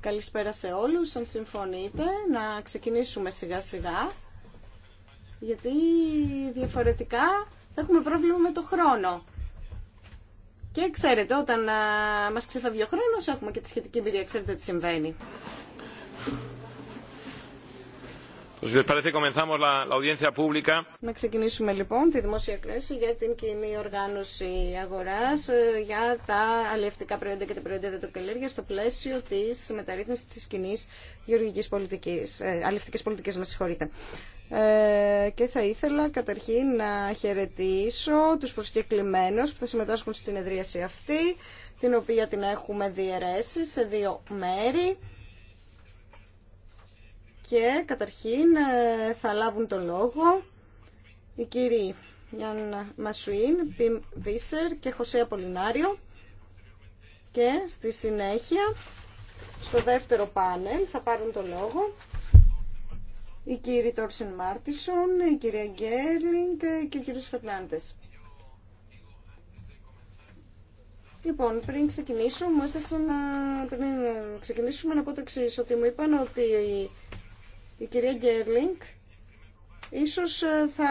Καλησπέρα σε όλους, αν συμφωνείτε, να ξεκινήσουμε σιγά σιγά, γιατί διαφορετικά θα έχουμε πρόβλημα με το χρόνο. Και ξέρετε, όταν ε, μας ξεφεύγει ο χρόνος, έχουμε και τη σχετική εμπειρία, ξέρετε τι συμβαίνει. Να ξεκινήσουμε λοιπόν τη δημόσια κρίση για την κοινή οργάνωση αγορά ε, για τα αλληλευτικά προϊόντα και τα προϊόντα δεδοκαλλιέργεια στο πλαίσιο τη μεταρρύθμιση τη κοινή γεωργική Πολιτική ε, με Ε, και θα ήθελα καταρχήν να χαιρετήσω τους προσκεκλημένους που θα συμμετάσχουν στην εδρίαση αυτή, την οποία την έχουμε διαιρέσει σε δύο μέρη και καταρχήν ε, θα λάβουν το λόγο οι κύριοι Γιάννα Μασουίν, Πιμ Βίσερ και Χωσέ Απολινάριο και στη συνέχεια στο δεύτερο πάνελ θα πάρουν το λόγο η κύριοι Τόρσεν Μάρτισον, η κυρία Γκέρλινγκ και ο κύριος Φερνάντες. Λοιπόν, πριν ξεκινήσω, μου να, πριν ξεκινήσουμε να πω το εξή, ότι μου είπαν ότι η κυρία Γκέρλινγκ ίσως ε, θα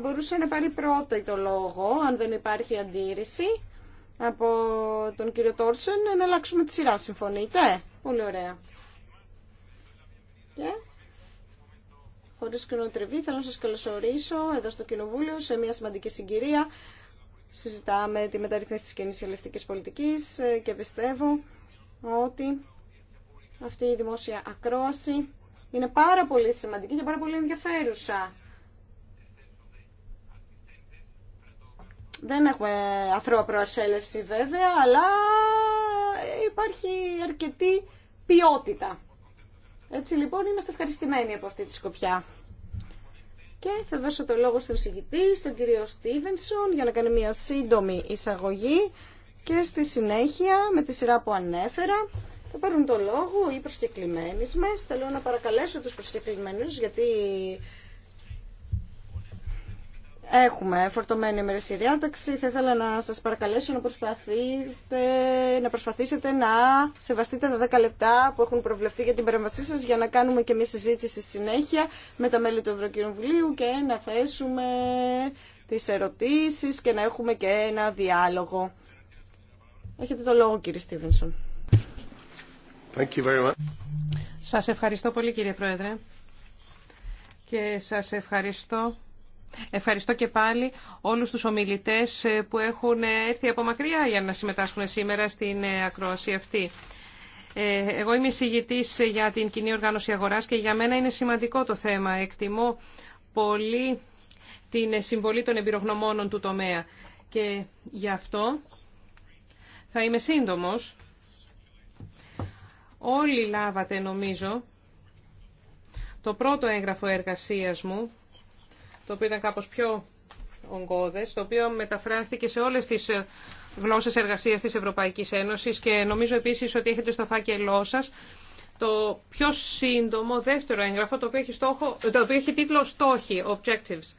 μπορούσε να πάρει πρώτα το λόγο, αν δεν υπάρχει αντίρρηση από τον κύριο Τόρσεν, να αλλάξουμε τη σειρά. Συμφωνείτε? Πολύ ωραία. Και χωρίς κοινοτριβή θέλω να σας καλωσορίσω εδώ στο Κοινοβούλιο σε μια σημαντική συγκυρία. Συζητάμε τη μεταρρυθμίση της κοινής ελευτικής πολιτικής ε, και πιστεύω ότι αυτή η δημόσια ακρόαση είναι πάρα πολύ σημαντική και πάρα πολύ ενδιαφέρουσα. Δεν έχουμε αθρώα προασέλευση βέβαια, αλλά υπάρχει αρκετή ποιότητα. Έτσι λοιπόν είμαστε ευχαριστημένοι από αυτή τη σκοπιά. Και θα δώσω το λόγο στον συγκητή, στον κύριο Στίβενσον, για να κάνει μια σύντομη εισαγωγή και στη συνέχεια, με τη σειρά που ανέφερα, θα πάρουν το λόγο οι προσκεκλημένοι μας. Θέλω να παρακαλέσω τους προσκεκλημένους γιατί Έχουμε φορτωμένη ημερήσια διάταξη. Θα ήθελα να σας παρακαλέσω να προσπαθείτε, να προσπαθήσετε να σεβαστείτε τα 10 λεπτά που έχουν προβλεφθεί για την παρέμβασή σας για να κάνουμε και μια συζήτηση στη συνέχεια με τα μέλη του Ευρωκοινοβουλίου και να θέσουμε τις ερωτήσεις και να έχουμε και ένα διάλογο. Έχετε το λόγο κύριε Στίβενσον. Thank Σας ευχαριστώ πολύ κύριε Πρόεδρε και σας ευχαριστώ. Ευχαριστώ και πάλι όλους τους ομιλητές ε, που έχουν ε, έρθει από μακριά για να συμμετάσχουν σήμερα στην ε, ακρόαση αυτή. Εγώ είμαι εισηγητής για την κοινή οργάνωση αγοράς και για μένα είναι σημαντικό το θέμα. Εκτιμώ πολύ την συμβολή των εμπειρογνωμόνων του τομέα. Και γι' αυτό θα είμαι σύντομος Όλοι λάβατε νομίζω το πρώτο έγγραφο εργασίας μου, το οποίο ήταν κάπως πιο ογκώδες, το οποίο μεταφράστηκε σε όλες τις ε, γλώσσες εργασίας της Ευρωπαϊκής Ένωσης και νομίζω επίσης ότι έχετε στο φάκελό σας το πιο σύντομο δεύτερο έγγραφο, το οποίο έχει, στόχο, ε, το οποίο έχει τίτλο «Στόχοι», «Objectives»,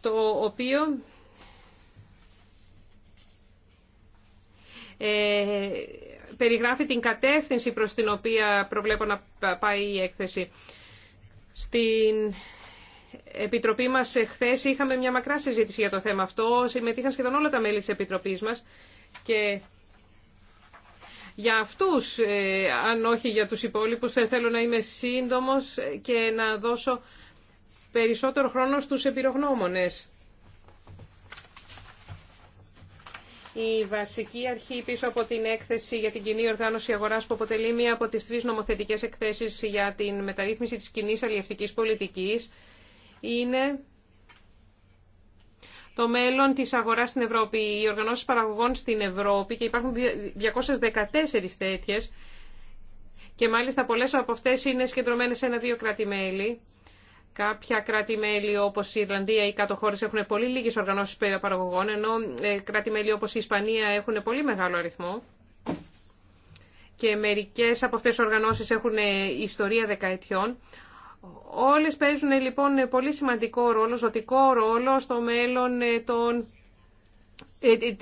το οποίο ε, περιγράφει την κατεύθυνση προς την οποία προβλέπω να πάει η έκθεση. Στην Επιτροπή μας χθε είχαμε μια μακρά συζήτηση για το θέμα αυτό. Συμμετείχαν σχεδόν όλα τα μέλη της Επιτροπής μας και για αυτούς, ε, αν όχι για τους υπόλοιπους, ε, θέλω να είμαι σύντομος και να δώσω περισσότερο χρόνο στους επιρογνώμονες. Η βασική αρχή πίσω από την έκθεση για την κοινή οργάνωση αγορά που αποτελεί μία από τι τρει νομοθετικέ εκθέσει για την μεταρρύθμιση τη κοινή αλλιευτική πολιτική είναι το μέλλον της αγοράς στην Ευρώπη, οι οργανώσει παραγωγών στην Ευρώπη και υπάρχουν 214 τέτοιε, και μάλιστα πολλές από αυτές είναι σκεντρωμένε σε ένα-δύο κράτη-μέλη. Κάποια κράτη-μέλη όπως η Ιρλανδία ή κάτω χώρες έχουν πολύ λίγες οργανώσεις παραγωγών, ενώ ε, κράτη-μέλη όπως η Ισπανία έχουν πολύ μεγάλο αριθμό. Και μερικές από αυτές τις οργανώσεις έχουν ε, ιστορία δεκαετιών. Όλες παίζουν ε, λοιπόν πολύ σημαντικό ρόλο, ζωτικό ρόλο στο μέλλον, των...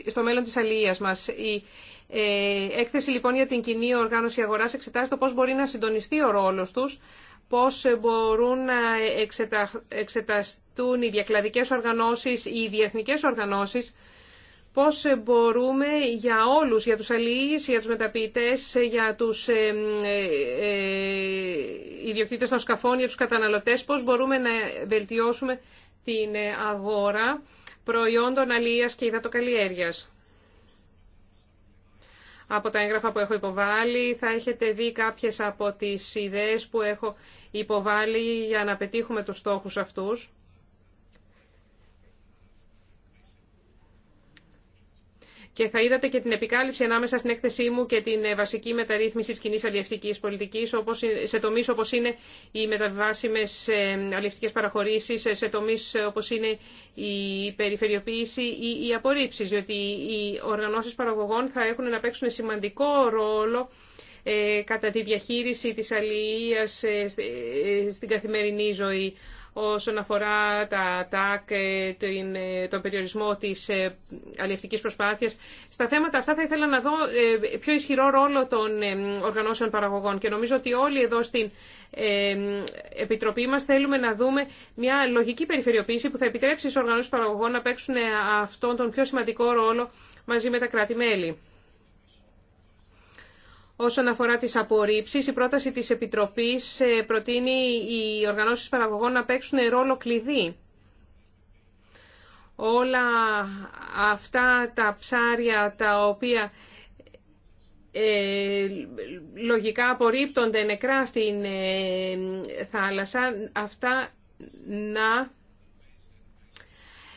στο μέλλον της αλληλείας μας. Η έκθεση λοιπόν για την κοινή οργάνωση αγοράς εξετάζει το πώς μπορεί να συντονιστεί ο ρόλος τους πώς μπορούν να εξεταστούν οι διακλαδικές οργανώσεις, οι διεθνικές οργανώσεις, πώς μπορούμε για όλους, για τους αλληλείς, για τους μεταποιητές, για τους ε, ε, ε, ιδιοκτήτες των σκαφών, για τους καταναλωτές, πώς μπορούμε να βελτιώσουμε την αγορά προϊόντων αλληλείας και υδατοκαλλιέργειας. Από τα έγγραφα που έχω υποβάλει θα έχετε δει κάποιες από τις ιδέες που έχω υποβάλει για να πετύχουμε τους στόχους αυτούς. Και θα είδατε και την επικάλυψη ανάμεσα στην έκθεσή μου και την ε, βασική μεταρρύθμιση της κοινής αλλιευτικής πολιτικής όπως, ε, σε τομείς όπως είναι οι μεταβάσιμες ε, αλλιευτικές παραχωρήσεις, σε τομείς όπως είναι η περιφερειοποίηση ή οι απορρίψεις, διότι οι οργανώσεις παραγωγών θα έχουν να παίξουν σημαντικό ρόλο ε, κατά τη διαχείριση της αλληλείας ε, ε, στην καθημερινή ζωή όσον αφορά τα ΤΑΚ, τον περιορισμό της αλληλευτικής προσπάθειας. Στα θέματα αυτά θα ήθελα να δω πιο ισχυρό ρόλο των οργανώσεων παραγωγών και νομίζω ότι όλοι εδώ στην Επιτροπή μας θέλουμε να δούμε μια λογική περιφερειοποίηση που θα επιτρέψει στους οργανώσεις παραγωγών να παίξουν αυτόν τον πιο σημαντικό ρόλο μαζί με τα κράτη-μέλη. Όσον αφορά τις απορρίψεις, η πρόταση της Επιτροπής ε, προτείνει οι οργανώσεις παραγωγών να παίξουν ρόλο κλειδί. Όλα αυτά τα ψάρια τα οποία ε, λογικά απορρίπτονται νεκρά στην ε, θάλασσα, αυτά να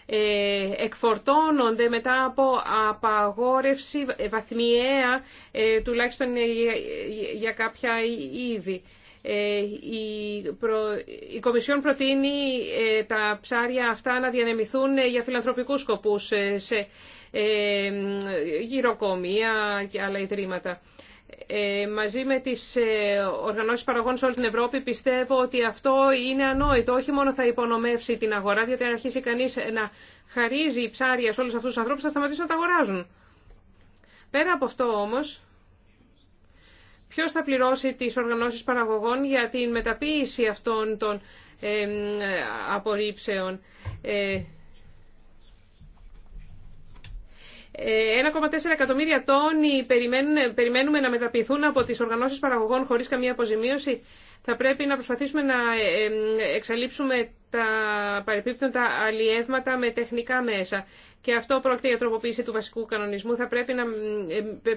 ε, εκφορτώνονται μετά από απαγόρευση βαθμιαία ε, τουλάχιστον ε, για κάποια είδη. Η Κομισιόν προτείνει τα ψάρια αυτά να διανεμηθούν για φιλανθρωπικούς σκοπούς σε γυροκομεία και άλλα ιδρύματα. Ε, μαζί με τις ε, οργανώσεις παραγωγών σε όλη την Ευρώπη πιστεύω ότι αυτό είναι ανόητο. Όχι μόνο θα υπονομεύσει την αγορά, διότι αν αρχίσει κανείς να χαρίζει ψάρια σε όλους αυτούς τους ανθρώπους θα σταματήσουν να τα αγοράζουν. Πέρα από αυτό όμως, ποιος θα πληρώσει τις οργανώσεις παραγωγών για την μεταποίηση αυτών των απορρίψεων. Ε, 1,4 ε, εκατομμύρια τόνοι περιμένουμε να μεταποιηθούν από τις οργανώσεις παραγωγών χωρίς καμία αποζημίωση. Θα πρέπει να προσπαθήσουμε να ε, ε, εξαλείψουμε τα παρεπίπτοντα αλλιεύματα με τεχνικά μέσα. Και αυτό πρόκειται για τροποποίηση του βασικού κανονισμού. Θα πρέπει να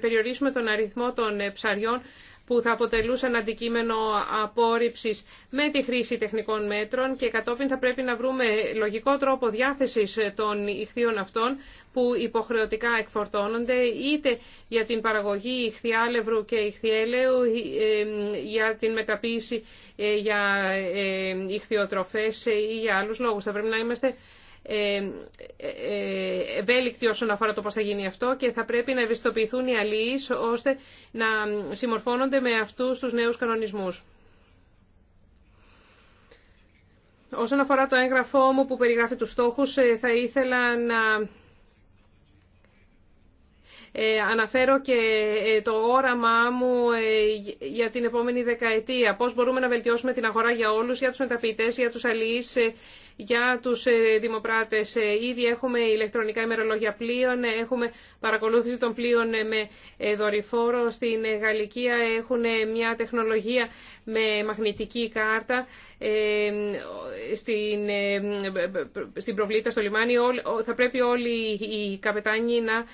περιορίσουμε τον αριθμό των ψαριών που θα αποτελούσαν αντικείμενο απόρριψης με τη χρήση τεχνικών μέτρων και κατόπιν θα πρέπει να βρούμε λογικό τρόπο διάθεσης των ηχθείων αυτών που υποχρεωτικά εκφορτώνονται είτε για την παραγωγή ηχθιάλευρου και ηχθιέλεου, ε, για την μεταποίηση ε, για ε, ηχθιοτροφέ ή για άλλους λόγους. Θα πρέπει να είμαστε ε, ε, ευέλικτοι όσον αφορά το πώς θα γίνει αυτό και θα πρέπει να ευαισθητοποιηθούν οι αλληλείς ώστε να συμμορφώνονται με αυτούς τους νέους κανονισμούς. Όσον αφορά το έγγραφό μου που περιγράφει τους στόχους, ε, θα ήθελα να αναφέρω και το όραμά μου για την επόμενη δεκαετία. Πώς μπορούμε να βελτιώσουμε την αγορά για όλους, για τους μεταποιητές, για τους αλληλείς, για τους ε, δημοπράτες. Ε, ήδη έχουμε ηλεκτρονικά ημερολόγια πλοίων, ε, έχουμε παρακολούθηση των πλοίων με δορυφόρο. Στην Γαλλικία έχουν μια τεχνολογία με μαγνητική κάρτα στην, στην προβλήτα στο λιμάνι. Θα πρέπει όλοι οι καπετάνοι, να,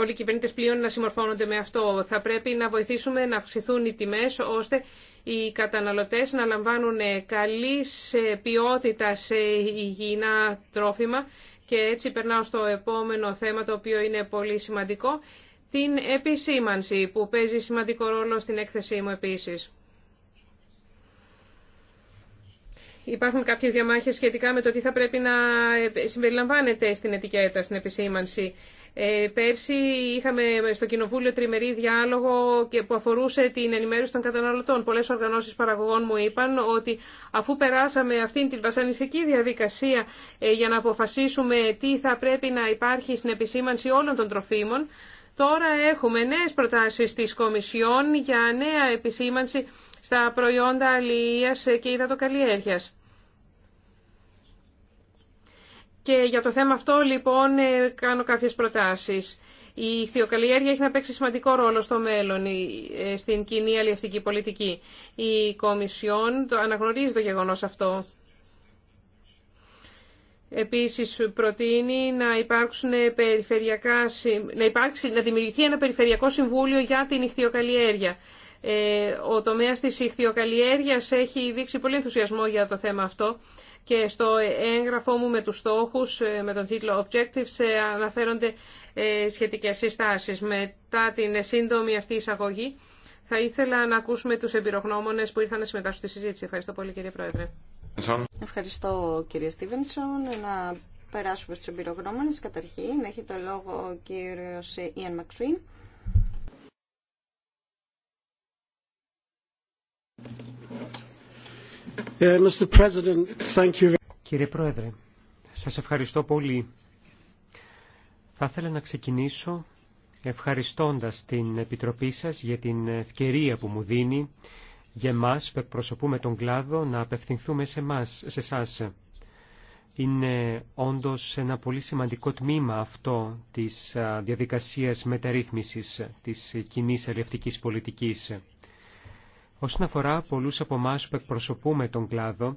όλοι οι κυβερνήτες πλοίων να συμμορφώνονται με αυτό. Θα πρέπει να βοηθήσουμε να αυξηθούν οι τιμές ώστε οι καταναλωτές να λαμβάνουν ε, καλής ποιότητας υγιεινά τρόφιμα και έτσι περνάω στο επόμενο θέμα το οποίο είναι πολύ σημαντικό, την επισήμανση που παίζει σημαντικό ρόλο στην έκθεσή μου επίσης. Υπάρχουν κάποιες διαμάχες σχετικά με το τι θα πρέπει να ε, συμπεριλαμβάνεται στην ετικέτα, στην επισήμανση. Ε, πέρσι είχαμε στο Κοινοβούλιο τριμερή διάλογο που αφορούσε την ενημέρωση των καταναλωτών. Πολλές οργανώσεις παραγωγών μου είπαν ότι αφού περάσαμε αυτήν την βασανιστική διαδικασία ε, για να αποφασίσουμε τι θα πρέπει να υπάρχει στην επισήμανση όλων των τροφίμων, τώρα έχουμε νέες προτάσεις της Κομισιόν για νέα επισήμανση στα προϊόντα αλληλείας και υδατοκαλλιέργειας. Και για το θέμα αυτό λοιπόν ε, κάνω κάποιες προτάσεις. Η θεοκαλλιέργεια έχει να παίξει σημαντικό ρόλο στο μέλλον ε, στην κοινή αλληλευτική πολιτική. Η Κομισιόν το αναγνωρίζει το γεγονός αυτό. Επίσης προτείνει να, υπάρξουν περιφερειακά, να, υπάρξει, να δημιουργηθεί ένα περιφερειακό συμβούλιο για την ηχθειοκαλλιέργεια. Ε, ο τομέας της ηχθειοκαλλιέργειας έχει δείξει πολύ ενθουσιασμό για το θέμα αυτό και στο έγγραφό μου με τους στόχους, ε, με τον τίτλο Objectives, ε, αναφέρονται ε, σχετικές συστάσεις. Μετά την σύντομη αυτή εισαγωγή, θα ήθελα να ακούσουμε τους εμπειρογνώμονες που ήρθαν να συμμετάσχουν στη συζήτηση. Ευχαριστώ πολύ κύριε Πρόεδρε. Ευχαριστώ κύριε Στίβενσον. Να περάσουμε στους εμπειρογνώμονες. Καταρχήν έχει το λόγο ο κύριος Ιαν Μαξουίν. Uh, Κύριε Πρόεδρε, σας ευχαριστώ πολύ. Θα ήθελα να ξεκινήσω ευχαριστώντας την Επιτροπή σας για την ευκαιρία που μου δίνει για μας που εκπροσωπούμε τον κλάδο να απευθυνθούμε σε, μας, σε εσάς. Είναι όντως ένα πολύ σημαντικό τμήμα αυτό της διαδικασίας μεταρρύθμισης της κοινή αλληλευτικής πολιτικής. Όσον αφορά πολλούς από εμά που εκπροσωπούμε τον κλάδο,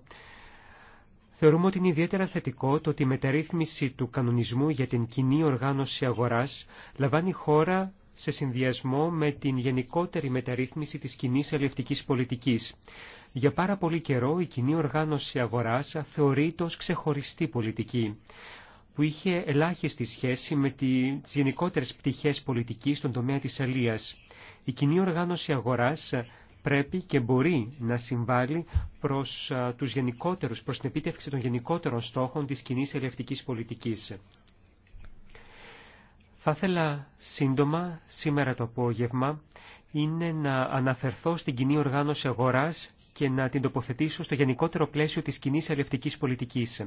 θεωρούμε ότι είναι ιδιαίτερα θετικό το ότι η μεταρρύθμιση του κανονισμού για την κοινή οργάνωση αγοράς λαμβάνει χώρα σε συνδυασμό με την γενικότερη μεταρρύθμιση της κοινή αλληλευτικής πολιτικής. Για πάρα πολύ καιρό η κοινή οργάνωση αγοράς θεωρείται ως ξεχωριστή πολιτική που είχε ελάχιστη σχέση με τις γενικότερες πτυχές πολιτικής στον τομέα της αλίας. Η κοινή οργάνωση αγοράς πρέπει και μπορεί να συμβάλλει προς, τους γενικότερους, προς την επίτευξη των γενικότερων στόχων της κοινή ελευτικής πολιτικής. Θα ήθελα σύντομα, σήμερα το απόγευμα, είναι να αναφερθώ στην κοινή οργάνωση αγοράς και να την τοποθετήσω στο γενικότερο πλαίσιο της κοινή αλληλευτικής πολιτικής.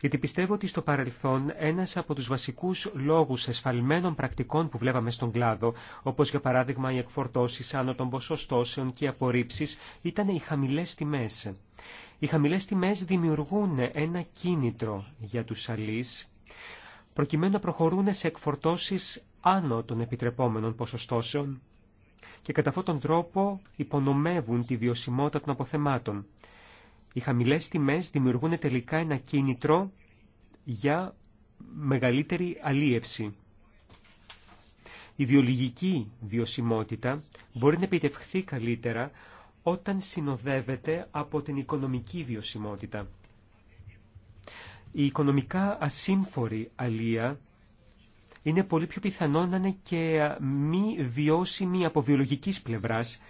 Γιατί πιστεύω ότι στο παρελθόν ένας από τους βασικούς λόγους εσφαλμένων πρακτικών που βλέπαμε στον κλάδο, όπως για παράδειγμα οι εκφορτώσεις άνω των ποσοστώσεων και οι απορρίψεις, ήταν οι χαμηλές τιμές. Οι χαμηλές τιμές δημιουργούν ένα κίνητρο για τους αλείς, προκειμένου να προχωρούν σε εκφορτώσεις άνω των επιτρεπόμενων ποσοστώσεων, και κατά αυτόν τον τρόπο υπονομεύουν τη βιωσιμότητα των αποθεμάτων. Οι χαμηλέ τιμέ δημιουργούν τελικά ένα κίνητρο για μεγαλύτερη αλίευση. Η βιολογική βιωσιμότητα μπορεί να επιτευχθεί καλύτερα όταν συνοδεύεται από την οικονομική βιωσιμότητα. Η οικονομικά ασύμφορη αλία είναι πολύ πιο πιθανό να είναι και μη βιώσιμη από βιολογικής πλευράς,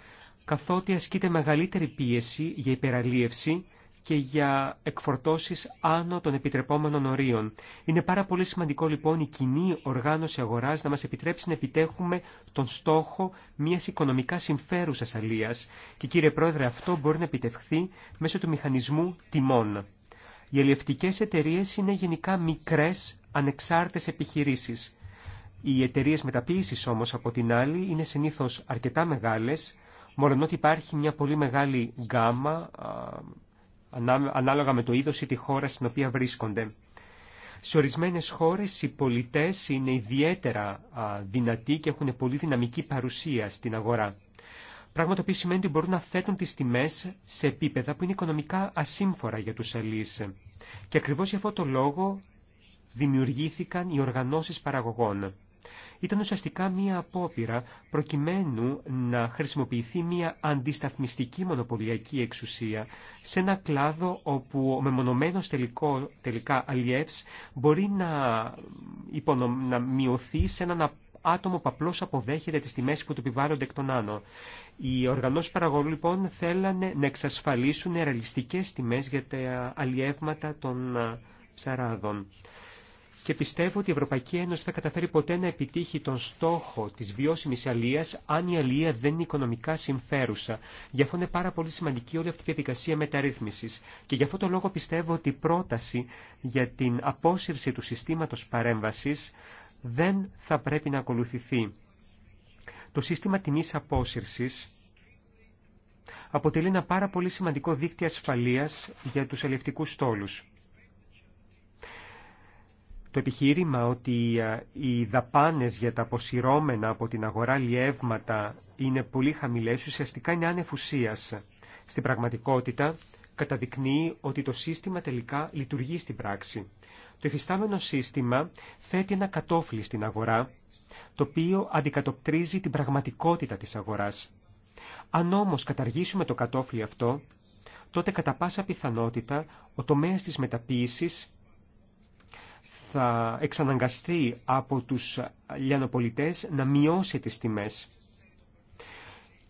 καθότι ασκείται μεγαλύτερη πίεση για υπεραλίευση και για εκφορτώσεις άνω των επιτρεπόμενων ορίων. Είναι πάρα πολύ σημαντικό λοιπόν η κοινή οργάνωση αγοράς να μας επιτρέψει να επιτέχουμε τον στόχο μιας οικονομικά συμφέρουσας αλίας και κύριε Πρόεδρε αυτό μπορεί να επιτευχθεί μέσω του μηχανισμού τιμών. Οι ελευτικές εταιρείε είναι γενικά μικρές ανεξάρτητες επιχειρήσεις. Οι εταιρείε μεταποίηση όμω από την άλλη είναι συνήθω αρκετά μεγάλε, μόνο ότι υπάρχει μια πολύ μεγάλη γκάμα ανάλογα με το είδο ή τη χώρα στην οποία βρίσκονται. Σε ορισμένε χώρε, οι πολιτέ είναι ιδιαίτερα δυνατοί και έχουν πολύ δυναμική παρουσία στην αγορά. Πράγμα το οποίο σημαίνει ότι μπορούν να θέτουν τι τιμέ σε επίπεδα που είναι οικονομικά ασύμφορα για του αλείς. Και ακριβώ για αυτό το λόγο δημιουργήθηκαν οι οργανώσεις παραγωγών ήταν ουσιαστικά μία απόπειρα προκειμένου να χρησιμοποιηθεί μία αντισταθμιστική μονοπωλιακή εξουσία σε ένα κλάδο όπου ο μεμονωμένος τελικό, τελικά αλλιεύς μπορεί να, να μειωθεί σε έναν άτομο που απλώς αποδέχεται τις τιμέ που του επιβάλλονται εκ των άνω. Οι οργανώσεις παραγωγού λοιπόν θέλανε να εξασφαλίσουν ρεαλιστικές τιμές για τα αλλιεύματα των ψαράδων και πιστεύω ότι η Ευρωπαϊκή Ένωση θα καταφέρει ποτέ να επιτύχει τον στόχο της βιώσιμης αλίας αν η αλία δεν είναι οικονομικά συμφέρουσα. Γι' αυτό είναι πάρα πολύ σημαντική όλη αυτή η διαδικασία μεταρρύθμισης και γι' αυτό το λόγο πιστεύω ότι η πρόταση για την απόσυρση του συστήματος παρέμβασης δεν θα πρέπει να ακολουθηθεί. Το σύστημα τιμής απόσυρσης αποτελεί ένα πάρα πολύ σημαντικό δίκτυο ασφαλείας για τους ελευτικούς στόλους. Το επιχείρημα ότι οι δαπάνες για τα αποσυρώμενα από την αγορά λιεύματα είναι πολύ χαμηλές ουσιαστικά είναι ανεφουσίας. Στην πραγματικότητα καταδεικνύει ότι το σύστημα τελικά λειτουργεί στην πράξη. Το εφιστάμενο σύστημα θέτει ένα κατόφλι στην αγορά, το οποίο αντικατοπτρίζει την πραγματικότητα της αγοράς. Αν όμως καταργήσουμε το κατόφλι αυτό, τότε κατά πάσα πιθανότητα ο τομέας της μεταποίησης θα εξαναγκαστεί από τους λιανοπολιτές να μειώσει τις τιμές.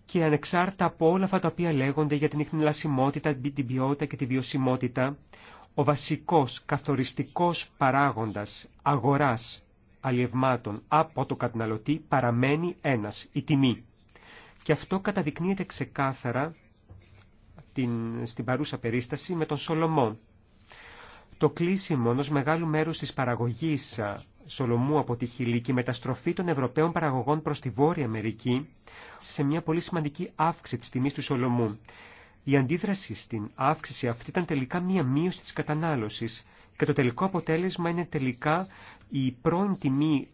Και ανεξάρτητα από όλα αυτά τα οποία λέγονται για την ιχνηλασιμότητα, την ποιότητα και τη βιωσιμότητα, ο βασικός καθοριστικός παράγοντας αγοράς αλλιευμάτων από το καταναλωτή παραμένει ένας, η τιμή. Και αυτό καταδεικνύεται ξεκάθαρα την, στην παρούσα περίσταση με τον Σολομό το κλείσιμο ενό μεγάλου μέρους της παραγωγής Σολομού από τη Χιλή και η μεταστροφή των Ευρωπαίων παραγωγών προς τη Βόρεια Αμερική σε μια πολύ σημαντική αύξηση της τιμής του Σολομού. Η αντίδραση στην αύξηση αυτή ήταν τελικά μία μείωση της κατανάλωσης και το τελικό αποτέλεσμα είναι τελικά η πρώην τιμή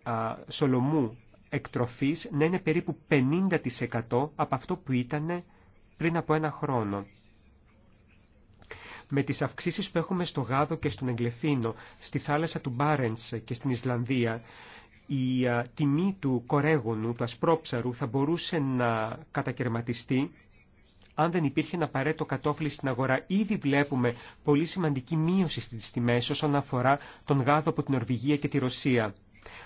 Σολομού εκτροφής να είναι περίπου 50% από αυτό που ήταν πριν από ένα χρόνο με τις αυξήσεις που έχουμε στο Γάδο και στον Εγκλεφίνο, στη θάλασσα του Μπάρεντς και στην Ισλανδία, η τιμή του κορέγονου, του ασπρόψαρου, θα μπορούσε να κατακαιρματιστεί αν δεν υπήρχε ένα απαραίτητο κατόφλι στην αγορά. Ήδη βλέπουμε πολύ σημαντική μείωση στις τιμές όσον αφορά τον γάδο από την Ορβηγία και τη Ρωσία.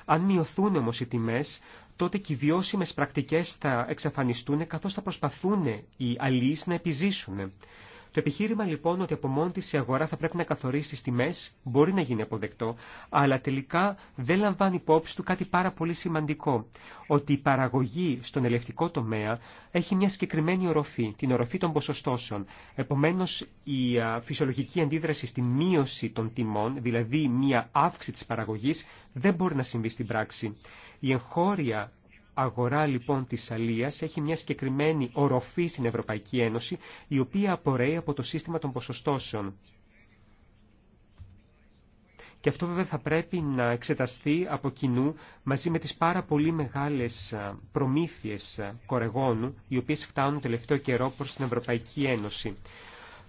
Αν μειωθούν όμως οι τιμές, τότε και οι βιώσιμες πρακτικές θα εξαφανιστούν καθώς θα προσπαθούν οι αλλοίς να επιζήσουν. Το επιχείρημα λοιπόν ότι από μόνη τη η αγορά θα πρέπει να καθορίσει τις τιμές μπορεί να γίνει αποδεκτό, αλλά τελικά δεν λαμβάνει υπόψη του κάτι πάρα πολύ σημαντικό, ότι η παραγωγή στον ελευτικό τομέα έχει μια συγκεκριμένη οροφή, την οροφή των ποσοστώσεων. Επομένως η φυσιολογική αντίδραση στη μείωση των τιμών, δηλαδή μια αύξηση της παραγωγής, δεν μπορεί να συμβεί στην πράξη. Η εγχώρια αγορά λοιπόν της αλίας έχει μια συγκεκριμένη οροφή στην Ευρωπαϊκή Ένωση, η οποία απορρέει από το σύστημα των ποσοστώσεων. Και αυτό βέβαια θα πρέπει να εξεταστεί από κοινού μαζί με τις πάρα πολύ μεγάλες προμήθειες κορεγόνου, οι οποίες φτάνουν τελευταίο καιρό προς την Ευρωπαϊκή Ένωση.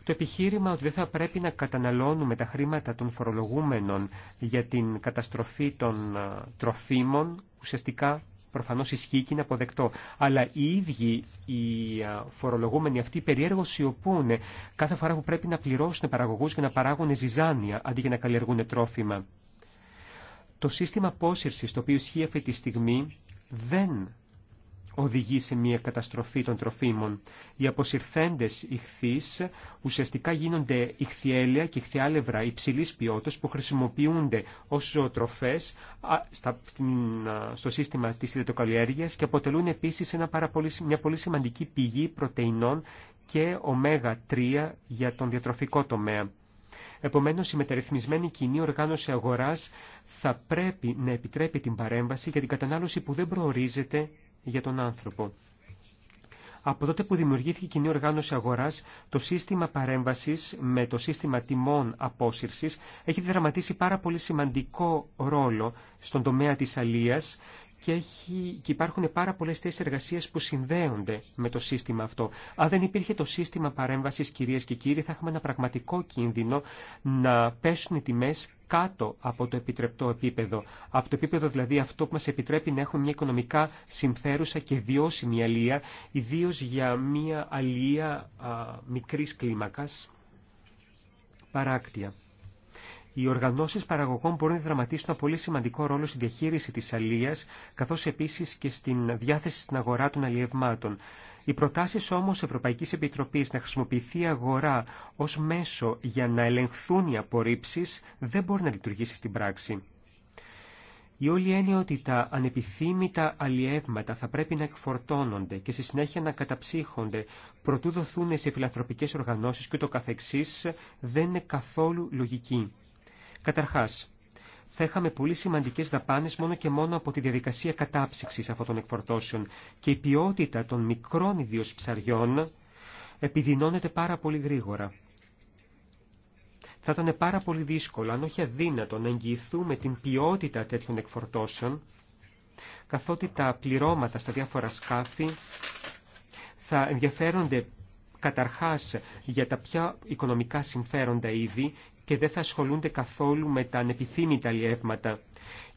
Το επιχείρημα ότι δεν θα πρέπει να καταναλώνουμε τα χρήματα των φορολογούμενων για την καταστροφή των τροφίμων, ουσιαστικά Προφανώ ισχύει και είναι αποδεκτό. Αλλά οι ίδιοι οι φορολογούμενοι αυτοί περιέργω σιωπούν κάθε φορά που πρέπει να πληρώσουν παραγωγού για να παράγουν ζυζάνια αντί για να καλλιεργούν τρόφιμα. Το σύστημα απόσυρση το οποίο ισχύει αυτή τη στιγμή δεν οδηγεί σε μια καταστροφή των τροφίμων. Οι αποσυρθέντες ηχθείς ουσιαστικά γίνονται ηχθιέλαια και ηχθιάλευρα υψηλής ποιότητας που χρησιμοποιούνται ως ζωοτροφές στο σύστημα της ιδετοκαλλιέργειας και αποτελούν επίσης μια πολύ σημαντική πηγή πρωτεϊνών και ω3 για τον διατροφικό τομέα. Επομένω, η μεταρρυθμισμένη κοινή οργάνωση αγορά θα πρέπει να επιτρέπει την παρέμβαση για την κατανάλωση που δεν προορίζεται για τον άνθρωπο. Από τότε που δημιουργήθηκε η κοινή οργάνωση αγορά, το σύστημα παρέμβασης με το σύστημα τιμών απόσυρση έχει δραματίσει πάρα πολύ σημαντικό ρόλο στον τομέα της αλεία και, έχει, και υπάρχουν πάρα πολλέ θέσει εργασία που συνδέονται με το σύστημα αυτό. Αν δεν υπήρχε το σύστημα παρέμβαση, κυρίε και κύριοι, θα έχουμε ένα πραγματικό κίνδυνο να πέσουν οι τιμέ κάτω από το επιτρεπτό επίπεδο. Από το επίπεδο δηλαδή αυτό που μα επιτρέπει να έχουμε μια οικονομικά συμφέρουσα και βιώσιμη αλία, ιδίω για μια αλία μικρή κλίμακα παράκτια. Οι οργανώσει παραγωγών μπορούν να δραματίσουν ένα πολύ σημαντικό ρόλο στη διαχείριση τη αλεία, καθώ επίση και στην διάθεση στην αγορά των αλλιευμάτων. Οι προτάσει όμω Ευρωπαϊκή Επιτροπή να χρησιμοποιηθεί η αγορά ω μέσο για να ελεγχθούν οι απορρίψει δεν μπορεί να λειτουργήσει στην πράξη. Η όλη έννοια ότι τα ανεπιθύμητα αλλιεύματα θα πρέπει να εκφορτώνονται και στη συνέχεια να καταψύχονται προτού δοθούν σε φιλανθρωπικές οργανώσει και το καθεξής δεν είναι καθόλου λογική. Καταρχάς, θα είχαμε πολύ σημαντικέ δαπάνε μόνο και μόνο από τη διαδικασία κατάψυξη αυτών των εκφορτώσεων και η ποιότητα των μικρών ιδίω ψαριών επιδεινώνεται πάρα πολύ γρήγορα. Θα ήταν πάρα πολύ δύσκολο, αν όχι αδύνατο, να εγγυηθούμε την ποιότητα τέτοιων εκφορτώσεων, καθότι τα πληρώματα στα διάφορα σκάφη θα ενδιαφέρονται καταρχάς για τα πια οικονομικά συμφέροντα είδη και δεν θα ασχολούνται καθόλου με τα ανεπιθύμητα αλλιεύματα.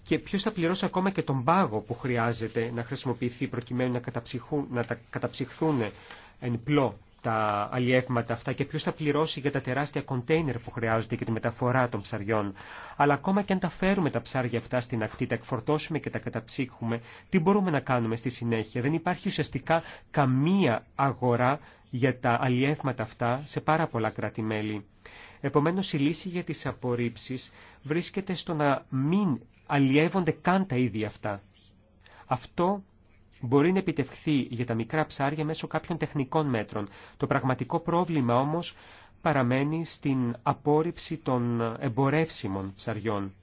Και ποιο θα πληρώσει ακόμα και τον πάγο που χρειάζεται να χρησιμοποιηθεί προκειμένου να, να τα καταψυχθούν εν πλώ τα αλλιεύματα αυτά και ποιο θα πληρώσει για τα τεράστια κοντέινερ που χρειάζονται και τη μεταφορά των ψαριών. Αλλά ακόμα και αν τα φέρουμε τα ψάρια αυτά στην ακτή, τα εκφορτώσουμε και τα καταψύχουμε, τι μπορούμε να κάνουμε στη συνέχεια. Δεν υπάρχει ουσιαστικά καμία αγορά για τα αλλιεύματα αυτά σε πάρα πολλά κράτη-μέλη. Επομένως η λύση για τις απορρίψει βρίσκεται στο να μην αλλιεύονται καν τα ίδια αυτά. Αυτό μπορεί να επιτευχθεί για τα μικρά ψάρια μέσω κάποιων τεχνικών μέτρων. Το πραγματικό πρόβλημα όμως παραμένει στην απόρριψη των εμπορεύσιμων ψαριών.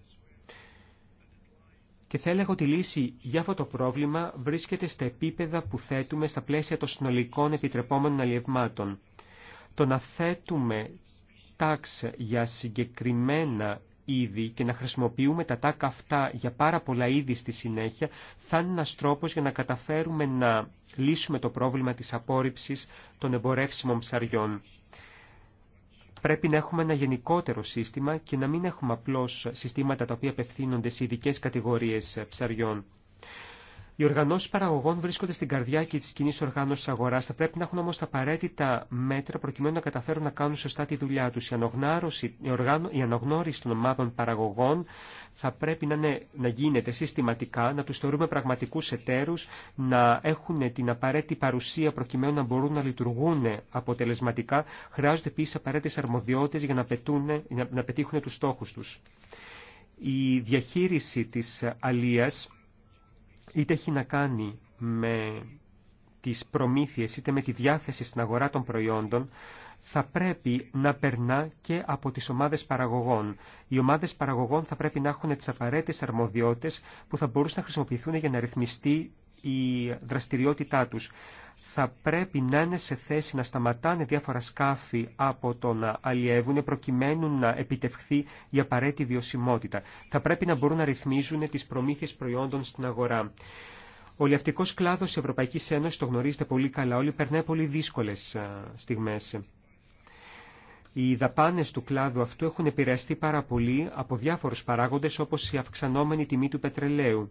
Και θα έλεγα ότι η λύση για αυτό το πρόβλημα βρίσκεται στα επίπεδα που θέτουμε στα πλαίσια των συνολικών επιτρεπόμενων αλλιευμάτων. Το να θέτουμε τάξ για συγκεκριμένα είδη και να χρησιμοποιούμε τα τάκ αυτά για πάρα πολλά είδη στη συνέχεια θα είναι ένας τρόπος για να καταφέρουμε να λύσουμε το πρόβλημα της απόρριψης των εμπορεύσιμων ψαριών. Πρέπει να έχουμε ένα γενικότερο σύστημα και να μην έχουμε απλώς συστήματα τα οποία απευθύνονται σε ειδικέ κατηγορίες ψαριών. Οι οργανώσει παραγωγών βρίσκονται στην καρδιά και τη κοινή οργάνωση αγορά. Θα πρέπει να έχουν όμω τα απαραίτητα μέτρα προκειμένου να καταφέρουν να κάνουν σωστά τη δουλειά του. Η, η αναγνώριση των ομάδων παραγωγών θα πρέπει να, να γίνεται συστηματικά, να του θεωρούμε πραγματικού εταίρου, να έχουν την απαραίτητη παρουσία προκειμένου να μπορούν να λειτουργούν αποτελεσματικά. Χρειάζονται επίση απαραίτητε αρμοδιότητε για να, να πετύχουν του στόχου του. Η διαχείριση της αλίας είτε έχει να κάνει με τις προμήθειες είτε με τη διάθεση στην αγορά των προϊόντων θα πρέπει να περνά και από τις ομάδες παραγωγών. Οι ομάδες παραγωγών θα πρέπει να έχουν τις απαραίτητες αρμοδιότητες που θα μπορούσαν να χρησιμοποιηθούν για να ρυθμιστεί η δραστηριότητά τους. Θα πρέπει να είναι σε θέση να σταματάνε διάφορα σκάφη από το να αλλιεύουν προκειμένου να επιτευχθεί η απαραίτητη βιωσιμότητα. Θα πρέπει να μπορούν να ρυθμίζουν τις προμήθειες προϊόντων στην αγορά. Ο λιαυτικός κλάδος της Ευρωπαϊκής Ένωσης, το γνωρίζετε πολύ καλά όλοι, περνάει πολύ δύσκολες ε, στιγμές. Οι δαπάνες του κλάδου αυτού έχουν επηρεαστεί πάρα πολύ από διάφορους παράγοντες όπως η αυξανόμενη τιμή του πετρελαίου.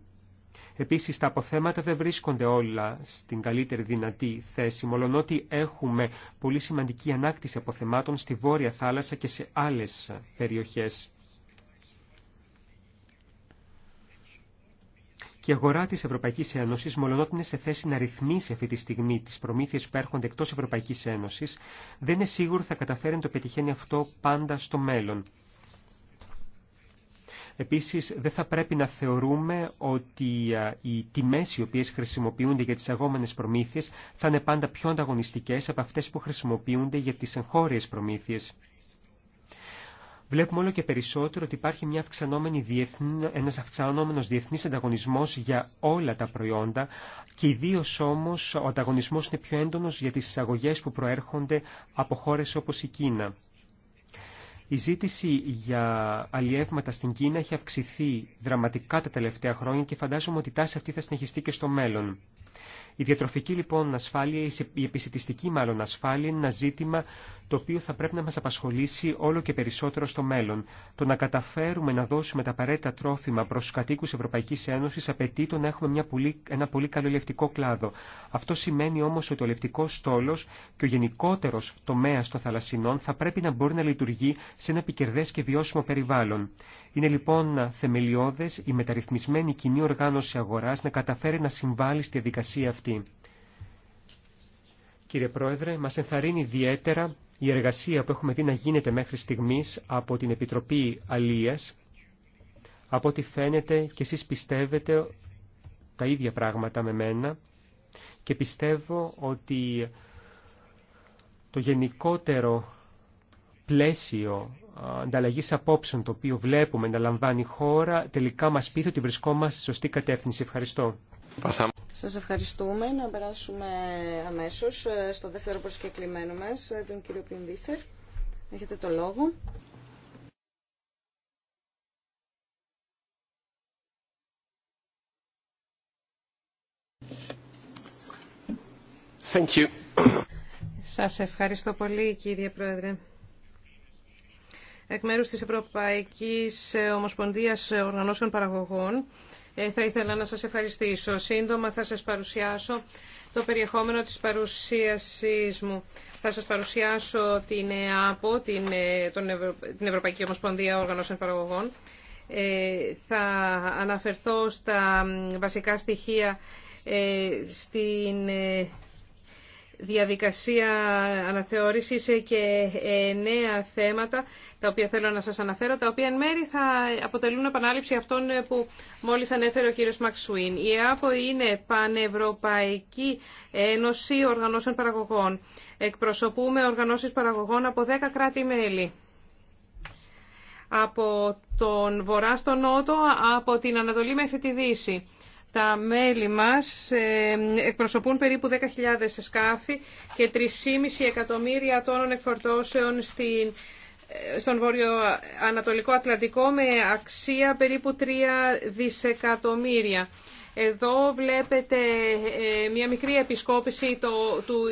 Επίσης, τα αποθέματα δεν βρίσκονται όλα στην καλύτερη δυνατή θέση, μολονότι έχουμε πολύ σημαντική ανάκτηση αποθεμάτων στη Βόρεια Θάλασσα και σε άλλες περιοχές. Και η αγορά της Ευρωπαϊκής Ένωσης, μολονότι είναι σε θέση να ρυθμίσει αυτή τη στιγμή τις προμήθειες που έρχονται εκτός Ευρωπαϊκής Ένωσης, δεν είναι σίγουρο θα καταφέρει να το πετυχαίνει αυτό πάντα στο μέλλον. Επίσης, δεν θα πρέπει να θεωρούμε ότι ε, οι τιμές οι οποίες χρησιμοποιούνται για τις αγόμενες προμήθειες θα είναι πάντα πιο ανταγωνιστικές από αυτές που χρησιμοποιούνται για τις εγχώριες προμήθειες. Βλέπουμε όλο και περισσότερο ότι υπάρχει μια αυξανόμενη διεθν... ένας αυξανόμενος διεθνής ανταγωνισμός για όλα τα προϊόντα και ιδίω όμως ο ανταγωνισμός είναι πιο έντονος για τις εισαγωγές που προέρχονται από χώρες όπως η Κίνα. Η ζήτηση για αλλιεύματα στην Κίνα έχει αυξηθεί δραματικά τα τελευταία χρόνια και φαντάζομαι ότι η τάση αυτή θα συνεχιστεί και στο μέλλον. Η διατροφική λοιπόν ασφάλεια, η επισητιστική μάλλον ασφάλεια είναι ένα ζήτημα το οποίο θα πρέπει να μας απασχολήσει όλο και περισσότερο στο μέλλον. Το να καταφέρουμε να δώσουμε τα απαραίτητα τρόφιμα προς τους κατοίκους Ευρωπαϊκής Ένωσης απαιτεί το να έχουμε μια πολύ, ένα πολύ καλό ελευτικό κλάδο. Αυτό σημαίνει όμως ότι ο ελευτικός στόλος και ο γενικότερος τομέας των θαλασσινών θα πρέπει να μπορεί να λειτουργεί σε ένα επικερδές και βιώσιμο περιβάλλον. Είναι λοιπόν θεμελιώδες η μεταρρυθμισμένη κοινή οργάνωση αγοράς να καταφέρει να συμβάλλει στη διαδικασία αυτή. Κύριε Πρόεδρε, μας ενθαρρύνει ιδιαίτερα η εργασία που έχουμε δει να γίνεται μέχρι στιγμής από την Επιτροπή Αλίας. Από ό,τι φαίνεται και εσείς πιστεύετε τα ίδια πράγματα με μένα και πιστεύω ότι το γενικότερο πλαίσιο ανταλλαγή απόψεων το οποίο βλέπουμε να λαμβάνει η χώρα τελικά μας πείθει ότι βρισκόμαστε στη σωστή κατεύθυνση. Ευχαριστώ. Σας ευχαριστούμε. Να περάσουμε αμέσως ε, στο δεύτερο προσκεκλημένο μας, ε, τον κύριο Πινδίσερ. Έχετε το λόγο. Thank Σας ευχαριστώ πολύ κύριε Πρόεδρε εκ μέρους της Ευρωπαϊκής Ομοσπονδίας Οργανώσεων Παραγωγών. Ε, θα ήθελα να σας ευχαριστήσω. Σύντομα θα σας παρουσιάσω το περιεχόμενο της παρουσίασής μου. Θα σας παρουσιάσω την ΕΑΠΟ, την, ε, την Ευρωπαϊκή Ομοσπονδία Οργανώσεων Παραγωγών. Ε, θα αναφερθώ στα βασικά στοιχεία στην διαδικασία αναθεώρησης και ε, νέα θέματα τα οποία θέλω να σας αναφέρω, τα οποία εν μέρη θα αποτελούν επανάληψη αυτών που μόλις ανέφερε ο κύριος Μαξουίν. Η ΕΑΠΟ είναι Πανευρωπαϊκή Ένωση Οργανώσεων Παραγωγών. Εκπροσωπούμε οργανώσεις παραγωγών από 10 κράτη-μέλη από τον βορρά στον νότο, από την Ανατολή μέχρι τη Δύση. Τα μέλη μας ε, εκπροσωπούν περίπου 10.000 σκάφη και 3,5 εκατομμύρια τόνων εκφορτώσεων στην ε, στον Βόρειο Ανατολικό Ατλαντικό με αξία περίπου 3 δισεκατομμύρια. Εδώ βλέπετε ε, μια μικρή επισκόπηση του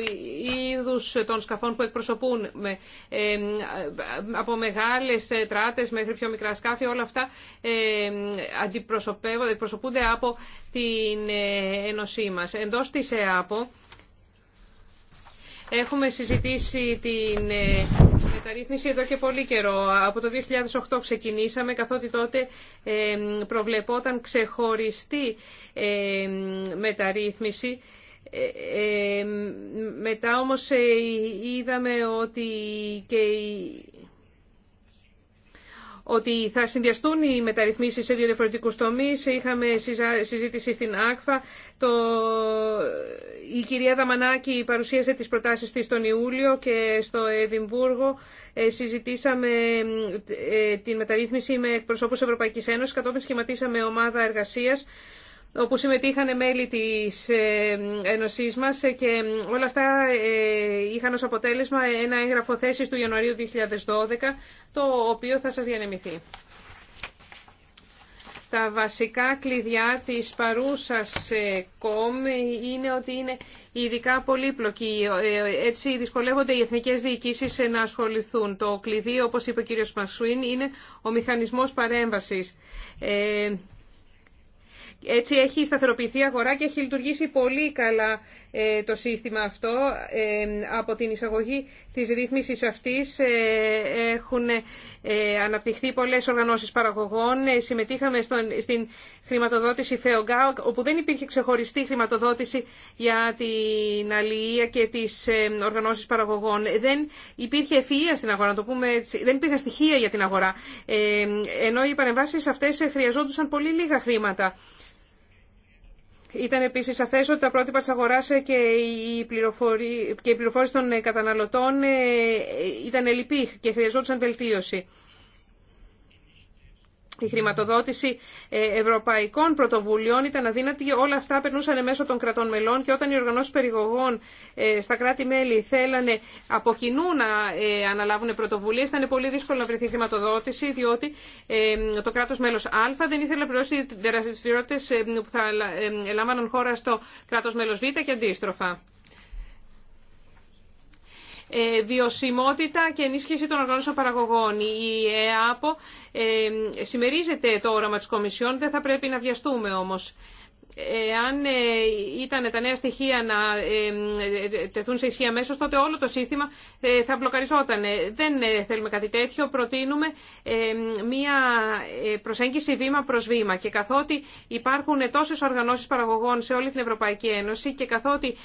είδους των σκαφών που εκπροσωπούν ε, από μεγάλες τράτες μέχρι πιο μικρά σκάφη. Όλα αυτά ε, αντιπροσωπούνται από την Ένωσή μας. Εντός της ΕΑΠΟ Έχουμε συζητήσει την ε, μεταρρύθμιση εδώ και πολύ καιρό. Από το 2008 ξεκινήσαμε, καθότι τότε προβλεπόταν ξεχωριστή μεταρρύθμιση. Ε, μετά όμως ε, είδαμε ότι και ότι θα συνδυαστούν οι μεταρρυθμίσεις σε δύο διαφορετικούς τομείς. Είχαμε συζήτηση στην ΑΚΦΑ. Το... Η κυρία Δαμανάκη παρουσίασε τις προτάσεις της τον Ιούλιο και στο Εδιμβούργο ε, συζητήσαμε ε, την μεταρρύθμιση με εκπροσώπους Ευρωπαϊκής Ένωσης. Κατόπιν σχηματίσαμε ομάδα εργασίας όπου συμμετείχαν μέλη της ε, Ένωσής μας και όλα αυτά ε, είχαν ως αποτέλεσμα ένα έγγραφο θέσης του Ιανουαρίου 2012, το οποίο θα σας διανεμηθεί. Τα βασικά κλειδιά της παρούσας ε, ΚΟΜ είναι ότι είναι ειδικά πολύπλοκοι. Έτσι δυσκολεύονται οι εθνικές διοικήσεις να ασχοληθούν. Το κλειδί, όπως είπε ο κύριος Μασουίν, είναι ο μηχανισμός παρέμβασης. Έτσι έχει σταθεροποιηθεί η αγορά και έχει λειτουργήσει πολύ καλά ε, το σύστημα αυτό. Ε, από την εισαγωγή της ρύθμισης αυτής ε, έχουν αναπτυχθεί πολλές οργανώσεις παραγωγών. Συμμετείχαμε στην χρηματοδότηση ΦΕΟΓΑ, όπου δεν υπήρχε ξεχωριστή χρηματοδότηση για την αλληλεία και τις οργανώσεις παραγωγών. Δεν υπήρχε ευφυΐα στην αγορά, το πούμε Δεν υπήρχαν στοιχεία για την αγορά. Ενώ οι παρεμβάσεις αυτές χρειαζόντουσαν πολύ λίγα χρήματα. Ήταν επίσης σαφέ ότι τα πρότυπα τη αγορά και οι πληροφορία, και η πληροφόρηση των καταναλωτών ε, ήταν ελλειπή και χρειαζόντουσαν βελτίωση η χρηματοδότηση ε, ευρωπαϊκών πρωτοβουλειών ήταν αδύνατη. Όλα αυτά περνούσαν μέσω των κρατών μελών και όταν οι οργανώσει περιγωγών ε, στα κράτη-μέλη θέλανε από κοινού να ε, αναλάβουν πρωτοβουλίε, ήταν πολύ δύσκολο να βρεθεί χρηματοδότηση, διότι το κράτο μέλο Α δεν ήθελε να πληρώσει τι δραστηριότητε που θα ελάμβαναν χώρα στο κράτο μέλο Β και αντίστροφα. Ε, βιωσιμότητα και ενίσχυση των οργανώσεων παραγωγών. Η ΕΑΠΟ ΕΕ ε, συμμερίζεται το όραμα της Κομισιόν, δεν θα πρέπει να βιαστούμε όμως. Αν ε, ήταν τα νέα στοιχεία να τεθούν σε ισχύ αμέσω, τότε όλο το σύστημα θα μπλοκαριζόταν. Δεν θέλουμε κάτι τέτοιο. Προτείνουμε μία προσέγγιση βήμα προ βήμα. Και καθότι υπάρχουν τόσε οργανώσει παραγωγών σε όλη την Ευρωπαϊκή Ένωση και καθότι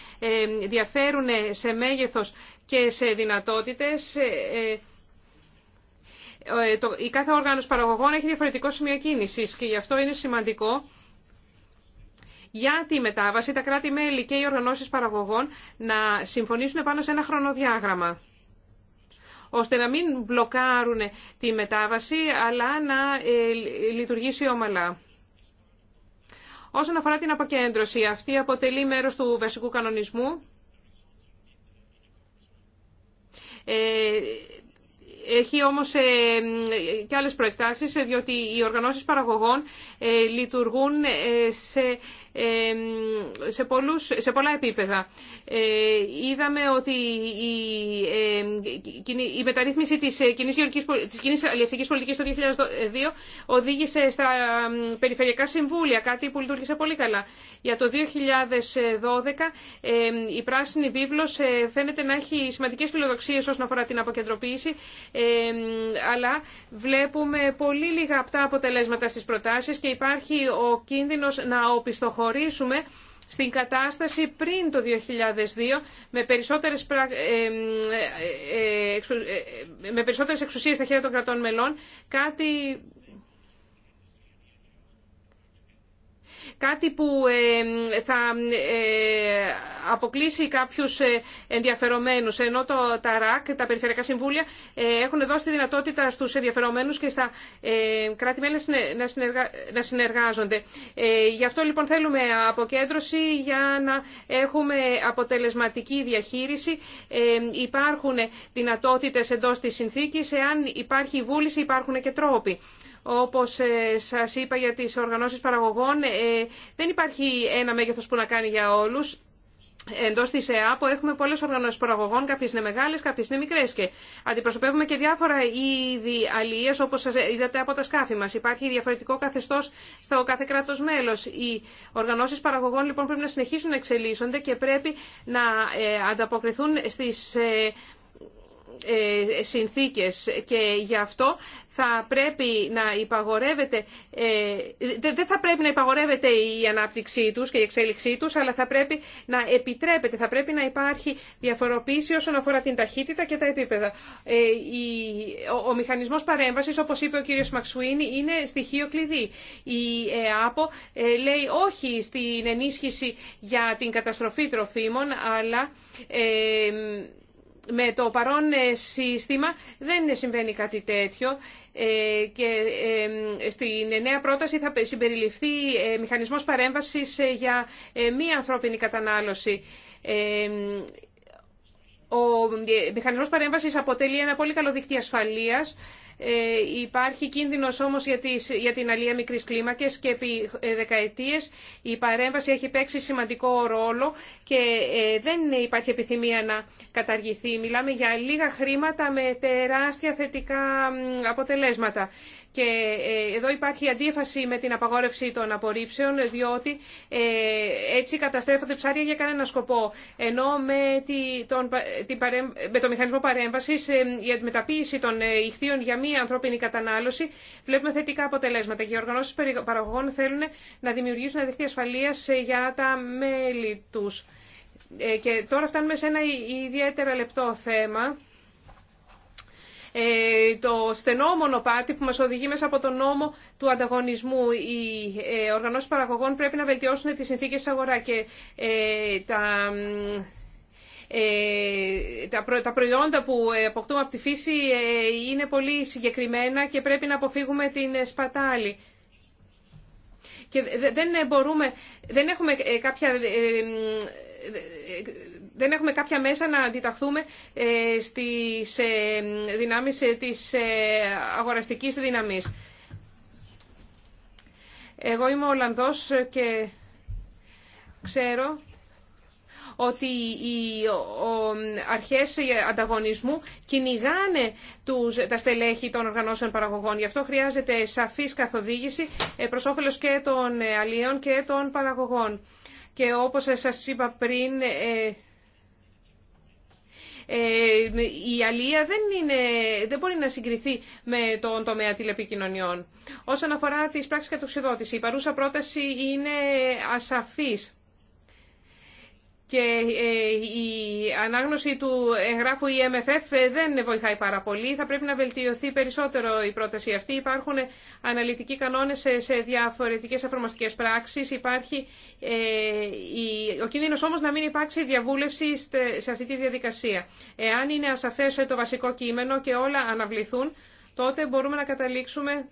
διαφέρουν σε μέγεθο και σε δυνατότητες. Ε, ε, ε, η κάθε οργάνωση παραγωγών έχει διαφορετικό σημείο κίνησης και γι' αυτό είναι σημαντικό για τη μετάβαση τα κράτη-μέλη και οι οργανώσεις παραγωγών να συμφωνήσουν πάνω σε ένα χρονοδιάγραμμα ώστε να μην μπλοκάρουν τη μετάβαση, αλλά να λειτουργήσει ομαλά. Όσον αφορά την αποκέντρωση, αυτή αποτελεί μέρος του βασικού κανονισμού Ε, έχει όμως ε, και άλλες προεκτάσεις, διότι οι οργανώσεις παραγωγών ε, λειτουργούν σε σε, πολλούς, σε πολλά επίπεδα. Ε, είδαμε ότι η, η μεταρρύθμιση της κοινής, της κοινής αλληλευτικής πολιτικής το 2002 οδήγησε στα περιφερειακά συμβούλια, κάτι που λειτουργήσε πολύ καλά. Για το 2012 η πράσινη βίβλος ε, φαίνεται να έχει σημαντικές φιλοδοξίες όσον αφορά την αποκεντροποίηση, αλλά βλέπουμε πολύ λίγα απτά αποτελέσματα στις προτάσεις και υπάρχει ο κίνδυνος να χώρο στην κατάσταση πριν το 2002 με περισσότερες, ε, ε, ε, με περισσότερες εξουσίες στα χέρια των κρατών μελών, κάτι κάτι που ε, θα ε, αποκλείσει κάποιους ε, ενδιαφερομένους. Ενώ το, τα ΡΑΚ, τα Περιφερειακά Συμβούλια, έχουν δώσει τη δυνατότητα στους ενδιαφερομένους και στα κράτη-μέλη να, συνεργάζονται. Γι' αυτό λοιπόν θέλουμε αποκέντρωση για να έχουμε αποτελεσματική διαχείριση. Υπάρχουν δυνατότητες εντός της συνθήκης. Εάν υπάρχει βούληση υπάρχουν και τρόποι. Όπως ε, σας είπα για τις οργανώσεις παραγωγών, ε, δεν υπάρχει ένα μέγεθος που να κάνει για όλους. Εντό τη ΕΑΠΟ έχουμε πολλέ οργανώσει παραγωγών, κάποιε είναι μεγάλε, κάποιε είναι μικρέ και αντιπροσωπεύουμε και διάφορα είδη αλληλεία όπω είδατε από τα σκάφη μα. Υπάρχει διαφορετικό καθεστώ στο κάθε κράτο μέλο. Οι οργανώσει παραγωγών λοιπόν πρέπει να συνεχίσουν να εξελίσσονται και πρέπει να ε, ανταποκριθούν στι ε, συνθήκες και γι' αυτό θα πρέπει να υπαγορεύεται, ε, δεν θα πρέπει να υπαγορεύεται η ανάπτυξή τους και η εξέλιξή τους, αλλά θα πρέπει να επιτρέπεται, θα πρέπει να υπάρχει διαφοροποίηση όσον αφορά την ταχύτητα και τα επίπεδα. Ε, ο, μηχανισμός παρέμβασης, όπως είπε ο κύριος Μαξουίνη, είναι στοιχείο κλειδί. Η ΕΑΠΟ λέει όχι στην ενίσχυση για την καταστροφή τροφίμων, αλλά με το παρόν ε, σύστημα δεν συμβαίνει κάτι τέτοιο ε, και ε, στην νέα πρόταση θα συμπεριληφθεί μηχανισμός παρέμβασης για μη ανθρώπινη κατανάλωση. Ο μηχανισμός παρέμβασης αποτελεί ένα πολύ καλό δίκτυο ασφαλείας ε, υπάρχει κίνδυνος όμως για, την αλία μικρής κλίμακες και επί ε, δεκαετίες η παρέμβαση έχει παίξει σημαντικό ρόλο και ε, δεν υπάρχει επιθυμία να καταργηθεί. Μιλάμε για λίγα χρήματα με τεράστια θετικά αποτελέσματα. Και ε, εδώ υπάρχει αντίφαση με την απαγόρευση των απορρίψεων, διότι ε, έτσι καταστρέφονται ψάρια για κανένα σκοπό. Ενώ με, με το μηχανισμό παρέμβαση, ε, η αντιμεταποίηση των ηχθείων για μία ανθρώπινη κατανάλωση, βλέπουμε θετικά αποτελέσματα. Και οι οργανώσει παραγωγών θέλουν να δημιουργήσουν αδεχτή ασφαλεία για τα μέλη του. Και τώρα φτάνουμε σε ένα ιδιαίτερα λεπτό θέμα ε, το στενό μονοπάτι που μας οδηγεί μέσα από τον νόμο του ανταγωνισμού. Οι ε, οργανώσεις παραγωγών πρέπει να βελτιώσουν τις συνθήκες αγορά και ε, τα τα προϊόντα που αποκτούμε από τη φύση είναι πολύ συγκεκριμένα και πρέπει να αποφύγουμε την σπατάλη. Και δεν μπορούμε, δεν έχουμε κάποια δεν έχουμε κάποια μέσα να αντιταχθούμε ε, στις ε, δυνάμεις ε, της αγοραστικής δύναμης. Εγώ είμαι Ολλανδός και ξέρω ότι οι αρχές ανταγωνισμού κυνηγάνε τους, τα στελέχη των οργανώσεων παραγωγών. Γι' αυτό χρειάζεται σαφής καθοδήγηση προς όφελος και των αλλιών και των παραγωγών. Και όπως σας είπα πριν, ε, η αλληλεία δεν, δεν μπορεί να συγκριθεί με τον τομέα τηλεπικοινωνιών. Όσον αφορά τις πράξεις κατοξιδότηση, η παρούσα πρόταση είναι ασαφής και ε, η ανάγνωση του εγγράφου EMFF δεν βοηθάει πάρα πολύ. Θα πρέπει να βελτιωθεί περισσότερο η πρόταση αυτή. Υπάρχουν αναλυτικοί κανόνες σε διαφορετικές αφορμαστικές πράξεις. Υπάρχει ε, ο κίνδυνος όμως να μην υπάρξει διαβούλευση σε αυτή τη διαδικασία. Εάν είναι ασαφές το βασικό κείμενο και όλα αναβληθούν, τότε μπορούμε να καταλήξουμε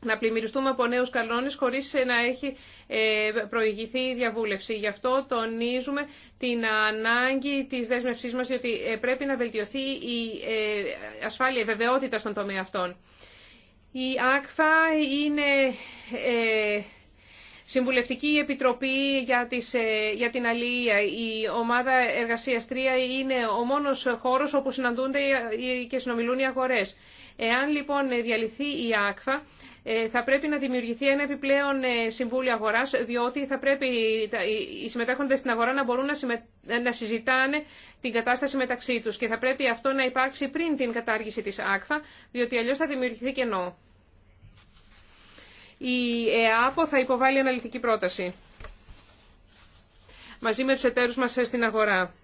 να πλημμυριστούμε από νέους καλώνες χωρίς ε, να έχει ε, προηγηθεί η διαβούλευση. Γι' αυτό τονίζουμε την ανάγκη της δέσμευσής μας, διότι ε, πρέπει να βελτιωθεί η ασφάλεια, η βεβαιότητα στον τομέα αυτών. Η ΑΚΦΑ είναι Συμβουλευτική Επιτροπή για, την Αλληλεία. Η ομάδα εργασίας 3 είναι ο μόνος χώρος όπου συναντούνται και συνομιλούν οι αγορές. Εάν λοιπόν διαλυθεί η ΑΚΦΑ, ε, θα πρέπει να δημιουργηθεί ένα επιπλέον ε, συμβούλιο αγορά, διότι θα πρέπει οι συμμετέχοντε στην αγορά να μπορούν να ε, συζητάνε την κατάσταση μεταξύ του. Και θα πρέπει αυτό να υπάρξει πριν την κατάργηση τη ΑΚΦΑ, διότι αλλιώ θα δημιουργηθεί κενό. Η ΕΑΠΟ θα υποβάλει αναλυτική πρόταση μαζί με τους εταίρους μας στην αγορά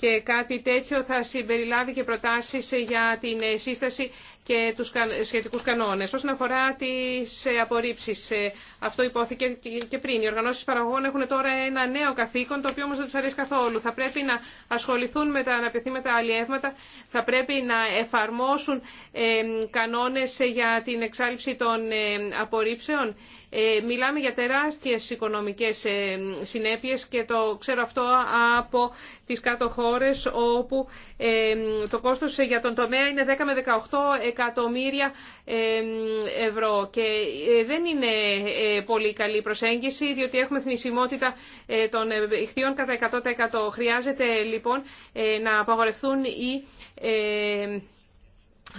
και κάτι τέτοιο θα συμπεριλάβει και προτάσεις για την ε, σύσταση και τους σχετικούς κανόνες. Όσον αφορά τις ε, απορρίψεις, ε, αυτό υπόθηκε και πριν. Οι οργανώσεις παραγωγών έχουν τώρα ένα νέο καθήκον, το οποίο όμως δεν τους αρέσει καθόλου. Θα πρέπει να ασχοληθούν με τα αναπιθύμετα αλλιεύματα, θα πρέπει να εφαρμόσουν κανόνες για την εξάλληψη των απορρίψεων ε, μιλάμε για τεράστιες οικονομικές ε, συνέπειες και το ξέρω αυτό από τις κάτω χώρες όπου ε, το κόστος για τον τομέα είναι 10 με 18 εκατομμύρια ευρώ και δεν είναι πολύ καλή προσέγγιση διότι έχουμε θνησιμότητα των ηχθείων κατά 100%. Χρειάζεται λοιπόν να απαγορευτούν οι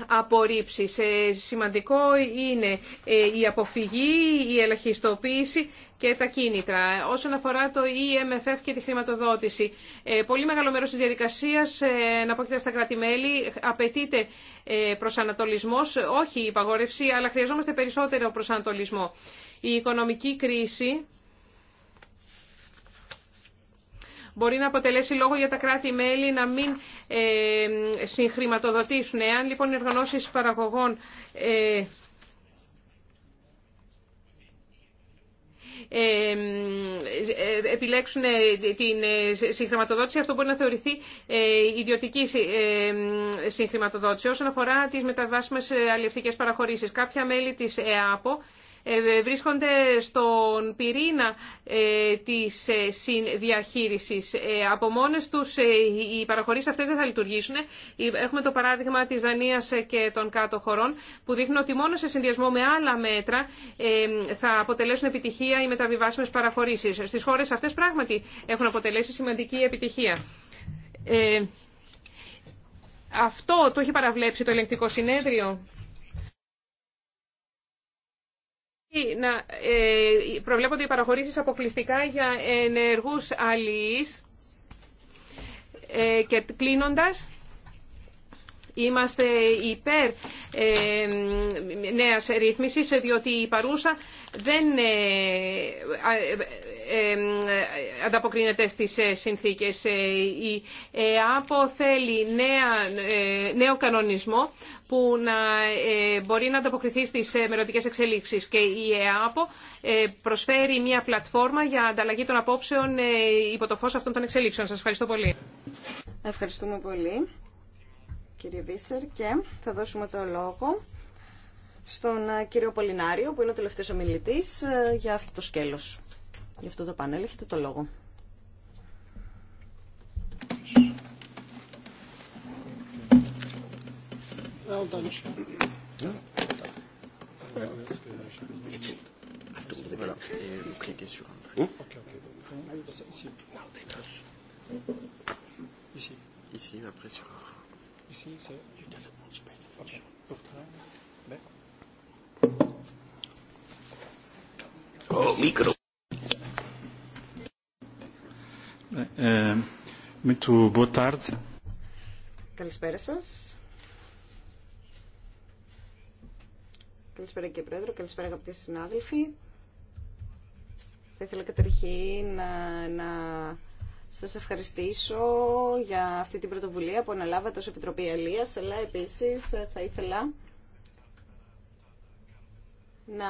απορρίψεις. Σημαντικό είναι ε, η αποφυγή, η ελαχιστοποίηση και τα κίνητρα. Όσον αφορά το EMFF και τη χρηματοδότηση, ε, πολύ μεγάλο μέρος της διαδικασίας, ε, να πω και στα κράτη-μέλη, απαιτείται προσανατολισμός, όχι υπαγόρευση, αλλά χρειαζόμαστε περισσότερο προσανατολισμό. Η οικονομική κρίση μπορεί να αποτελέσει λόγο για τα κράτη-μέλη να μην ε, συγχρηματοδοτήσουν. Εάν λοιπόν οι οργανώσεις παραγωγών ε, ε, επιλέξουν την συγχρηματοδότηση, αυτό μπορεί να θεωρηθεί ιδιωτική συγχρηματοδότηση. Όσον αφορά τις μεταβάσιμες αλληλευτικές παραχωρήσεις, κάποια μέλη της ΕΑΠΟ ε, ε, βρίσκονται στον πυρήνα ε, της συνδιαχείρισης. Από μόνες τους οι παραχωρήσεις αυτές δεν θα λειτουργήσουν. Έχουμε το παράδειγμα της Δανίας και των κάτω χωρών που δείχνουν ότι μόνο σε συνδυασμό με άλλα μέτρα θα αποτελέσουν επιτυχία οι μεταβιβάσιμες παραχωρήσεις. Στις χώρες αυτές πράγματι έχουν αποτελέσει σημαντική επιτυχία. Αυτό το έχει παραβλέψει το ελεγκτικό συνέδριο να ε, προβλέπονται οι παραχωρήσεις αποκλειστικά για ενεργούς αλληλείς ε, και κλείνοντας Είμαστε υπέρ ε, νέας ρύθμισης, διότι η παρούσα δεν ε, ε, ε, ανταποκρίνεται στις συνθήκες. Η ΕΑΠΟ θέλει νέα, νέο κανονισμό που να μπορεί να ανταποκριθεί στις μερωτικές εξελίξεις και η ΕΑΠΟ προσφέρει μια πλατφόρμα για ανταλλαγή των απόψεων υπό το φως αυτών των εξελίξεων. Σας ευχαριστώ πολύ. Ευχαριστούμε πολύ κύριε Βίσερ και θα δώσουμε το λόγο στον ε, κύριο Πολινάριο που είναι ο τελευταίος ομιλητής ε, για αυτό το σκέλος. Για αυτό το πάνελ έχετε το λόγο. Ici, après sur un Oh, micro. Um, καλησπέρα σας. Καλησπέρα κύριε Πρόεδρο, καλησπέρα αγαπητοί συνάδελφοι. Θα ήθελα καταρχήν ε, να, να σας ευχαριστήσω για αυτή την πρωτοβουλία που αναλάβατε ως Επιτροπή Αλίας, αλλά επίσης θα ήθελα να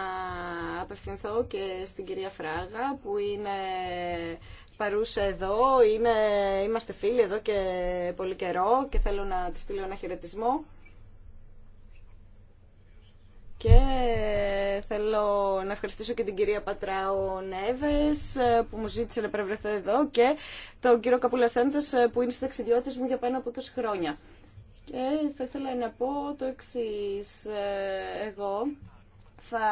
απευθυνθώ και στην κυρία Φράγα που είναι παρούσα εδώ, είναι, είμαστε φίλοι εδώ και πολύ καιρό και θέλω να τη στείλω ένα χαιρετισμό. Και θέλω να ευχαριστήσω και την κυρία Πατράου Νέβες ε, που μου ζήτησε να παρευρεθώ εδώ και τον κύριο άντες ε, που είναι συνταξιδιώτης μου για πάνω από 20 χρόνια. Και θα ήθελα να πω το εξή ε, Εγώ θα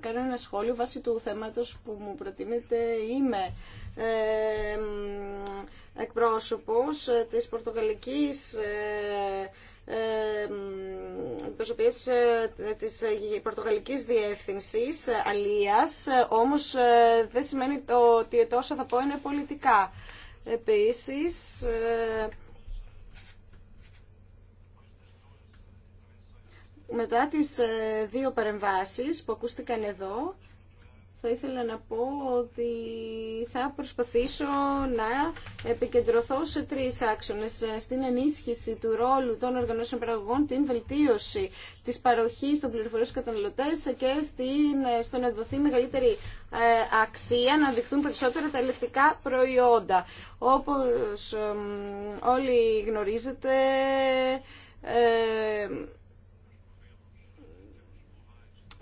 κάνω ένα σχόλιο βάσει του θέματος που μου προτείνεται. Είμαι ε, εκπρόσωπος της Πορτογαλικής προσωπίες ε, της ε, Πορτογαλικής Διεύθυνσης ε, Αλίας, όμως δεν σημαίνει το ότι τόσο θα πω είναι πολιτικά. Επίσης, μετά τις δύο παρεμβάσεις που ακούστηκαν εδώ, θα ήθελα να πω ότι θα προσπαθήσω να επικεντρωθώ σε τρεις άξονες. Στην ενίσχυση του ρόλου των οργανώσεων παραγωγών, την βελτίωση της παροχής των πληροφοριών στους καταναλωτές και στην, στο να δοθεί μεγαλύτερη ε, αξία, να δειχτούν περισσότερα τα ελευτικά προϊόντα. Όπως όλοι γνωρίζετε... Ε,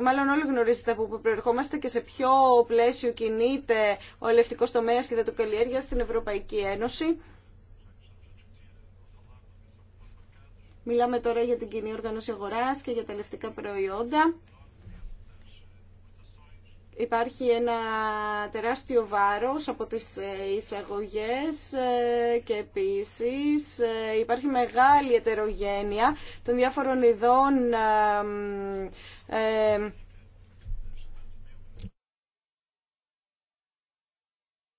Μάλλον όλοι γνωρίζετε από πού προερχόμαστε και σε ποιο πλαίσιο κινείται ο ελευτικό τομέα και καλλιέργεια στην Ευρωπαϊκή Ένωση. Μιλάμε τώρα για την κοινή οργανώση αγορά και για τα ελευτικά προϊόντα. Υπάρχει ένα τεράστιο βάρος από τις ε, εισαγωγές ε, και επίσης ε, υπάρχει μεγάλη ετερογένεια των διάφορων ειδών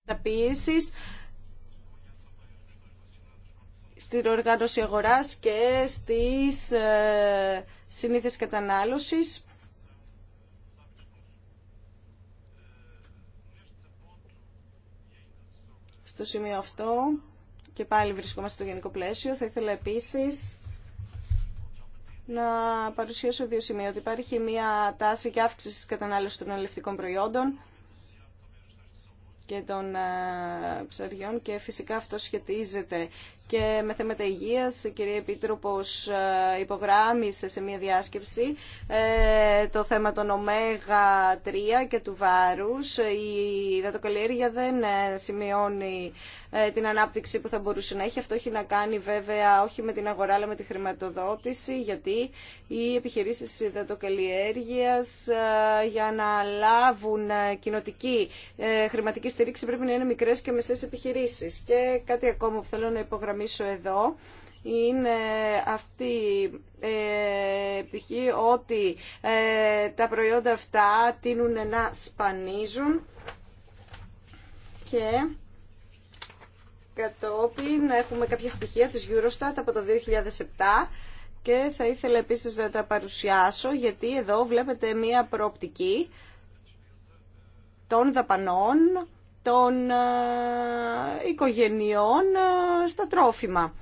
Επίσης, στην οργάνωση αγοράς και στις συνήθειες κατανάλωσης στο σημείο αυτό και πάλι βρισκόμαστε στο γενικό πλαίσιο. Θα ήθελα επίσης να παρουσιάσω δύο σημεία. Ότι υπάρχει μια τάση και αύξηση τη κατανάλωσης των ελευτικών προϊόντων και των ε, ψαριών και φυσικά αυτό σχετίζεται και με θέματα υγεία, η κυρία Επίτροπος ε, υπογράμμισε σε μια διάσκεψη ε, το θέμα των ωμέγα 3 και του βάρου. Η δατοκαλλιέργεια δεν ε, σημειώνει την ανάπτυξη που θα μπορούσε να έχει. Αυτό έχει να κάνει βέβαια όχι με την αγορά αλλά με τη χρηματοδότηση γιατί οι επιχειρήσεις ε, για να λάβουν κοινοτική χρηματική στήριξη πρέπει να είναι μικρέ και μεσές επιχειρήσει. Και κάτι ακόμα που θέλω να υπογραμμίσω εδώ είναι αυτή η ε, πτυχή ότι ε, τα προϊόντα αυτά τείνουν να σπανίζουν και κατόπιν έχουμε κάποια στοιχεία της Eurostat από το 2007 και θα ήθελα επίσης να τα παρουσιάσω γιατί εδώ βλέπετε μία προοπτική των δαπανών των ε, οικογενειών ε, στα τρόφιμα.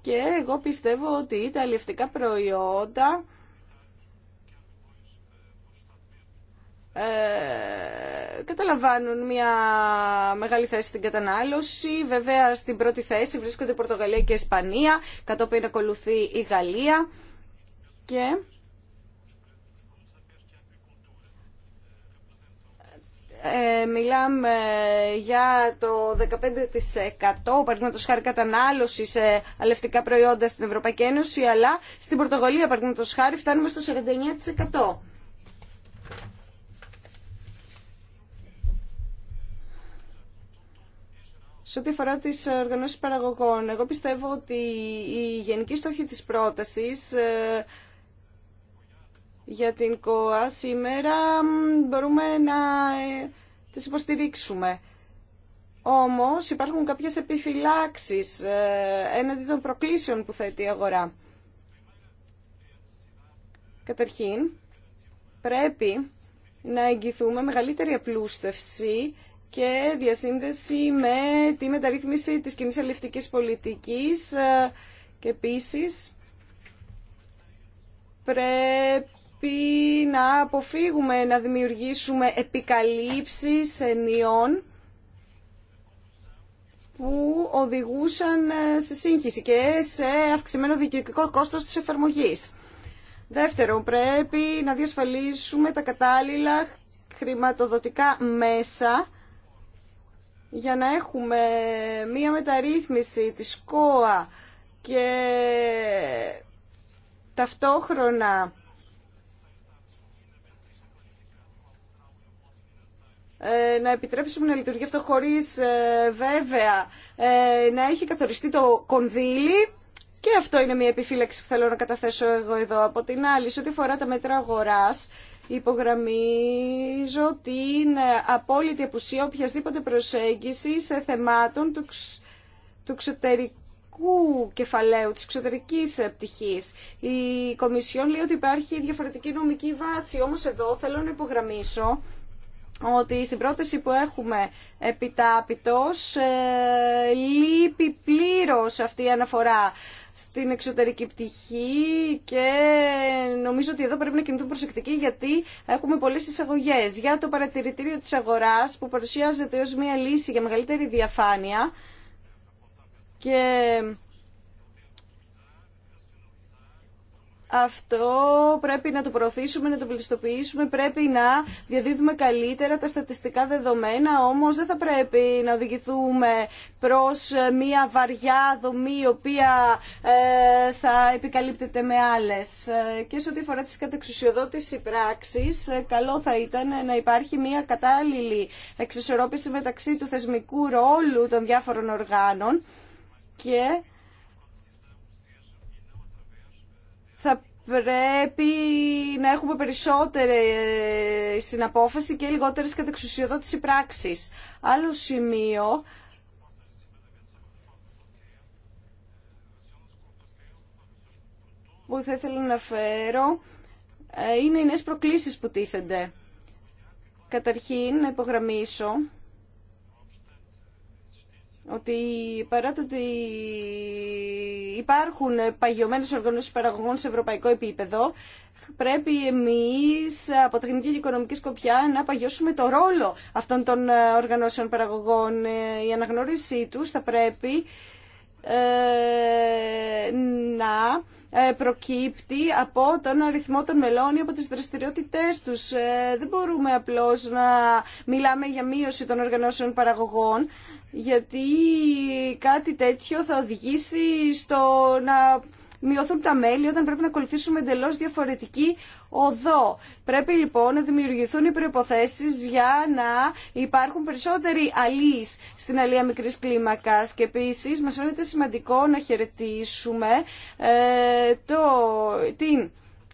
Και εγώ πιστεύω ότι τα αλληλευτικά προϊόντα Ε, καταλαμβάνουν μια μεγάλη θέση στην κατανάλωση. Βέβαια στην πρώτη θέση βρίσκονται Πορτογαλία και Ισπανία, κατόπιν ακολουθεί η Γαλλία και ε, μιλάμε για το 15% παραδείγματο χάρη κατανάλωση σε αλευτικά προϊόντα στην Ευρωπαϊκή Ένωση, αλλά στην Πορτογαλία παραδείγματο χάρη φτάνουμε στο 49%. Σε ό,τι αφορά τι οργανώσει παραγωγών, εγώ πιστεύω ότι η γενική στόχη τη πρόταση ε, για την ΚΟΑ σήμερα μπορούμε να ε, τις υποστηρίξουμε. Όμως υπάρχουν κάποιες επιφυλάξεις ε, έναντι των προκλήσεων που θέτει η αγορά. Καταρχήν, πρέπει να εγγυθούμε μεγαλύτερη απλούστευση και διασύνδεση με τη μεταρρύθμιση της κοινής αλληλευτικής πολιτικής ε, και επίσης πρέπει να αποφύγουμε να δημιουργήσουμε επικαλύψεις ενιών που οδηγούσαν σε σύγχυση και σε αυξημένο δικαιωτικό κόστος της εφαρμογής. Δεύτερον, πρέπει να διασφαλίσουμε τα κατάλληλα χρηματοδοτικά μέσα για να έχουμε μία μεταρρύθμιση της ΚΟΑ και ταυτόχρονα Ε, να επιτρέψουμε να λειτουργεί αυτό χωρίς ε, βέβαια ε, να έχει καθοριστεί το κονδύλι και αυτό είναι μια επιφύλαξη που θέλω να καταθέσω εγώ εδώ. Από την άλλη, σε ό,τι αφορά τα μέτρα αγοράς, υπογραμμίζω την απόλυτη απουσία οποιασδήποτε προσέγγιση σε θεμάτων του, του εξωτερικού κεφαλαίου, της εξωτερικής πτυχής. Η Κομισιόν λέει ότι υπάρχει διαφορετική νομική βάση, όμως εδώ θέλω να υπογραμμίσω ότι στην πρόταση που έχουμε επιτάπητος ε, λείπει πλήρως αυτή η αναφορά στην εξωτερική πτυχή και νομίζω ότι εδώ πρέπει να κινηθούμε προσεκτικοί γιατί έχουμε πολλές εισαγωγέ Για το παρατηρητήριο της αγοράς που παρουσιάζεται ως μια λύση για μεγαλύτερη διαφάνεια και αυτό πρέπει να το προωθήσουμε, να το πληστοποιήσουμε, πρέπει να διαδίδουμε καλύτερα τα στατιστικά δεδομένα, όμως δεν θα πρέπει να οδηγηθούμε προς μια βαριά δομή η οποία ε, θα επικαλύπτεται με άλλες. Ε, και σε ό,τι αφορά τις κατεξουσιοδότηση πράξης, ε, καλό θα ήταν να υπάρχει μια κατάλληλη εξισορρόπηση μεταξύ του θεσμικού ρόλου των διάφορων οργάνων και πρέπει να έχουμε περισσότερη συναπόφαση και λιγότερες κατεξουσιοδότηση πράξης. Άλλο σημείο που θα ήθελα να φέρω ε, είναι οι νέες προκλήσεις που τίθενται. Καταρχήν, να υπογραμμίσω ότι παρά το ότι υπάρχουν παγιωμένε οργανώσει παραγωγών σε ευρωπαϊκό επίπεδο, πρέπει εμείς από τεχνική και οικονομική σκοπιά να παγιώσουμε το ρόλο αυτών των ε, οργανώσεων παραγωγών. Ε, η αναγνώρισή τους θα πρέπει ε, να προκύπτει από τον αριθμό των μελών ή από τις δραστηριότητές τους. Δεν μπορούμε απλώς να μιλάμε για μείωση των οργανώσεων παραγωγών γιατί κάτι τέτοιο θα οδηγήσει στο να μειωθούν τα μέλη όταν πρέπει να ακολουθήσουμε εντελώ διαφορετική οδό. Πρέπει λοιπόν να δημιουργηθούν οι προποθέσει για να υπάρχουν περισσότεροι αλλοί στην αλία μικρή κλίμακα. Και επίση μα φαίνεται σημαντικό να χαιρετήσουμε ε, το, την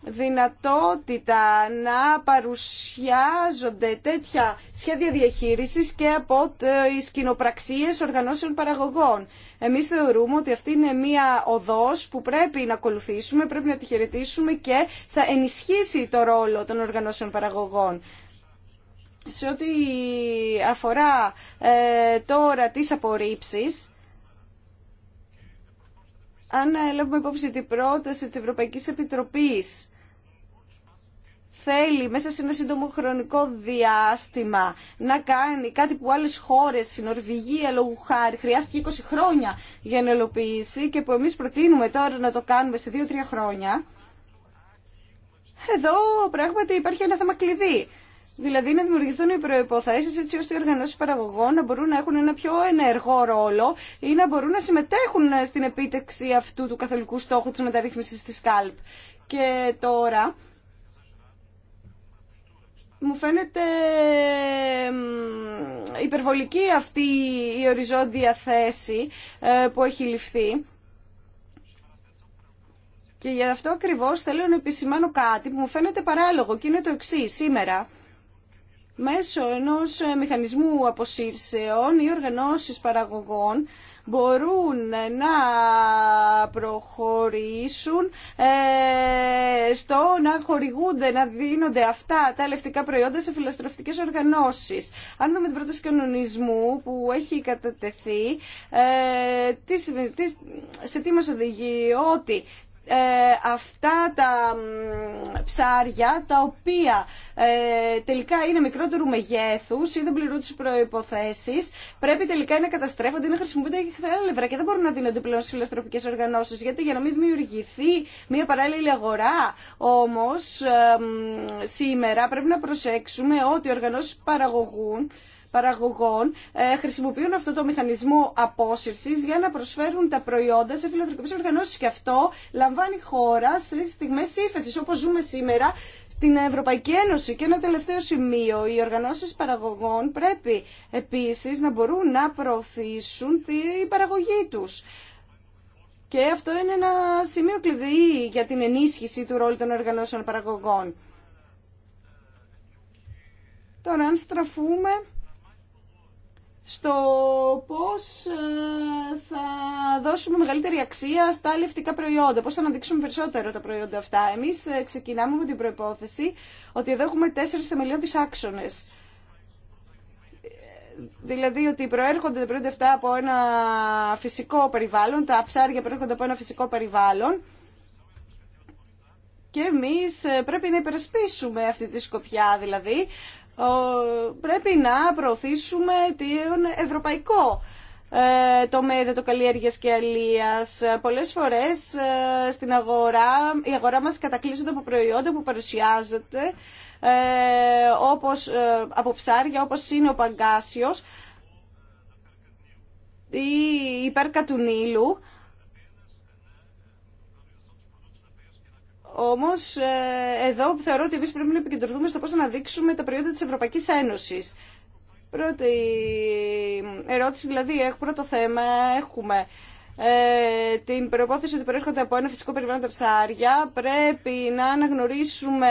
δυνατότητα να παρουσιάζονται τέτοια σχέδια διαχείρισης και από τις κοινοπραξίες οργανώσεων παραγωγών. Εμείς θεωρούμε ότι αυτή είναι μία οδός που πρέπει να ακολουθήσουμε, πρέπει να τη χαιρετήσουμε και θα ενισχύσει το ρόλο των οργανώσεων παραγωγών. Σε ό,τι αφορά ε, τώρα τις απορρίψεις, αν ε, λάβουμε υπόψη την πρόταση της Ευρωπαϊκής Επιτροπής θέλει μέσα σε ένα σύντομο χρονικό διάστημα να κάνει κάτι που άλλε χώρε η Νορβηγία λόγου χάρη, χρειάστηκε 20 χρόνια για να ελοποιήσει και που εμεί προτείνουμε τώρα να το κάνουμε σε 2-3 χρόνια, εδώ πράγματι υπάρχει ένα θέμα κλειδί. Δηλαδή να δημιουργηθούν οι προποθέσει έτσι ώστε οι οργανώσει παραγωγών να μπορούν να έχουν ένα πιο ενεργό ρόλο ή να μπορούν να συμμετέχουν στην επίτευξη αυτού του καθολικού στόχου τη μεταρρύθμιση τη ΚΑΛΠ. Και τώρα μου φαίνεται υπερβολική αυτή η οριζόντια θέση ε, που έχει ληφθεί. Και γι' αυτό ακριβώ θέλω να επισημάνω κάτι που μου φαίνεται παράλογο και είναι το εξή. Σήμερα, μέσω ενός ε, μηχανισμού αποσύρσεων, ή οργανώσει παραγωγών μπορούν να προχωρήσουν ε, στο να χορηγούνται, να δίνονται αυτά τα ελευτικά προϊόντα σε φιλαστροφτικές οργανώσεις. Αν δούμε την πρόταση κανονισμού που έχει κατατεθεί, ε, σε τι μας οδηγεί, ότι ε, αυτά τα ψάρια τα οποία ε, τελικά είναι μικρότερου μεγέθους ή δεν πληρούν τις προϋποθέσεις πρέπει τελικά να καταστρέφονται, να χρησιμοποιούνται και χθέλευρα και δεν μπορούν να δίνονται πλέον στις οργανώσεις γιατί για να μην δημιουργηθεί μια παράλληλη αγορά όμως ε, σήμερα πρέπει να προσέξουμε ότι οι οργανώσεις παραγωγούν παραγωγών ε, χρησιμοποιούν αυτό το μηχανισμό απόσυρση για να προσφέρουν τα προϊόντα σε φιλανθρωπικέ οργανώσει. Και αυτό λαμβάνει χώρα σε στιγμέ ύφεση, όπω ζούμε σήμερα στην Ευρωπαϊκή Ένωση. Και ένα τελευταίο σημείο. Οι οργανώσει παραγωγών πρέπει επίση να μπορούν να προωθήσουν την παραγωγή του. Και αυτό είναι ένα σημείο κλειδί για την ενίσχυση του ρόλου των οργανώσεων παραγωγών. Τώρα, αν στραφούμε στο πώς ε, θα δώσουμε μεγαλύτερη αξία στα λευτικά προϊόντα, πώς θα αναδείξουμε περισσότερο τα προϊόντα αυτά. Εμείς ε, ξεκινάμε με την προϋπόθεση ότι εδώ έχουμε τέσσερις θεμελιώδεις άξονες. Δηλαδή ότι προέρχονται τα προϊόντα αυτά από ένα φυσικό περιβάλλον, τα ψάρια προέρχονται από ένα φυσικό περιβάλλον και εμείς ε, πρέπει να υπερασπίσουμε αυτή τη σκοπιά δηλαδή πρέπει να προωθήσουμε την ευρωπαϊκό το ε, το καλλιέργεια και αλίας. Πολλές φορές ε, στην αγορά, η αγορά μας κατακλείζεται από προϊόντα που παρουσιάζεται ε, όπως, από ψάρια όπως είναι ο παγκάσιο ή η υπέρκα του Νείλου Όμως ε, εδώ θεωρώ ότι εμεί πρέπει να επικεντρωθούμε στο πώς να αναδείξουμε τα προϊόντα της Ευρωπαϊκής Ένωσης. Πρώτη ερώτηση, δηλαδή, έχουμε πρώτο θέμα, έχουμε ε, την προπόθεση ότι προέρχονται από ένα φυσικό περιβάλλον τα ψάρια. Πρέπει να αναγνωρίσουμε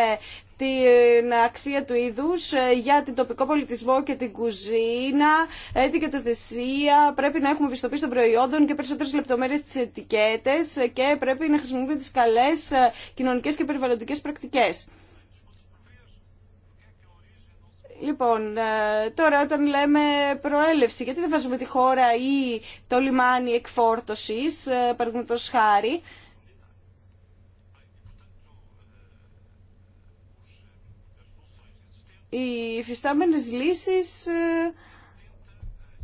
την αξία του είδους ε, για την τοπικό πολιτισμό και την κουζίνα, την τοθεσία, Πρέπει να έχουμε πιστοποίηση των προϊόντων και περισσότερες λεπτομέρειες στις ετικέτες και πρέπει να χρησιμοποιούμε τις καλές ε, κοινωνικές και περιβαλλοντικές πρακτικές. Λοιπόν, ε, τώρα όταν λέμε προέλευση, γιατί δεν βάζουμε τη χώρα ή το λιμάνι εκφόρτωσης, παραδείγματος χάρη, Οι φυστάμενε λύσεις ε,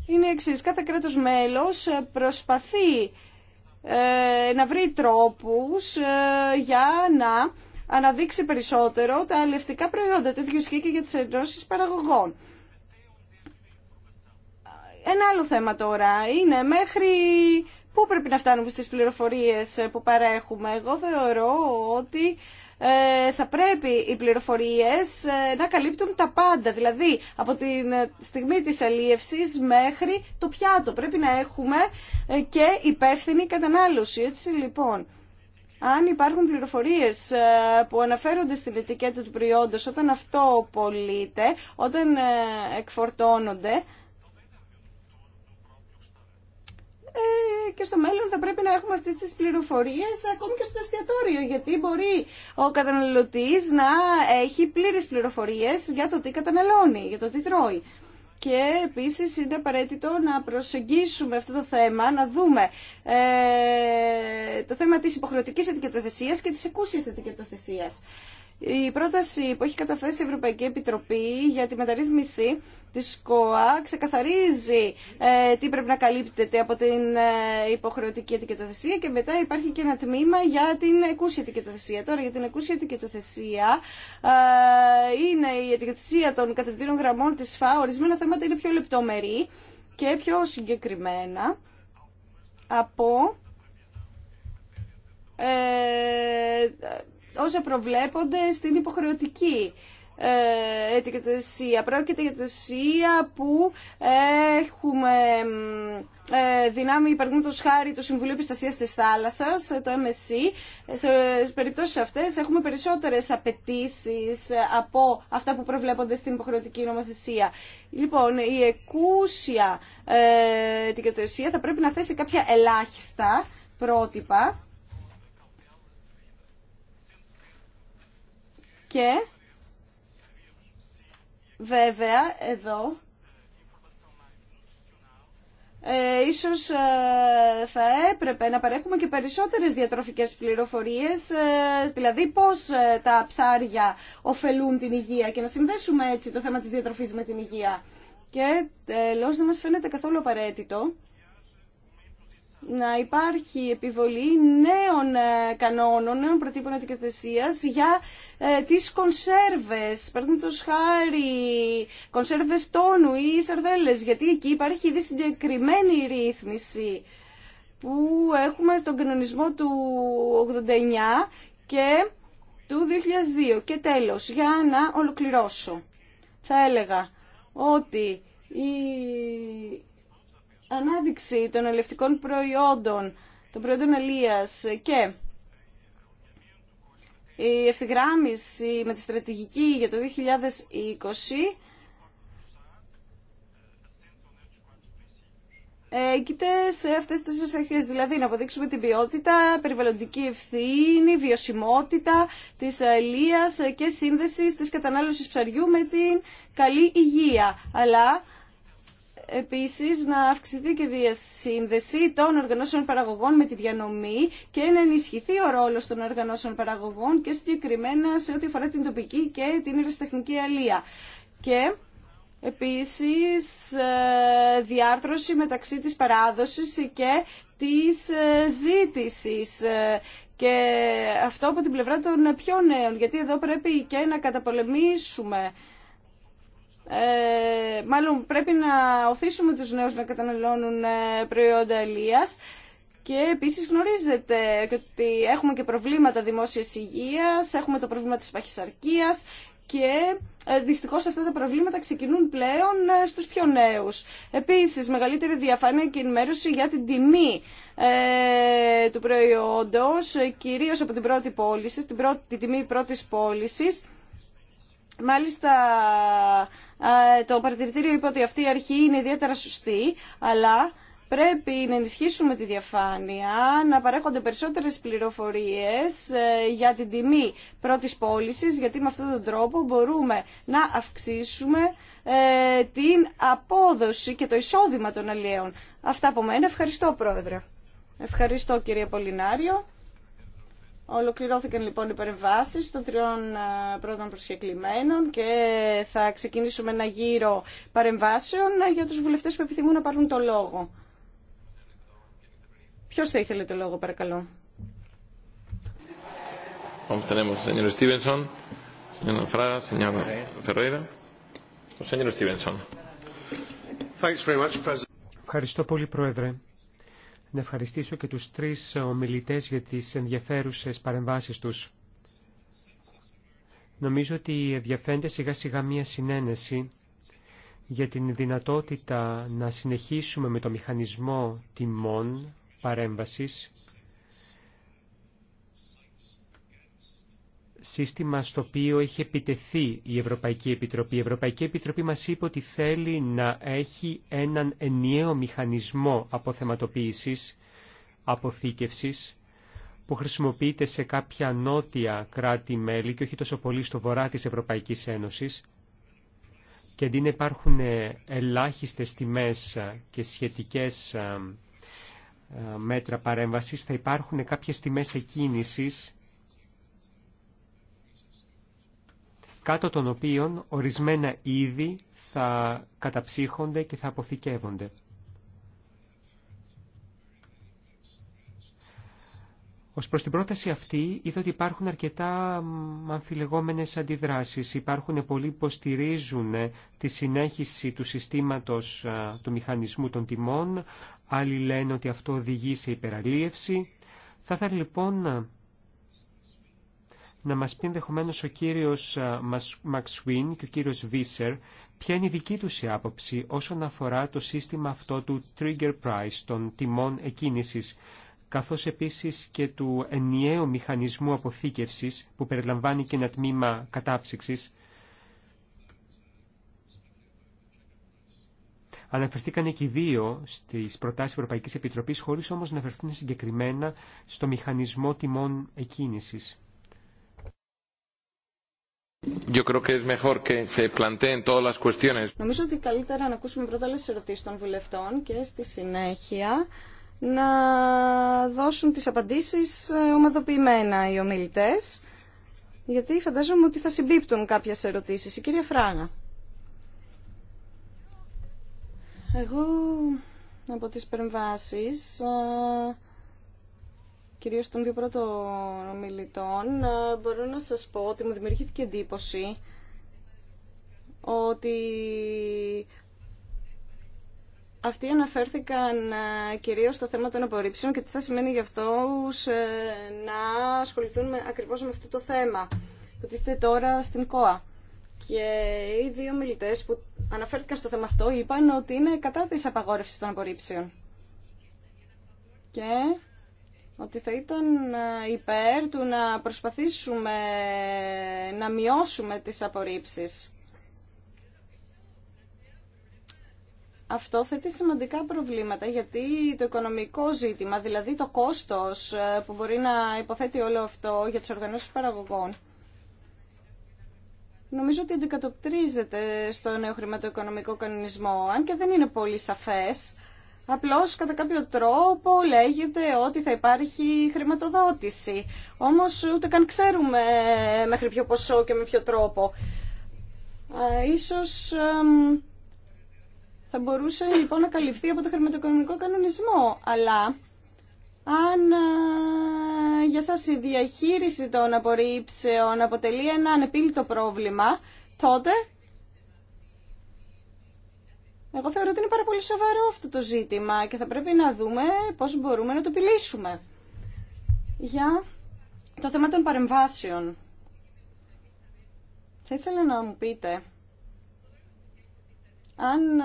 είναι εξή. Κάθε κράτο μέλος ε, προσπαθεί ε, να βρει τρόπους για να αναδείξει περισσότερο τα αλληλευτικά προϊόντα. Το ίδιο ισχύει και για τι ενώσει παραγωγών. Ένα άλλο θέμα τώρα είναι μέχρι πού πρέπει να φτάνουμε στις πληροφορίες που παρέχουμε. Εγώ θεωρώ ότι ε, θα πρέπει οι πληροφορίες ε, να καλύπτουν τα πάντα. Δηλαδή, από τη ε, στιγμή της αλίευσης μέχρι το πιάτο. Πρέπει να έχουμε και υπεύθυνη κατανάλωση. Έτσι, λοιπόν... Αν υπάρχουν πληροφορίες που αναφέρονται στην ετικέτα του προϊόντος όταν αυτό πωλείται, όταν εκφορτώνονται, ε, και στο μέλλον θα πρέπει να έχουμε αυτές τις πληροφορίες ακόμη και στο εστιατόριο γιατί μπορεί ο καταναλωτής να έχει πλήρες πληροφορίες για το τι καταναλώνει, για το τι τρώει. Και επίσης είναι απαραίτητο να προσεγγίσουμε αυτό το θέμα, να δούμε ε, το θέμα της υποχρεωτικής ετικετοθεσίας και της εκούσιας ετικετοθεσίας. Η πρόταση που έχει καταθέσει η Ευρωπαϊκή Επιτροπή για τη μεταρρύθμιση της ΚΟΑ ξεκαθαρίζει ε, τι πρέπει να καλύπτεται από την ε, υποχρεωτική ετικετοθεσία και μετά υπάρχει και ένα τμήμα για την εκούσια ετικετοθεσία. Τώρα για την εκούσια ετικετοθεσία ε, είναι η ετικετοθεσία των κατευθύνων γραμμών της ΦΑ. Ορισμένα θέματα είναι πιο λεπτομερή και πιο συγκεκριμένα από όσα προβλέπονται στην υποχρεωτική ε, ετικετοσία. Πρόκειται για τοσία που έχουμε ε, δυνάμει παραδείγματο χάρη του Συμβουλίου Επιστασία της Θάλασσα, ε, το MSC. Σε περιπτώσεις αυτές έχουμε περισσότερες απαιτήσει από αυτά που προβλέπονται στην υποχρεωτική νομοθεσία. Λοιπόν, η εκούσια ετικετοσία θα πρέπει να θέσει κάποια ελάχιστα πρότυπα Και βέβαια εδώ ε, ίσως ε, θα έπρεπε να παρέχουμε και περισσότερες διατροφικές πληροφορίες, ε, δηλαδή πώς ε, τα ψάρια ωφελούν την υγεία και να συνδέσουμε έτσι το θέμα της διατροφής με την υγεία. Και τέλος δεν μας φαίνεται καθόλου απαραίτητο να υπάρχει επιβολή νέων ε, κανόνων, νέων προτύπων αντικαθεσία για ε, τις κονσέρβες, παραδείγματο χάρη, κονσέρβες τόνου ή Σαρδέλε. γιατί εκεί υπάρχει ήδη συγκεκριμένη ρύθμιση που έχουμε στον κανονισμό του 89 και του 2002. Και τέλος, για να ολοκληρώσω, θα έλεγα ότι η ανάδειξη των ελευτικών προϊόντων, των προϊόντων ελίας και η ευθυγράμμιση με τη στρατηγική για το 2020 έγκυται ε, σε αυτές τις δηλαδή να αποδείξουμε την ποιότητα, περιβαλλοντική ευθύνη, βιωσιμότητα της ελίας και σύνδεση της κατανάλωσης ψαριού με την καλή υγεία. Αλλά επίσης να αυξηθεί και η διασύνδεση των οργανώσεων παραγωγών με τη διανομή και να ενισχυθεί ο ρόλος των οργανώσεων παραγωγών και συγκεκριμένα σε ό,τι αφορά την τοπική και την ερασιτεχνική αλία. Και επίσης ε, διάρθρωση μεταξύ της παράδοσης και της ε, ζήτησης ε, και αυτό από την πλευρά των πιο νέων, γιατί εδώ πρέπει και να καταπολεμήσουμε ε, μάλλον πρέπει να οθήσουμε τους νέους να καταναλώνουν ε, προϊόντα ελίας και επίσης γνωρίζετε ότι έχουμε και προβλήματα δημόσιας υγείας, έχουμε το πρόβλημα της παχυσαρκίας και ε, δυστυχώς αυτά τα προβλήματα ξεκινούν πλέον ε, στους πιο νέους. Επίσης, μεγαλύτερη διαφάνεια και ενημέρωση για την τιμή του προϊόντος, κυρίως από την πρώτη πώληση, την, τιμή πρώτης πώλησης, Μάλιστα, το παρατηρητήριο είπε ότι αυτή η αρχή είναι ιδιαίτερα σωστή, αλλά πρέπει να ενισχύσουμε τη διαφάνεια, να παρέχονται περισσότερες πληροφορίες ε, για την τιμή πρώτης πώληση, γιατί με αυτόν τον τρόπο μπορούμε να αυξήσουμε ε, την απόδοση και το εισόδημα των αλλιέων. Αυτά από μένα. Ευχαριστώ, Πρόεδρε. Ευχαριστώ, κύριε Πολυνάριο. Ολοκληρώθηκαν λοιπόν οι παρεμβάσεις των τριών ε, πρώτων προσκεκλημένων και θα ξεκινήσουμε ένα γύρο παρεμβάσεων ε, για τους βουλευτές που επιθυμούν να πάρουν το λόγο. Ποιος θα ήθελε το λόγο παρακαλώ. Ευχαριστώ πολύ Πρόεδρε να ευχαριστήσω και τους τρεις ομιλητές για τις ενδιαφέρουσες παρεμβάσεις τους. Νομίζω ότι διαφαίνεται σιγά σιγά μία συνένεση για την δυνατότητα να συνεχίσουμε με το μηχανισμό τιμών παρέμβασης σύστημα στο οποίο έχει επιτεθεί η Ευρωπαϊκή Επιτροπή. Η Ευρωπαϊκή Επιτροπή μας είπε ότι θέλει να έχει έναν ενιαίο μηχανισμό αποθεματοποίησης, αποθήκευσης, που χρησιμοποιείται σε κάποια νότια κράτη-μέλη και όχι τόσο πολύ στο βορρά της Ευρωπαϊκής Ένωσης και αντί να υπάρχουν ελάχιστες τιμές και σχετικές ε, ε, μέτρα παρέμβασης θα υπάρχουν κάποιες τιμές εκκίνησης κάτω των οποίων ορισμένα είδη θα καταψύχονται και θα αποθηκεύονται. Ως προς την πρόταση αυτή, είδα ότι υπάρχουν αρκετά αμφιλεγόμενες αντιδράσεις. Υπάρχουν πολλοί που στηρίζουν ε, τη συνέχιση του συστήματος του μηχανισμού των τιμών. Άλλοι λένε ότι αυτό οδηγεί σε υπεραλίευση. Θα ήθελα λοιπόν να μας πει ενδεχομένω ο κύριος ε, Μαξουίν και ο κύριος Βίσερ ποια είναι η δική τους η άποψη όσον αφορά το σύστημα αυτό του trigger price των τιμών εκκίνησης καθώς επίσης και του ενιαίου μηχανισμού αποθήκευσης που περιλαμβάνει και ένα τμήμα κατάψυξης. Αναφερθήκαν και οι δύο στις προτάσεις Ευρωπαϊκής Επιτροπής χωρίς όμως να αναφερθούν συγκεκριμένα στο μηχανισμό τιμών εκκίνησης. Νομίζω ότι καλύτερα να ακούσουμε πρώτα όλες των βουλευτών και στη συνέχεια να δώσουν τις απαντήσεις ε, ομαδοποιημένα οι ομιλητές, γιατί φαντάζομαι ότι θα συμπίπτουν κάποιες ερωτήσεις. Η κυρία Φράγα. Εγώ από τις περιβάσεις ε, κυρίως των δύο πρώτων ομιλητών, ε, μπορώ να σας πω ότι μου δημιουργήθηκε εντύπωση ότι αυτοί αναφέρθηκαν ε, κυρίως στο θέμα των απορρίψεων και τι θα σημαίνει για αυτούς ε, να ασχοληθούν με, ακριβώς με αυτό το θέμα που τίθεται τώρα στην ΚΟΑ. Και οι δύο μιλητές που αναφέρθηκαν στο θέμα αυτό είπαν ότι είναι κατά της απαγόρευσης των απορρίψεων. Και ότι θα ήταν ε, υπέρ του να προσπαθήσουμε να μειώσουμε τις απορρίψεις. Αυτό θέτει σημαντικά προβλήματα γιατί το οικονομικό ζήτημα, δηλαδή το κόστος ε, που μπορεί να υποθέτει όλο αυτό για τις οργανώσεις παραγωγών, νομίζω ότι αντικατοπτρίζεται στο νέο χρηματοοικονομικό κανονισμό, αν και δεν είναι πολύ σαφές Απλώς κατά κάποιο τρόπο λέγεται ότι θα υπάρχει χρηματοδότηση. Όμως ούτε καν ξέρουμε μέχρι ποιο ποσό και με ποιο τρόπο. Ίσως θα μπορούσε λοιπόν να καλυφθεί από το χρηματοοικονομικό κανονισμό. Αλλά αν ε, για σας η διαχείριση των απορρίψεων αποτελεί ένα ανεπίλητο πρόβλημα, τότε εγώ θεωρώ ότι είναι πάρα πολύ σοβαρό αυτό το ζήτημα και θα πρέπει να δούμε πώς μπορούμε να το επιλύσουμε. Για το θέμα των παρεμβάσεων. Θα ήθελα να μου πείτε αν ε,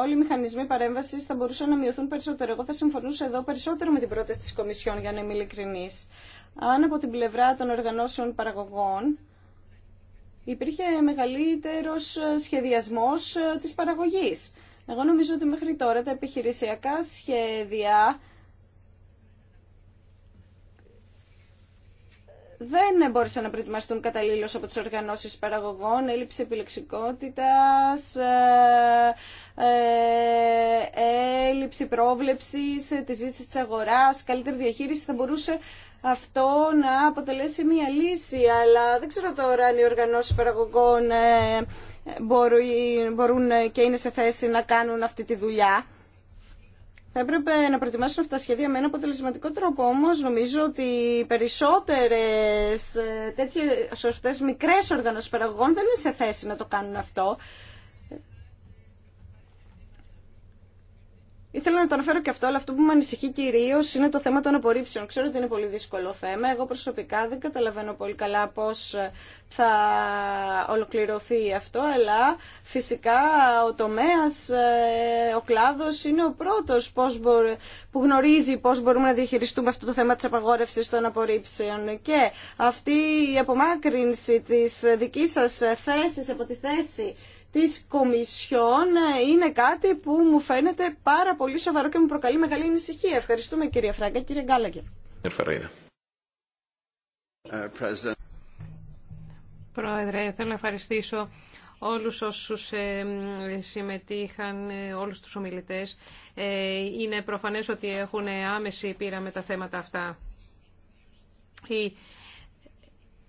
όλοι οι μηχανισμοί παρέμβαση θα μπορούσαν να μειωθούν περισσότερο. Εγώ θα συμφωνούσα εδώ περισσότερο με την πρόταση τη Κομισιόν, για να είμαι ειλικρινή. Αν από την πλευρά των οργανώσεων παραγωγών υπήρχε μεγαλύτερος σχεδιασμός ε, της παραγωγής. Εγώ νομίζω ότι μέχρι τώρα τα επιχειρησιακά σχέδια δεν μπόρεσαν να προετοιμαστούν καταλήλως από τις οργανώσεις παραγωγών, έλλειψη επιλεξικότητας, ε, ε, έλλειψη πρόβλεψης, τη ζήτηση της αγοράς, καλύτερη διαχείριση θα μπορούσε αυτό να αποτελέσει μία λύση. Αλλά δεν ξέρω τώρα αν οι οργανώσει παραγωγών ε, μπορούν και είναι σε θέση να κάνουν αυτή τη δουλειά. Θα έπρεπε να προετοιμάσουν αυτά τα σχέδια με ένα αποτελεσματικό τρόπο. Όμω νομίζω ότι οι περισσότερε ε, τέτοιε μικρέ οργανώσει παραγωγών δεν είναι σε θέση να το κάνουν αυτό. Ήθελα να το αναφέρω και αυτό, αλλά αυτό που με ανησυχεί κυρίω είναι το θέμα των απορρίψεων. Ξέρω ότι είναι πολύ δύσκολο θέμα. Εγώ προσωπικά δεν καταλαβαίνω πολύ καλά πώ ε, θα ολοκληρωθεί αυτό, αλλά φυσικά ο τομέα, ε, ο κλάδο είναι ο πρώτο που γνωρίζει πώ μπορούμε να διαχειριστούμε αυτό το θέμα τη απαγόρευση των απορρίψεων. Και αυτή η απομάκρυνση τη ε, δική σα θέση από τη θέση της Κομισιόν ε, είναι κάτι που μου φαίνεται πάρα πολύ σοβαρό και μου προκαλεί μεγάλη ανησυχία. Ευχαριστούμε κυρία Φράγκα. Κύριε Γκάλαγκερ. Ε, ε, Πρόεδρε, θέλω να ευχαριστήσω όλους όσους συμμετείχαν, όλους τους ομιλητές. είναι προφανές ότι έχουν άμεση πείρα με τα θέματα αυτά. Η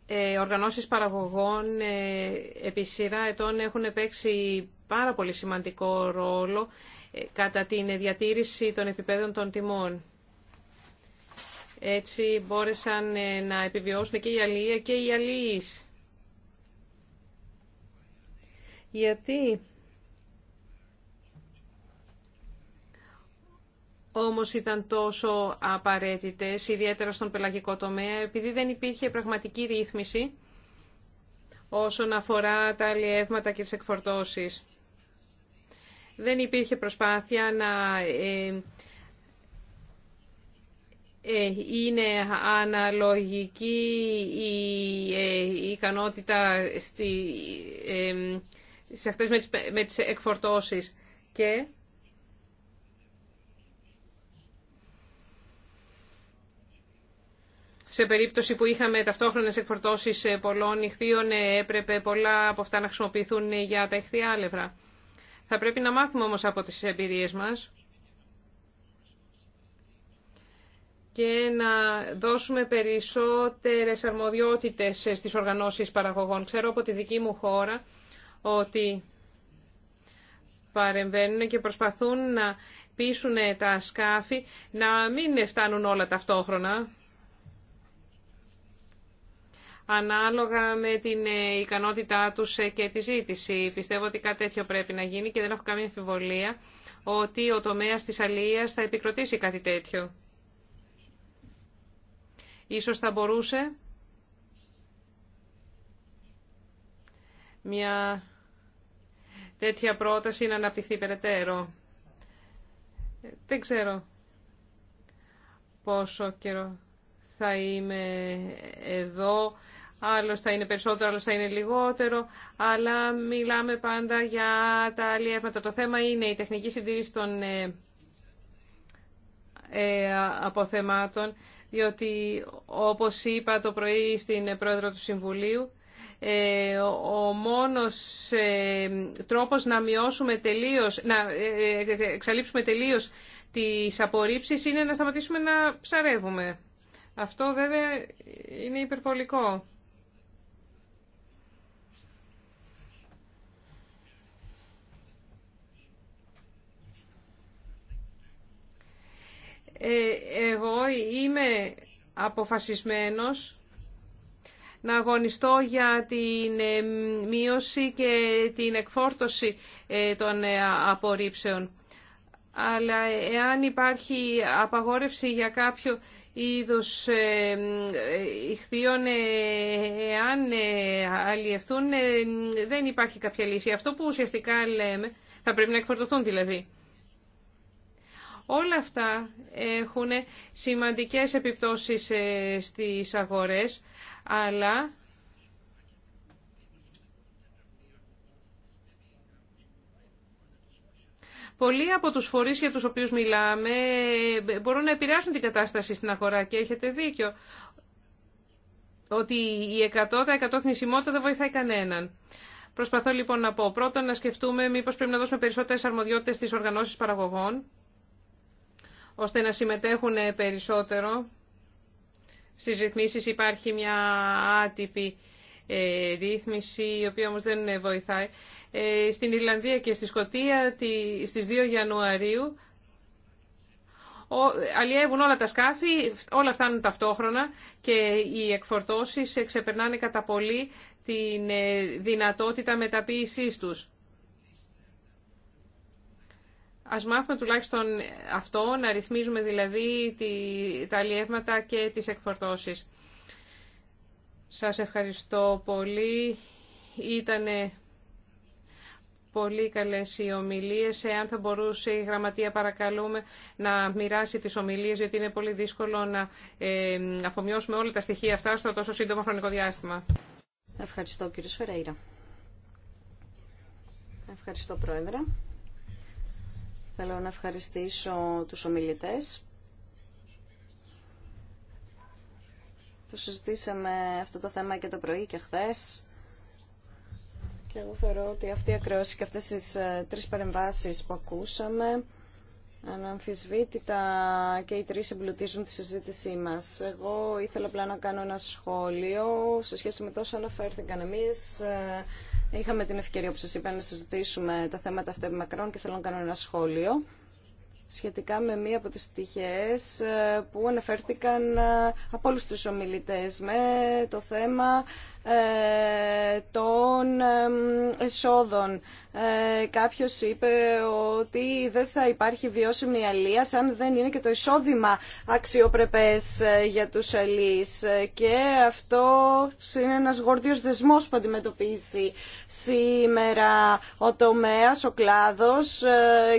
ε, οργανώσεις παραγωγών ε, επί σειρά ετών έχουν παίξει πάρα πολύ σημαντικό ρόλο ε, κατά την διατήρηση των επιπέδων των τιμών. Έτσι μπόρεσαν να επιβιώσουν και η αλληλεία και οι αλληλείς. Γιατί όμως ήταν τόσο απαραίτητες, ιδιαίτερα στον πελαγικό τομέα, επειδή δεν υπήρχε πραγματική ρύθμιση όσον αφορά τα αλλιεύματα και τις εκφορτώσεις. Δεν υπήρχε προσπάθεια να ε, ε, είναι αναλογική η ε, ικανότητα στη, σε αυτές με τις εκφορτώσεις και σε περίπτωση που είχαμε ταυτόχρονες εκφορτώσεις πολλών ηχθείων ε, έπρεπε πολλά από αυτά να χρησιμοποιηθούν για τα αλευρά. Θα πρέπει να μάθουμε όμως από τις εμπειρίες μας και να δώσουμε περισσότερες αρμοδιότητες στις οργανώσεις παραγωγών. Ξέρω από τη δική μου χώρα ότι παρεμβαίνουν και προσπαθούν να πείσουν τα σκάφη να μην φτάνουν όλα ταυτόχρονα ανάλογα με την ε, ικανότητά τους ε, και τη ζήτηση. Πιστεύω ότι κάτι τέτοιο πρέπει να γίνει και δεν έχω καμία αμφιβολία ότι ο τομέας της αλληλείας θα επικροτήσει κάτι τέτοιο. Ίσως θα μπορούσε μια τέτοια πρόταση να αναπτυχθεί περαιτέρω. Ε, δεν ξέρω πόσο καιρό θα είμαι εδώ, άλλο θα είναι περισσότερο, άλλο θα είναι λιγότερο, αλλά μιλάμε πάντα για τα αλλιεύματα. Το θέμα είναι η τεχνική συντήρηση των ε, ε, αποθεμάτων, διότι όπως είπα το πρωί στην πρόεδρο του Συμβουλίου, ε, ο μόνος τρόπος να μειώσουμε τελείως, να εξαλείψουμε τελείως τις απορρίψεις είναι να σταματήσουμε να ψαρεύουμε. Αυτό βέβαια είναι υπερβολικό. Ε, εγώ είμαι αποφασισμένος να αγωνιστώ για την ε, μείωση και την εκφόρτωση ε, των απορρίψεων. Αλλά εάν υπάρχει απαγόρευση για κάποιο είδους ε, ε, ηχθείων ε, εάν αλλιευτούν δεν υπάρχει κάποια λύση. Αυτό που ουσιαστικά λέμε θα πρέπει να εκφορτωθούν δηλαδή. Όλα αυτά έχουν σημαντικές επιπτώσεις στις αγορές, αλλά Πολλοί από τους φορείς για τους οποίους μιλάμε ε, μπορούν να επηρεάσουν την κατάσταση στην αγορά και έχετε δίκιο ότι η 100% δεν βοηθάει κανέναν. Προσπαθώ λοιπόν να πω πρώτον να σκεφτούμε μήπως πρέπει να δώσουμε περισσότερες αρμοδιότητες στις οργανώσεις παραγωγών ώστε να συμμετέχουν περισσότερο στις ρυθμίσεις υπάρχει μια άτυπη ε, ρύθμιση η οποία όμως δεν ε, βοηθάει. Ε, στην Ιρλανδία και στη Σκοτία στις 2 Ιανουαρίου. Αλλιεύουν όλα τα σκάφη, όλα φτάνουν ταυτόχρονα και οι εκφορτώσεις ξεπερνάνε κατά πολύ την ε, δυνατότητα μεταποίησής τους. Ας μάθουμε τουλάχιστον αυτό, να ρυθμίζουμε δηλαδή τα αλλιεύματα και τις εκφορτώσεις. Σας ευχαριστώ πολύ. Ήτανε πολύ καλές οι ομιλίες. Εάν θα μπορούσε η Γραμματεία παρακαλούμε να μοιράσει τις ομιλίες, γιατί είναι πολύ δύσκολο να ε, αφομοιώσουμε όλα τα στοιχεία αυτά στο τόσο σύντομο χρονικό διάστημα. Ευχαριστώ κύριε Σφεραίρα. Ευχαριστώ Πρόεδρε. Θέλω να ευχαριστήσω τους ομιλητές. Το συζητήσαμε αυτό το θέμα και το πρωί και χθες και εγώ θεωρώ ότι αυτή η ακρόαση και αυτές τις ε, τρεις παρεμβάσεις που ακούσαμε Αναμφισβήτητα και οι τρεις εμπλουτίζουν τη συζήτησή μας. Εγώ ήθελα απλά να κάνω ένα σχόλιο σε σχέση με τόσο αναφέρθηκαν εμείς. Ε, είχαμε την ευκαιρία, όπως σας είπα, να συζητήσουμε τα θέματα αυτά με μακρόν και θέλω να κάνω ένα σχόλιο σχετικά με μία από τις τυχές ε, που αναφέρθηκαν από όλους τους ομιλητές με το θέμα ε, των εσόδων. Ε, κάποιος είπε ότι δεν θα υπάρχει βιώσιμη αλία αν δεν είναι και το εισόδημα αξιοπρεπές ε, για τους αλείς. Και αυτό είναι ένας γορδίος δεσμός που αντιμετωπίζει σήμερα ο τομέας, ο κλάδος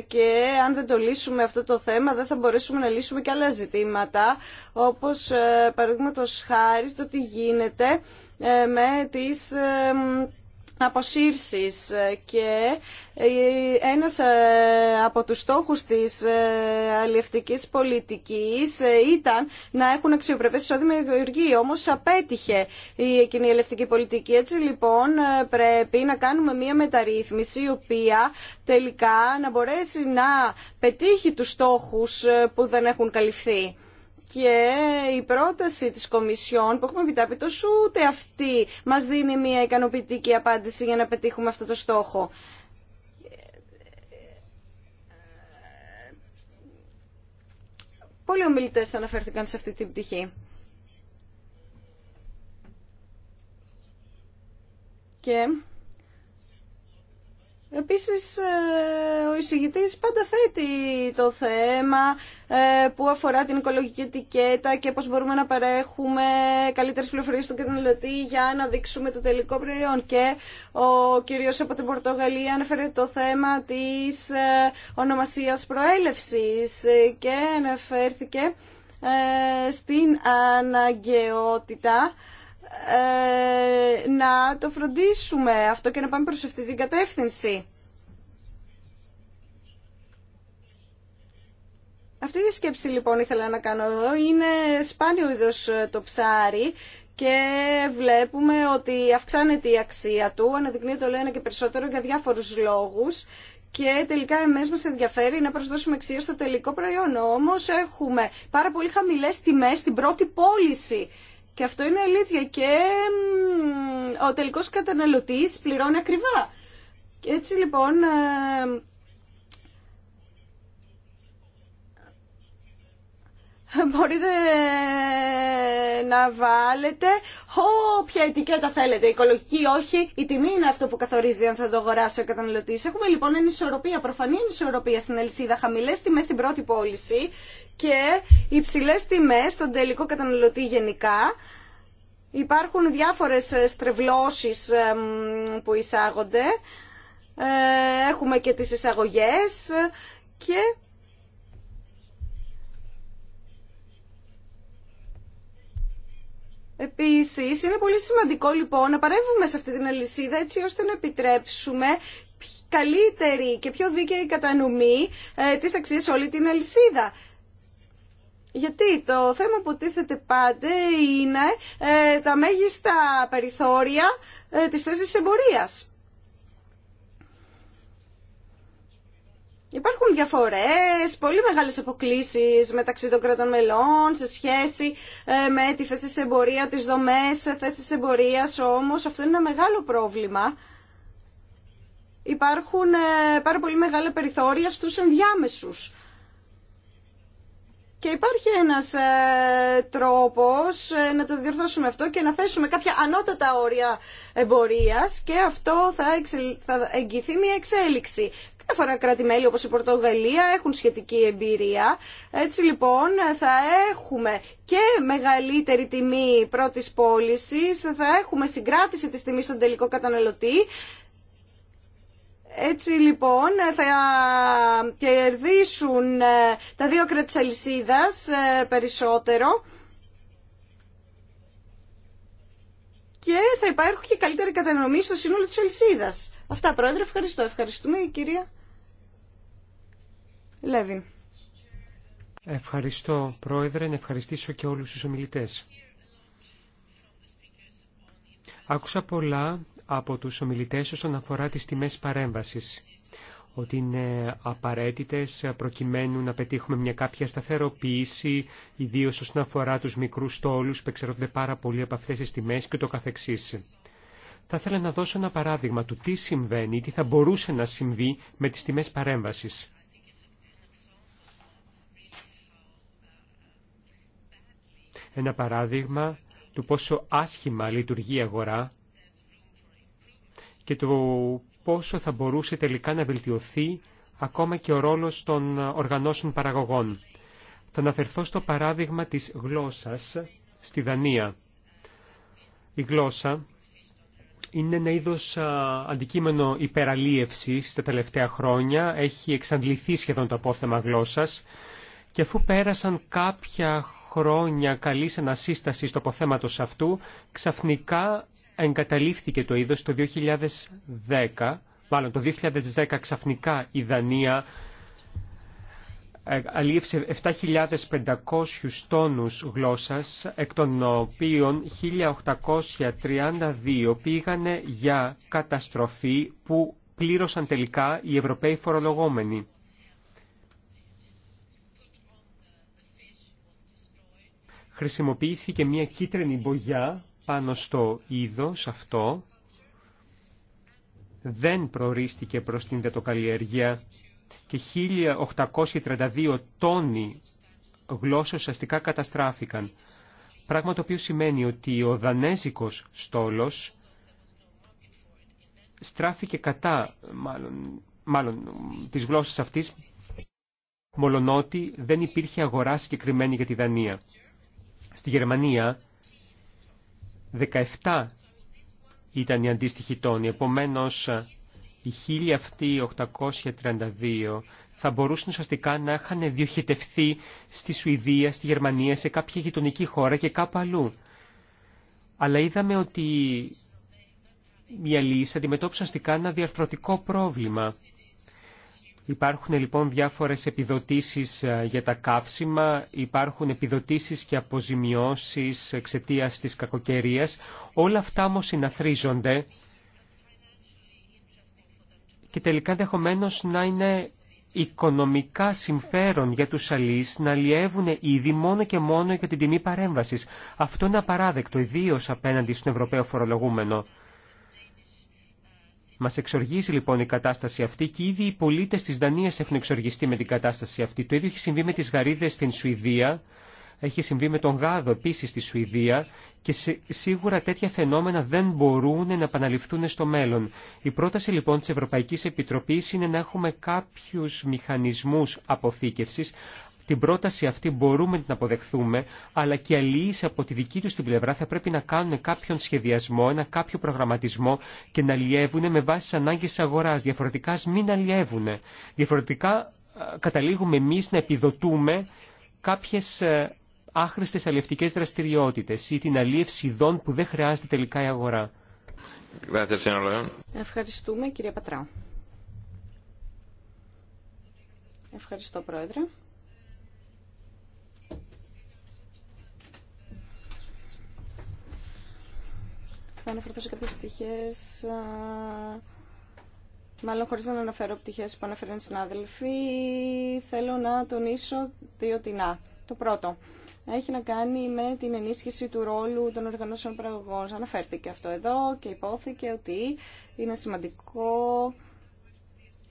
και αν δεν το λύσουμε αυτό το θέμα δεν θα μπορέσουμε να λύσουμε και άλλα ζητήματα όπως παραδείγματος χάρη το τι γίνεται ε, με τις ε, αποσύρσεις ε, και ένας από τους στόχους της αλληλευτικής πολιτικής ήταν να έχουν αξιοπρεπές εισόδημα οι γεωργοί, όμως απέτυχε η κοινή αλληλευτική πολιτική. Έτσι λοιπόν πρέπει να κάνουμε μια μεταρρύθμιση η οποία τελικά να μπορέσει να πετύχει τους στόχους που δεν έχουν καλυφθεί και η πρόταση της Κομισιόν που έχουμε σου ούτε αυτή μας δίνει μια ικανοποιητική απάντηση για να πετύχουμε αυτό το στόχο. Πολλοί ομιλητές αναφέρθηκαν σε αυτή την πτυχή. Και Επίσης, ε, ο εισηγητής πάντα θέτει το θέμα ε, που αφορά την οικολογική ετικέτα και πώς μπορούμε να παρέχουμε καλύτερες πληροφορίες στον καταναλωτή για να δείξουμε το τελικό προϊόν. Και ο κύριος από την Πορτογαλία ανέφερε το θέμα της ε, ονομασίας προέλευσης και αναφέρθηκε στην αναγκαιότητα ε, να το φροντίσουμε αυτό και να πάμε προς αυτή την κατεύθυνση. Αυτή τη σκέψη λοιπόν ήθελα να κάνω εδώ. Είναι σπάνιο είδος ε, το ψάρι και βλέπουμε ότι αυξάνεται η αξία του, αναδεικνύεται το λένε και περισσότερο για διάφορους λόγους και τελικά εμείς μας ενδιαφέρει να προσδώσουμε αξία στο τελικό προϊόν. Όμως έχουμε πάρα πολύ χαμηλές τιμές στην πρώτη πώληση και αυτό είναι αλήθεια και ο τελικός καταναλωτής πληρώνει ακριβά. έτσι λοιπόν ε, μπορείτε να βάλετε όποια ετικέτα θέλετε, οικολογική ή όχι, η τιμή είναι αυτό που καθορίζει αν θα το αγοράσει ο καταναλωτή. Έχουμε λοιπόν ενισορροπία, προφανή ενισορροπία στην αλυσίδα, χαμηλέ τιμέ στην πρώτη πώληση και υψηλέ τιμέ στον τελικό καταναλωτή γενικά. Υπάρχουν διάφορες στρεβλώσεις που εισάγονται, ε, έχουμε και τις εισαγωγές και Επίσης, είναι πολύ σημαντικό λοιπόν να παρεύουμε σε αυτή την αλυσίδα έτσι ώστε να επιτρέψουμε καλύτερη και πιο δίκαιη κατανομή ε, της αξίας όλη την αλυσίδα. Γιατί το θέμα που τίθεται πάντα είναι ε, τα μέγιστα περιθώρια ε, της θέσης εμπορίας. Υπάρχουν διαφορές, πολύ μεγάλες αποκλίσεις μεταξύ των κρατών μελών σε σχέση ε, με τη θέση σε εμπορία, τις δομές σε εμπορίας, όμως αυτό είναι ένα μεγάλο πρόβλημα. Υπάρχουν ε, πάρα πολύ μεγάλα περιθώρια στους ενδιάμεσους. Και υπάρχει ένας ε, τρόπος να το διορθώσουμε αυτό και να θέσουμε κάποια ανώτατα όρια εμπορίας και αυτό θα εγγυθεί μια εξέλιξη. Διάφορα κράτη-μέλη όπως η Πορτογαλία έχουν σχετική εμπειρία. Έτσι λοιπόν θα έχουμε και μεγαλύτερη τιμή πρώτης πώληση, θα έχουμε συγκράτηση της τιμής στον τελικό καταναλωτή. Έτσι λοιπόν θα κερδίσουν ε, τα δύο κράτη αλυσίδας ε, περισσότερο. και θα υπάρχουν και καλύτερη κατανομή στο σύνολο της αλυσίδα. Αυτά, Πρόεδρε, ευχαριστώ. Ευχαριστούμε, κυρία Λέβιν. Ευχαριστώ, Πρόεδρε, να ευχαριστήσω και όλους τους ομιλητές. Άκουσα πολλά από τους ομιλητές όσον αφορά τις τιμές παρέμβασης ότι είναι απαραίτητες προκειμένου να πετύχουμε μια κάποια σταθεροποίηση, ιδίως όσον αφορά τους μικρούς στόλους που εξαρτώνται πάρα πολύ από αυτές τις τιμές και το καθεξής. Θα ήθελα να δώσω ένα παράδειγμα του τι συμβαίνει, τι θα μπορούσε να συμβεί με τις τιμές παρέμβασης. ένα παράδειγμα του πόσο άσχημα λειτουργεί η αγορά και του πόσο θα μπορούσε τελικά να βελτιωθεί ακόμα και ο ρόλος των οργανώσεων παραγωγών. Θα αναφερθώ στο παράδειγμα της γλώσσας στη Δανία. Η γλώσσα είναι ένα είδος αντικείμενο υπεραλίευσης τα τελευταία χρόνια. Έχει εξαντληθεί σχεδόν το απόθεμα γλώσσας. Και αφού πέρασαν κάποια χρόνια καλής ανασύστασης του αποθέματος αυτού, ξαφνικά εγκαταλείφθηκε το είδος το 2010, μάλλον το 2010 ξαφνικά η Δανία ε, αλίευσε 7.500 τόνους γλώσσας, εκ των οποίων 1.832 πήγανε για καταστροφή που πλήρωσαν τελικά οι Ευρωπαίοι φορολογόμενοι. χρησιμοποιήθηκε μια κίτρινη μπογιά πάνω στο είδος αυτό. Δεν προορίστηκε προς την δετοκαλλιέργεια και 1832 τόνοι γλώσσες αστικά καταστράφηκαν. Πράγμα το οποίο σημαίνει ότι ο δανέζικος στόλος στράφηκε κατά, μάλλον, μάλλον της γλώσσας αυτής, μολονότι δεν υπήρχε αγορά συγκεκριμένη για τη Δανία. Στη Γερμανία 17 ήταν οι αντίστοιχοι τόνοι. Επομένως, οι 1832 θα μπορούσαν ουσιαστικά να είχαν διοχετευθεί στη Σουηδία, στη Γερμανία, σε κάποια γειτονική χώρα και κάπου αλλού. Αλλά είδαμε ότι μια λύση αντιμετώπισε ουσιαστικά ένα διαρθρωτικό πρόβλημα. Υπάρχουν λοιπόν διάφορες επιδοτήσεις ε, για τα καύσιμα, υπάρχουν επιδοτήσεις και αποζημιώσεις εξαιτία της κακοκαιρίας. Όλα αυτά όμω συναθρίζονται και τελικά ενδεχομένω να είναι οικονομικά συμφέρον για τους αλείς να αλλιεύουν ήδη μόνο και μόνο για την τιμή παρέμβασης. Αυτό είναι απαράδεκτο, ιδίως απέναντι στον Ευρωπαίο φορολογούμενο. Μα εξοργίζει λοιπόν η κατάσταση αυτή και ήδη οι πολίτε τη Δανία έχουν εξοργιστεί με την κατάσταση αυτή. Το ίδιο έχει συμβεί με τι Γαρίδε στην Σουηδία, έχει συμβεί με τον Γάδο επίση στη Σουηδία και σίγουρα τέτοια φαινόμενα δεν μπορούν να επαναληφθούν στο μέλλον. Η πρόταση λοιπόν τη Ευρωπαϊκή Επιτροπή είναι να έχουμε κάποιου μηχανισμού αποθήκευση, την πρόταση αυτή μπορούμε να την αποδεχθούμε, αλλά και οι αλληλεί από τη δική του την πλευρά θα πρέπει να κάνουν κάποιον σχεδιασμό, ένα κάποιο προγραμματισμό και να αλλιεύουν με βάση τι ανάγκε τη αγορά. Διαφορετικά, μην αλλιεύουν. Διαφορετικά, καταλήγουμε εμεί να επιδοτούμε κάποιε ε, άχρηστες αλλιευτικέ δραστηριότητε ή την αλλίευση ειδών που δεν χρειάζεται τελικά η αγορά. Ευχαριστούμε, κύριε Πατράου. Ευχαριστώ, Πρόεδρε. θα αναφερθώ σε κάποιες πτυχές, μάλλον χωρίς να αναφέρω πτυχές που αναφέρουν οι συνάδελφοι, θέλω να τονίσω δύο τινά. Το πρώτο, έχει να κάνει με την ενίσχυση του ρόλου των οργανώσεων παραγωγών. Αναφέρθηκε αυτό εδώ και υπόθηκε ότι είναι σημαντικό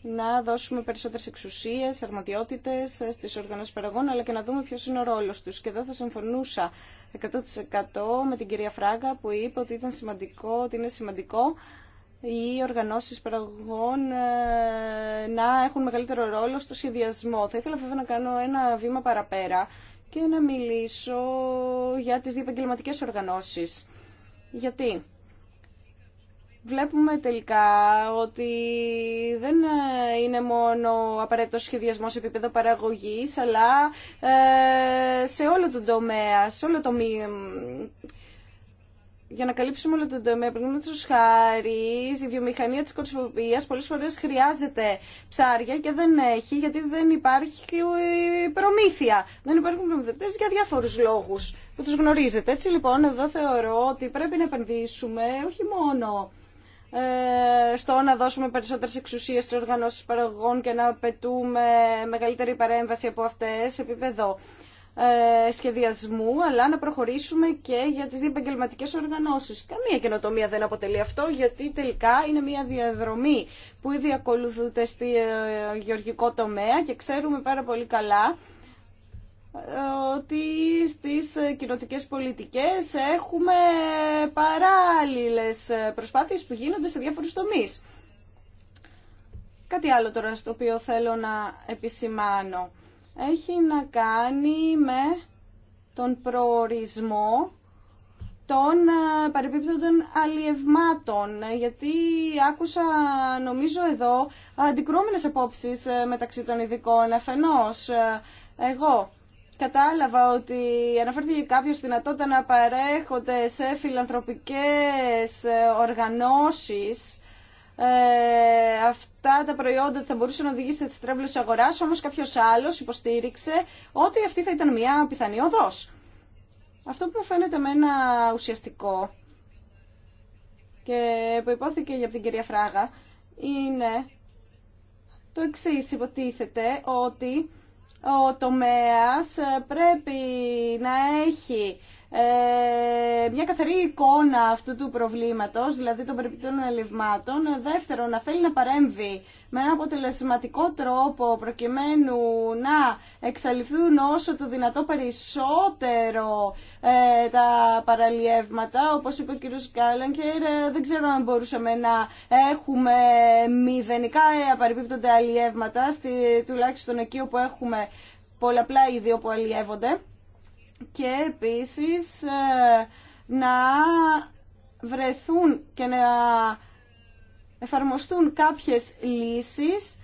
να δώσουμε περισσότερε εξουσίε, αρμοδιότητε ε, στι οργανώσει παραγωγών, αλλά και να δούμε ποιο είναι ο ρόλο του. Και εδώ θα συμφωνούσα 100% με την κυρία Φράγκα που είπε ότι ήταν σημαντικό, ότι είναι σημαντικό οι οργανώσεις παραγωγών ε, να έχουν μεγαλύτερο ρόλο στο σχεδιασμό. Θα ήθελα βέβαια να κάνω ένα βήμα παραπέρα και να μιλήσω για τις διεπαγγελματικές οργανώσεις. Γιατί βλέπουμε τελικά ότι δεν ε, είναι μόνο απαραίτητο σχεδιασμό σε επίπεδο παραγωγής, αλλά ε, σε όλο τον τομέα, σε όλο το για να καλύψουμε όλο τον τομέα, παραδείγματο χάρη, η βιομηχανία τη κορσοφοβία πολλέ φορέ χρειάζεται ψάρια και δεν έχει γιατί δεν υπάρχει ε, προμήθεια. Δεν υπάρχουν προμηθευτέ για διάφορου λόγου που του γνωρίζετε. Έτσι λοιπόν, εδώ θεωρώ ότι πρέπει να επενδύσουμε όχι μόνο ε, στο να δώσουμε περισσότερες εξουσίε στι οργανώσει παραγωγών και να απαιτούμε μεγαλύτερη παρέμβαση από αυτές σε επίπεδο ε, σχεδιασμού, αλλά να προχωρήσουμε και για τις διεπαγγελματικέ οργανώσει. Καμία καινοτομία δεν αποτελεί αυτό, γιατί τελικά είναι μια διαδρομή που ήδη ακολουθούνται στη ε, γεωργικό τομέα και ξέρουμε πάρα πολύ καλά ότι στις κοινοτικές πολιτικές έχουμε παράλληλες προσπάθειες που γίνονται σε διάφορους τομείς. Κάτι άλλο τώρα στο οποίο θέλω να επισημάνω. Έχει να κάνει με τον προορισμό των ε, των αλλιευμάτων, ε, γιατί άκουσα νομίζω εδώ αντικρούμενες απόψεις ε, μεταξύ των ειδικών αφενός. Εγώ Κατάλαβα ότι αναφέρθηκε κάποιο στη δυνατότητα να παρέχονται σε φιλανθρωπικές ε, οργανώσεις ε, αυτά τα προϊόντα θα μπορούσαν να οδηγήσει σε τρέβλε αγοράς, όμως κάποιος άλλος υποστήριξε ότι αυτή θα ήταν μια πιθανή οδός. Αυτό που φαίνεται με ένα ουσιαστικό και που υπόθηκε για την κυρία Φράγα είναι το εξής υποτίθεται ότι ο τομέας ε, πρέπει να έχει ε, μια καθαρή εικόνα αυτού του προβλήματος, δηλαδή των περιπτών ελευμάτων. Ε, δεύτερον, να θέλει να παρέμβει με ένα αποτελεσματικό τρόπο προκειμένου να εξαλειφθούν όσο το δυνατό περισσότερο ε, τα παραλιεύματα. Όπως είπε ο κ. Κάλλανκερ, δεν ξέρω αν μπορούσαμε να έχουμε μηδενικά απαρρίπτονται αλλιεύματα, τουλάχιστον εκεί όπου έχουμε πολλαπλά είδη όπου αλλιεύονται και επίσης ε, να βρεθούν και να εφαρμοστούν κάποιες λύσεις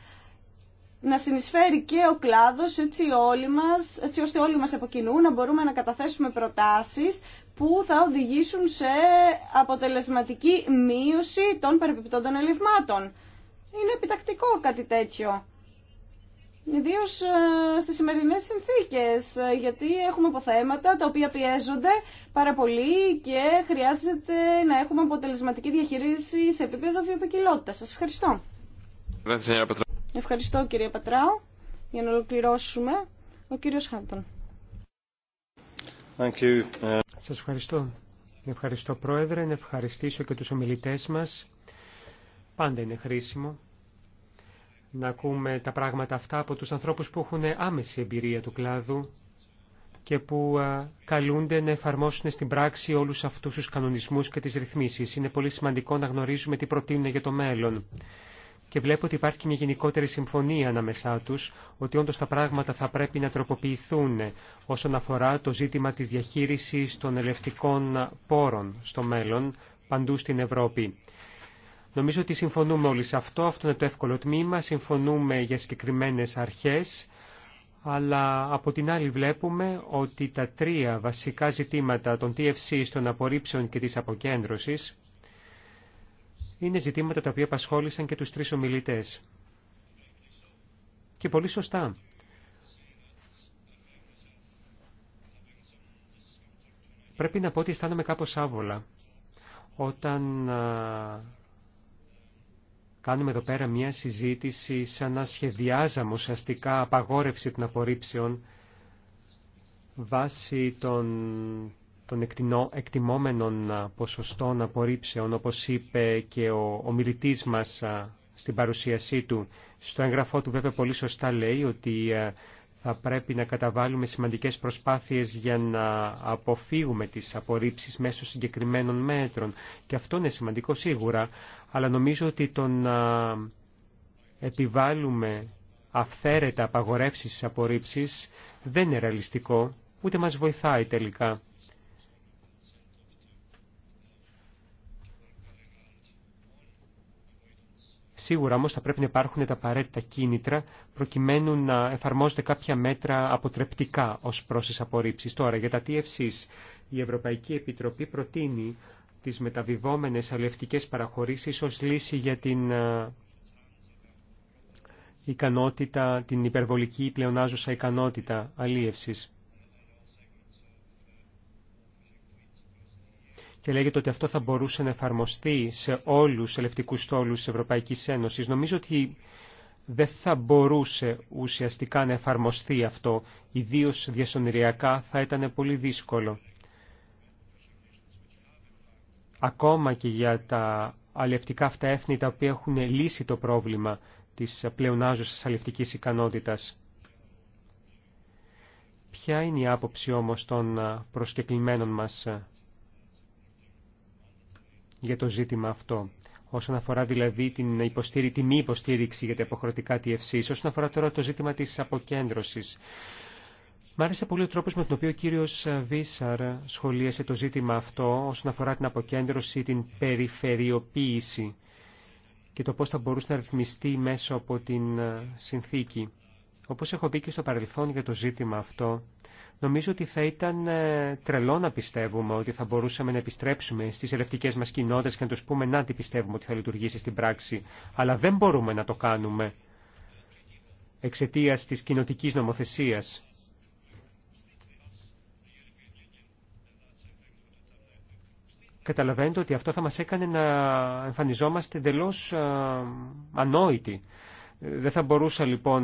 να συνεισφέρει και ο κλάδος έτσι, όλοι μας, έτσι ώστε όλοι μας από κοινού να μπορούμε να καταθέσουμε προτάσεις που θα οδηγήσουν σε αποτελεσματική μείωση των περιπτώτων ελευμάτων. Είναι επιτακτικό κάτι τέτοιο. Ιδίω ε, στις σημερινές συνθήκες, ε, γιατί έχουμε αποθέματα τα οποία πιέζονται πάρα πολύ και χρειάζεται να έχουμε αποτελεσματική διαχείριση σε επίπεδο βιοποικιλότητας. Σας ευχαριστώ. Ευχαριστώ κύριε Πατράου. Για να ολοκληρώσουμε, ο κύριος Χάντον. Thank ε. Σας ευχαριστώ. Ευχαριστώ Πρόεδρε, να ευχαριστήσω και τους ομιλητές μας. Πάντα είναι χρήσιμο να ακούμε τα πράγματα αυτά από τους ανθρώπους που έχουν άμεση εμπειρία του κλάδου και που καλούνται να εφαρμόσουν στην πράξη όλους αυτούς τους κανονισμούς και τις ρυθμίσεις. Είναι πολύ σημαντικό να γνωρίζουμε τι προτείνουν για το μέλλον. Και βλέπω ότι υπάρχει μια γενικότερη συμφωνία ανάμεσά τους, ότι όντως τα πράγματα θα πρέπει να τροποποιηθούν όσον αφορά το ζήτημα της διαχείρισης των ελευτικών πόρων στο μέλλον, παντού στην Ευρώπη. Νομίζω ότι συμφωνούμε όλοι σε αυτό. Αυτό είναι το εύκολο τμήμα. Συμφωνούμε για συγκεκριμένες αρχές. Αλλά από την άλλη βλέπουμε ότι τα τρία βασικά ζητήματα των TFC των απορρίψεων και της αποκέντρωσης είναι ζητήματα τα οποία απασχόλησαν και τους τρεις ομιλητές. Και πολύ σωστά. Πρέπει να πω ότι αισθάνομαι κάπως άβολα όταν Κάνουμε εδώ πέρα μια συζήτηση σαν να σχεδιάζαμε ουσιαστικά απαγόρευση των απορρίψεων βάσει των, των εκτινό, εκτιμόμενων ποσοστών απορρίψεων, όπως είπε και ο μιλητής μας στην παρουσίασή του. Στο έγγραφό του βέβαια πολύ σωστά λέει ότι θα πρέπει να καταβάλουμε σημαντικές προσπάθειες για να αποφύγουμε τις απορρίψεις μέσω συγκεκριμένων μέτρων. Και αυτό είναι σημαντικό σίγουρα, αλλά νομίζω ότι το να επιβάλλουμε αυθαίρετα απαγορεύσεις στις απορρίψει δεν είναι ρεαλιστικό, ούτε μας βοηθάει τελικά. Σίγουρα όμως θα πρέπει να υπάρχουν τα απαραίτητα κίνητρα προκειμένου να εφαρμόζονται κάποια μέτρα αποτρεπτικά ως προς τις απορρίψεις. Τώρα για τα TFCs η Ευρωπαϊκή Επιτροπή προτείνει τις μεταβιβόμενες αλληλευτικές παραχωρήσεις ως λύση για την ε, ικανότητα, την υπερβολική πλεονάζουσα ικανότητα αλίευσης. και λέγεται ότι αυτό θα μπορούσε να εφαρμοστεί σε όλους τους ελευτικούς στόλους της Ευρωπαϊκής Ένωσης. Νομίζω ότι δεν θα μπορούσε ουσιαστικά να εφαρμοστεί αυτό, ιδίως διασωνηριακά θα ήταν πολύ δύσκολο ακόμα και για τα αλλιευτικά αυτά έθνη τα οποία έχουν λύσει το πρόβλημα της πλεονάζωσης αλλιευτικής ικανότητας. Ποια είναι η άποψη όμως των προσκεκλημένων μας για το ζήτημα αυτό, όσον αφορά δηλαδή την υποστήριξη, τη μη υποστήριξη για τα υποχρεωτικά TFC, όσον αφορά τώρα το ζήτημα της αποκέντρωσης. Μ' άρεσε πολύ ο τρόπο με τον οποίο ο κύριο Βίσαρ σχολίασε το ζήτημα αυτό όσον αφορά την αποκέντρωση την περιφερειοποίηση και το πώ θα μπορούσε να ρυθμιστεί μέσω από την ε, συνθήκη. Όπω έχω πει και στο παρελθόν για το ζήτημα αυτό, νομίζω ότι θα ήταν ε, τρελό να πιστεύουμε ότι θα μπορούσαμε να επιστρέψουμε στι ελευτικέ μα κοινότητε και να του πούμε να τι πιστεύουμε ότι θα λειτουργήσει στην πράξη, αλλά δεν μπορούμε να το κάνουμε εξαιτίας της κοινοτική νομοθεσία. καταλαβαίνετε ότι αυτό θα μας έκανε να εμφανιζόμαστε εντελώ ε, ανόητοι. Δεν θα μπορούσα λοιπόν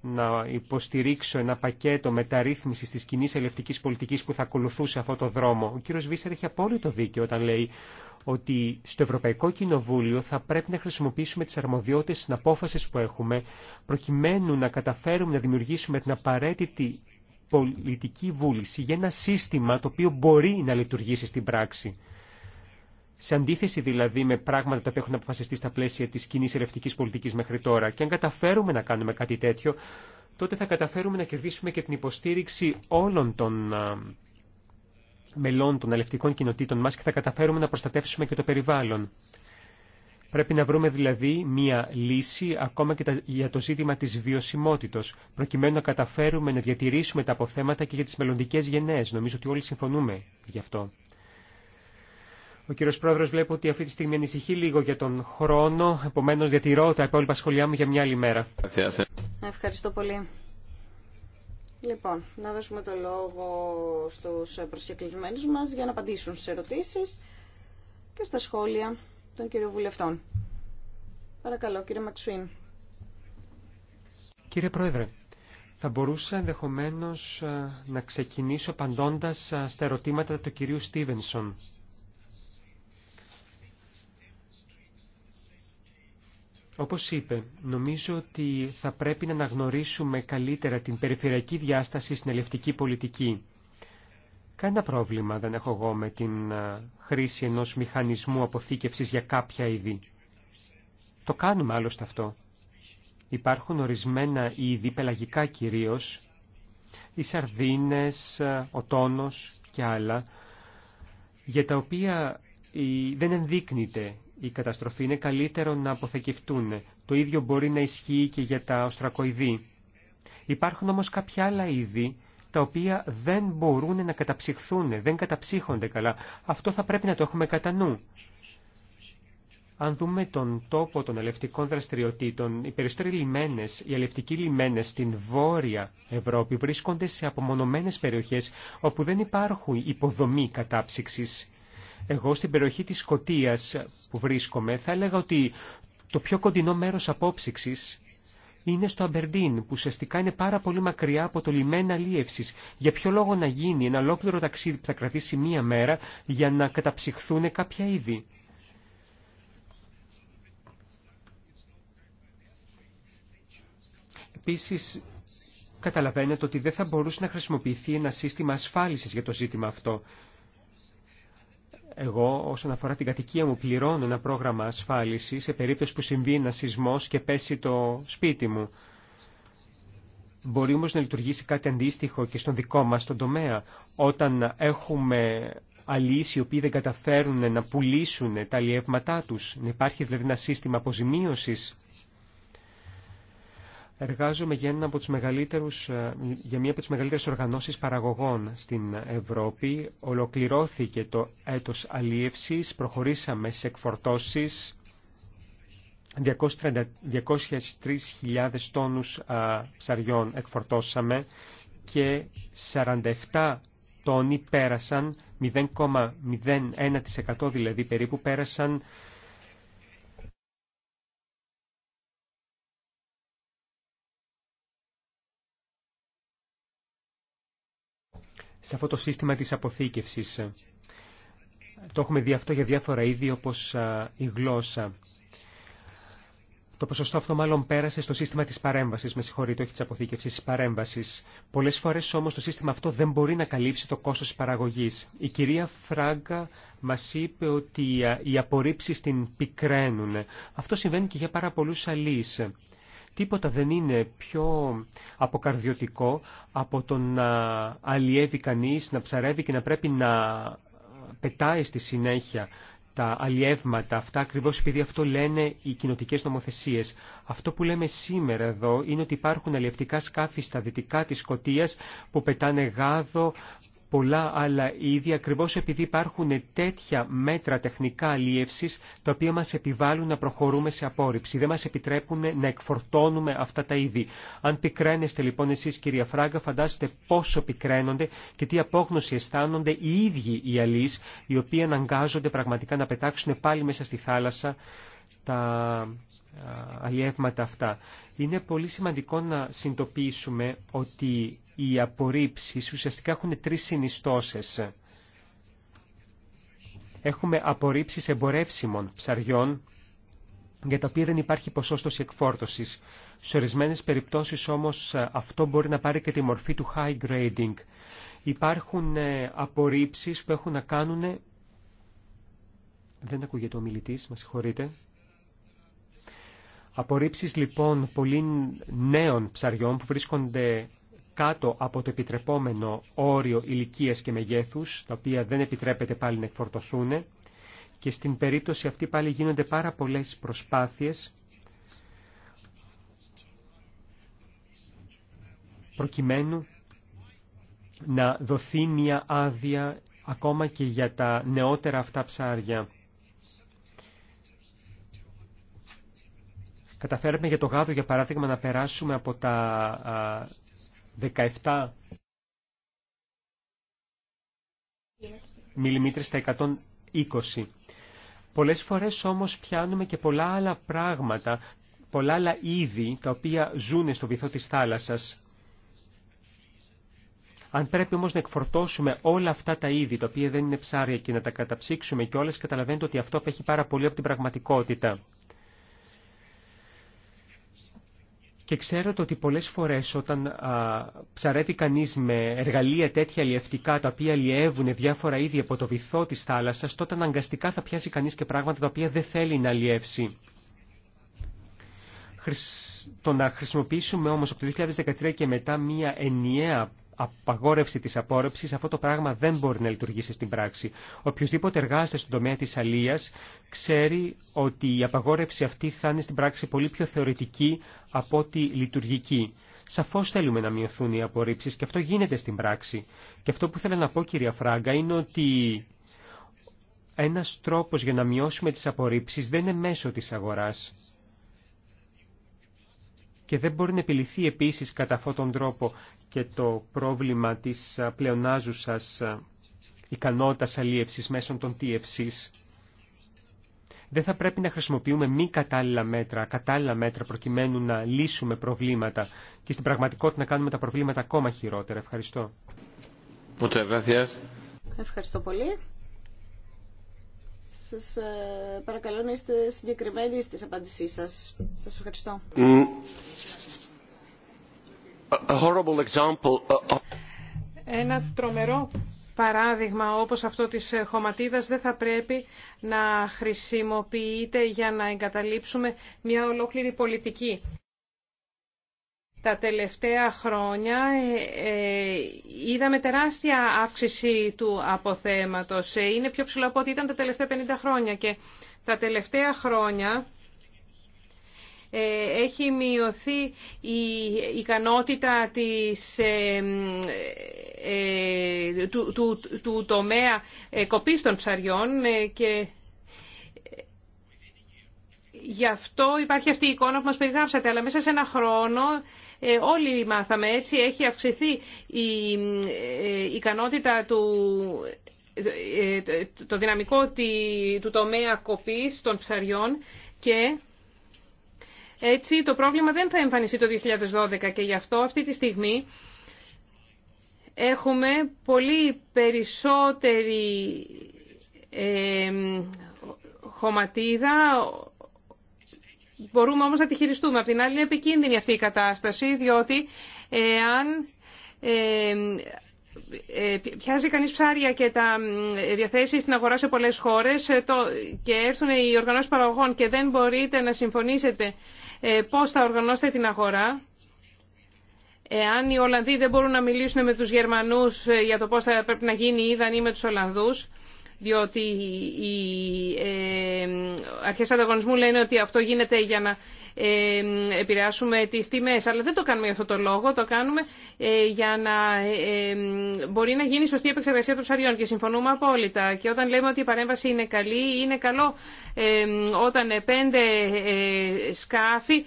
να υποστηρίξω ένα πακέτο μεταρρύθμισης της κοινή ελευτικής πολιτικής που θα ακολουθούσε αυτό το δρόμο. Ο κύριος Βίσερ έχει απόλυτο δίκαιο όταν λέει ότι στο Ευρωπαϊκό Κοινοβούλιο θα πρέπει να χρησιμοποιήσουμε τις αρμοδιότητες στις απόφαση που έχουμε προκειμένου να καταφέρουμε να δημιουργήσουμε την απαραίτητη πολιτική βούληση για ένα σύστημα το οποίο μπορεί να λειτουργήσει στην πράξη σε αντίθεση δηλαδή με πράγματα τα οποία έχουν αποφασιστεί στα πλαίσια της κοινή ερευνητική πολιτικής μέχρι τώρα. Και αν καταφέρουμε να κάνουμε κάτι τέτοιο, τότε θα καταφέρουμε να κερδίσουμε και την υποστήριξη όλων των μελών των ελευτικών κοινοτήτων μας και θα καταφέρουμε να προστατεύσουμε και το περιβάλλον. Πρέπει να βρούμε δηλαδή μία λύση ακόμα και για το ζήτημα της βιωσιμότητος, προκειμένου να καταφέρουμε να διατηρήσουμε τα αποθέματα και για τις μελλοντικές γενναίες. Νομίζω ότι όλοι συμφωνούμε γι' αυτό. Ο κύριος Πρόεδρος βλέπω ότι αυτή τη στιγμή ανησυχεί λίγο για τον χρόνο, επομένω διατηρώ τα υπόλοιπα σχολιά μου για μια άλλη μέρα. Ευχαριστώ πολύ. Λοιπόν, να δώσουμε το λόγο στους προσκεκλημένους μας για να απαντήσουν στι ερωτήσεις και στα σχόλια των κύριων βουλευτών. Παρακαλώ, κύριε Μαξουίν. Κύριε Πρόεδρε, θα μπορούσα ενδεχομένω ε, να ξεκινήσω απαντώντα ε, στα ερωτήματα του κυρίου Στίβενσον. Όπως είπε, νομίζω ότι θα πρέπει να αναγνωρίσουμε καλύτερα την περιφερειακή διάσταση στην ελευτική πολιτική. Κανένα πρόβλημα δεν έχω εγώ με την χρήση ενός μηχανισμού αποθήκευσης για κάποια είδη. Το κάνουμε άλλωστε αυτό. Υπάρχουν ορισμένα είδη, πελαγικά κυρίως, οι σαρδίνες, ο τόνος και άλλα, για τα οποία δεν ενδείκνυται η καταστροφή, είναι καλύτερο να αποθεκευτούν. Το ίδιο μπορεί να ισχύει και για τα οστρακοειδή. Υπάρχουν όμως κάποια άλλα είδη τα οποία δεν μπορούν να καταψυχθούν, δεν καταψύχονται καλά. Αυτό θα πρέπει να το έχουμε κατά νου. Αν δούμε τον τόπο των ελευτικών δραστηριοτήτων, οι περισσότεροι λιμένες, οι ελευτικοί λιμένες στην Βόρεια Ευρώπη βρίσκονται σε απομονωμένες περιοχές όπου δεν υπάρχουν υποδομή κατάψυξης. Εγώ στην περιοχή της Σκοτίας που βρίσκομαι θα έλεγα ότι το πιο κοντινό μέρος απόψυξης είναι στο Αμπερντίν, που ουσιαστικά είναι πάρα πολύ μακριά από το λιμένα λίευση. Για ποιο λόγο να γίνει ένα ολόκληρο ταξίδι που θα κρατήσει μία μέρα για να καταψυχθούν κάποια είδη. Επίσης, καταλαβαίνετε ότι δεν θα μπορούσε να χρησιμοποιηθεί ένα σύστημα ασφάλισης για το ζήτημα αυτό εγώ όσον αφορά την κατοικία μου πληρώνω ένα πρόγραμμα ασφάλισης σε περίπτωση που συμβεί ένα σεισμός και πέσει το σπίτι μου. Μπορεί όμως να λειτουργήσει κάτι αντίστοιχο και στον δικό μας τον τομέα. Όταν έχουμε αλλοίς οι οποίοι δεν καταφέρουν να πουλήσουν τα αλλιεύματά τους, να υπάρχει δηλαδή ένα σύστημα αποζημίωσης Εργάζομαι για, από τους ε, για μία από τις μεγαλύτερες οργανώσεις παραγωγών στην Ευρώπη. Ολοκληρώθηκε το έτος αλίευσης, προχωρήσαμε σε εκφορτώσεις 203.000 τόνους ε, ψαριών εκφορτώσαμε και 47 τόνοι πέρασαν, 0,01% δηλαδή περίπου πέρασαν σε αυτό το σύστημα της αποθήκευσης. Το έχουμε δει αυτό για διάφορα είδη όπως η γλώσσα. Το ποσοστό αυτό μάλλον πέρασε στο σύστημα της παρέμβασης, με συγχωρείτε, όχι της αποθήκευσης, της παρέμβασης. Πολλές φορές όμως το σύστημα αυτό δεν μπορεί να καλύψει το κόστος της παραγωγής. Η κυρία Φράγκα μας είπε ότι οι απορρίψει την πικραίνουν. Αυτό συμβαίνει και για πάρα πολλούς αλείς. Τίποτα δεν είναι πιο αποκαρδιωτικό από το να αλλιεύει κανείς, να ψαρεύει και να πρέπει να πετάει στη συνέχεια τα αλλιεύματα αυτά, ακριβώς επειδή αυτό λένε οι κοινοτικέ νομοθεσίε. Αυτό που λέμε σήμερα εδώ είναι ότι υπάρχουν αλλιευτικά σκάφη στα δυτικά της Σκοτία που πετάνε γάδο, πολλά άλλα είδη ακριβώς επειδή υπάρχουν τέτοια μέτρα τεχνικά αλίευσης τα οποία μας επιβάλλουν να προχωρούμε σε απόρριψη. Δεν μας επιτρέπουν να εκφορτώνουμε αυτά τα είδη. Αν πικραίνεστε λοιπόν εσείς κυρία Φράγκα φαντάστε πόσο πικραίνονται και τι απόγνωση αισθάνονται οι ίδιοι οι αλείς οι οποίοι αναγκάζονται πραγματικά να πετάξουν πάλι μέσα στη θάλασσα τα αλλιεύματα αυτά. Είναι πολύ σημαντικό να συντοπίσουμε ότι οι απορρίψει ουσιαστικά έχουν τρεις συνιστώσεις. Έχουμε απορρίψει εμπορεύσιμων ψαριών, για τα οποία δεν υπάρχει ποσόστοση εκφόρτωση. Σε ορισμένε περιπτώσεις όμως ε, αυτό μπορεί να πάρει και τη μορφή του high grading. Υπάρχουν ε, απορρίψει που έχουν να κάνουν... Δεν ακούγεται ο μιλητή, μας συγχωρείτε. Απορρίψεις λοιπόν πολύ νέων ψαριών που βρίσκονται κάτω από το επιτρεπόμενο όριο ηλικία και μεγέθους, τα οποία δεν επιτρέπεται πάλι να εκφορτωθούν και στην περίπτωση αυτή πάλι γίνονται πάρα πολλές προσπάθειες προκειμένου να δοθεί μια άδεια ακόμα και για τα νεότερα αυτά ψάρια. Καταφέραμε για το γάδο, για παράδειγμα, να περάσουμε από τα 17 μιλιμήτρες στα 120. Πολλές φορές όμως πιάνουμε και πολλά άλλα πράγματα, πολλά άλλα είδη τα οποία ζουν στο βυθό της θάλασσας. Αν πρέπει όμως να εκφορτώσουμε όλα αυτά τα είδη, τα οποία δεν είναι ψάρια, και να τα καταψύξουμε και όλες, καταλαβαίνετε ότι αυτό απέχει πάρα πολύ από την πραγματικότητα. Και ξέρετε ότι πολλές φορές όταν α, ψαρεύει κανείς με εργαλεία τέτοια αλλιευτικά τα οποία αλλιεύουν διάφορα είδη από το βυθό της θάλασσας, τότε αναγκαστικά θα πιάσει κανείς και πράγματα τα οποία δεν θέλει να αλλιεύσει. Το να χρησιμοποιήσουμε όμως από το 2013 και μετά μία ενιαία απαγόρευση τη απόρρευσης, αυτό το πράγμα δεν μπορεί να λειτουργήσει στην πράξη. οποιοδήποτε εργάζεται στον τομέα τη αλεία ξέρει ότι η απαγόρευση αυτή θα είναι στην πράξη πολύ πιο θεωρητική από ότι λειτουργική. Σαφώ θέλουμε να μειωθούν οι απορρίψει και αυτό γίνεται στην πράξη. Και αυτό που θέλω να πω, κυρία Φράγκα, είναι ότι ένα τρόπο για να μειώσουμε τι απορρίψει δεν είναι μέσω τη αγορά. Και δεν μπορεί να επιληθεί επίση κατά αυτόν τον τρόπο και το πρόβλημα της πλεονάζουσας ικανότητας αλίευσης μέσω των TFCs. Δεν θα πρέπει να χρησιμοποιούμε μη κατάλληλα μέτρα, κατάλληλα μέτρα προκειμένου να λύσουμε προβλήματα και στην πραγματικότητα να κάνουμε τα προβλήματα ακόμα χειρότερα. Ευχαριστώ. Ευχαριστώ πολύ. Σας ε, παρακαλώ να είστε συγκεκριμένοι στις απάντησή σας. Σας ευχαριστώ. Uh, uh, Ένα τρομερό παράδειγμα όπως αυτό της ε, χωματίδας δεν θα πρέπει να χρησιμοποιείται για να εγκαταλείψουμε μια ολόκληρη πολιτική. Τα τελευταία χρόνια ε, ε, είδαμε τεράστια αύξηση του αποθέματος. Είναι πιο ψηλό από ό,τι ήταν τα τελευταία 50 χρόνια και τα τελευταία χρόνια ε, έχει μειωθεί η ικανότητα της, ε, ε, του, του, του τομέα κοπής των ψαριών και γι' αυτό υπάρχει αυτή η εικόνα που μας περιγράψατε. Αλλά μέσα σε ένα χρόνο όλοι μάθαμε έτσι, έχει αυξηθεί η ικανότητα του το δυναμικό του τομέα κοπής των ψαριών και έτσι το πρόβλημα δεν θα εμφανιστεί το 2012 και γι' αυτό αυτή τη στιγμή έχουμε πολύ περισσότερη ε, χωματίδα, μπορούμε όμως να τη χειριστούμε. Απ' την άλλη είναι επικίνδυνη αυτή η κατάσταση, διότι εάν ε, πιάζει κανείς ψάρια και τα διαθέσει στην αγορά σε πολλές χώρες ε, το, και έρθουν οι οργανώσεις παραγωγών και δεν μπορείτε να συμφωνήσετε ε, πώς θα οργανώσετε την αγορά, εάν οι Ολλανδοί δεν μπορούν να μιλήσουν με τους Γερμανούς ε, για το πώς θα πρέπει να γίνει η Ιδανή με τους Ολλανδούς, διότι οι ε, αρχές ανταγωνισμού λένε ότι αυτό γίνεται για να επηρεάσουμε τις τιμές. Αλλά δεν το κάνουμε για αυτό το λόγο, το κάνουμε ε, για να ε, μπορεί να γίνει σωστή επεξεργασία των ψαριών και συμφωνούμε απόλυτα. Και όταν λέμε ότι η παρέμβαση είναι καλή, είναι καλό όταν πέντε ε, σκάφη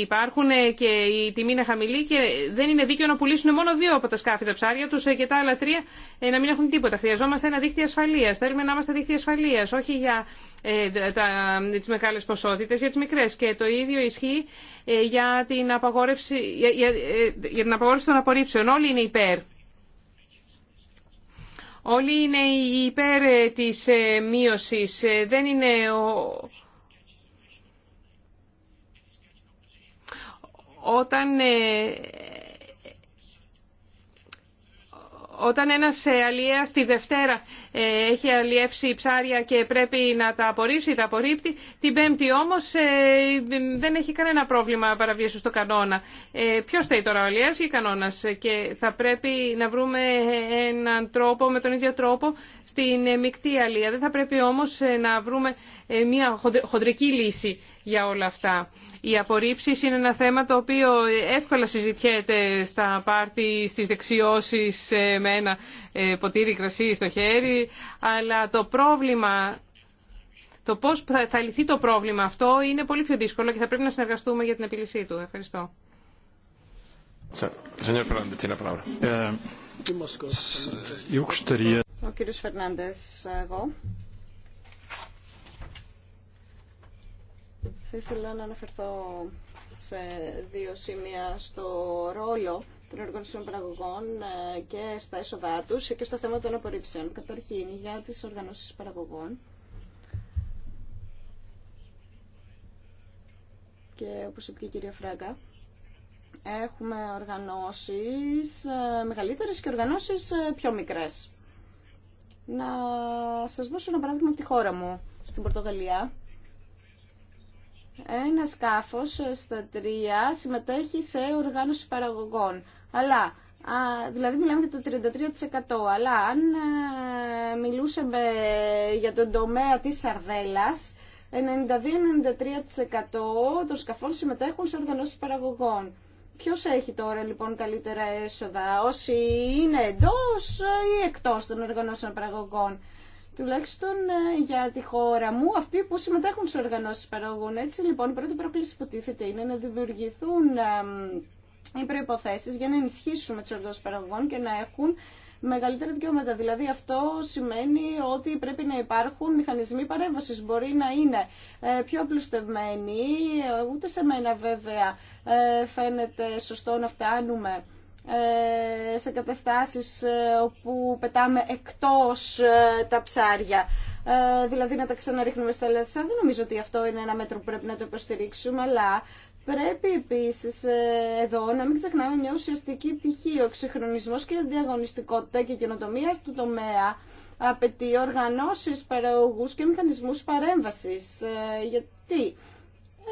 υπάρχουν και η τιμή είναι χαμηλή και δεν είναι δίκαιο να πουλήσουν μόνο δύο από τα σκάφη τα ψάρια τους και τα άλλα τρία να μην έχουν τίποτα. Χρειαζόμαστε ένα δίκτυο ασφαλείας. Θέλουμε να είμαστε δίκτυο ασφαλείας, όχι για τι μεγάλε ποσότητες, και το ίδιο ισχύει ε, για την απαγόρευση, για, για, ε, για την απαγόρευση των απορρίψεων. Όλοι είναι υπέρ. Όλοι είναι υπέρ ε, της μείωσης. Δεν είναι... Ο... Όταν Όταν ένας ε, αλλιέας τη Δευτέρα ε, έχει αλλιεύσει ψάρια και πρέπει να τα απορρίψει, τα απορρίπτει, την Πέμπτη όμως ε, δεν έχει κανένα πρόβλημα παραβίαση στο κανόνα. Ποιο θέλει τώρα ο αλλιέας ή ο κανόνας και θα πρέπει να βρούμε έναν τρόπο, με τον ίδιο τρόπο, στην μεικτή αλλία. Δεν θα πρέπει όμως να βρούμε μια χοντρική λύση για όλα αυτά. Οι απορρίψει είναι ένα θέμα το οποίο εύκολα συζητιέται στα πάρτι, στις δεξιώσει με ένα ε, ποτήρι κρασί στο χέρι, αλλά το πρόβλημα, το πώς θα λυθεί το πρόβλημα αυτό είναι πολύ πιο δύσκολο και θα πρέπει να συνεργαστούμε για την επίλυσή του. Ευχαριστώ. Ε, ε, Ο κύριος Φερνάντες, εγώ Θα ήθελα να αναφερθώ σε δύο σημεία στο ρόλο των οργανωσιών παραγωγών ε, και στα έσοδά του και στο θέμα των απορρίψεων. Καταρχήν, για τις οργανώσεις παραγωγών. Και όπως είπε και η κυρία Φράγκα, έχουμε οργανώσεις ε, μεγαλύτερε και οργανώσεις ε, πιο μικρές. Να σας δώσω ένα παράδειγμα από τη χώρα μου, στην Πορτογαλία ένα σκάφος στα τρία συμμετέχει σε οργάνωση παραγωγών. Αλλά Α, δηλαδή μιλάμε για το 33%. Αλλά αν ε, μιλούσαμε για τον τομέα της Σαρδέλας, 92-93% των σκαφών συμμετέχουν σε οργανώσεις παραγωγών. Ποιος έχει τώρα λοιπόν καλύτερα έσοδα, όσοι είναι εντός ή εκτός των οργανώσεων παραγωγών τουλάχιστον ε, για τη χώρα μου, αυτοί που συμμετέχουν σε οργανώσεις παραγωγών. Έτσι λοιπόν, η πρώτη πρόκληση που τίθεται είναι να δημιουργηθούν οι προποθέσει για να ενισχύσουμε τις οργανώσεις παραγωγών και να έχουν μεγαλύτερα δικαιώματα. Δηλαδή αυτό σημαίνει ότι πρέπει να υπάρχουν μηχανισμοί παρέμβασης. Μπορεί να είναι ε, πιο απλουστευμένοι, ε, ούτε σε μένα βέβαια φαίνεται σωστό να φτάνουμε ε, σε καταστάσεις ε, όπου πετάμε εκτός ε, τα ψάρια. Δηλαδή να τα ξαναρίχνουμε στα λασσά. Δεν νομίζω ότι αυτό είναι ένα μέτρο που πρέπει να το υποστηρίξουμε, αλλά Πρέπει επίσης εδώ να μην ξεχνάμε μια ουσιαστική πτυχή. Ο ξεχρονισμός και η διαγωνιστικότητα και η καινοτομία του τομέα απαιτεί οργανώσεις, παραγωγούς και μηχανισμού παρέμβαση. Γιατί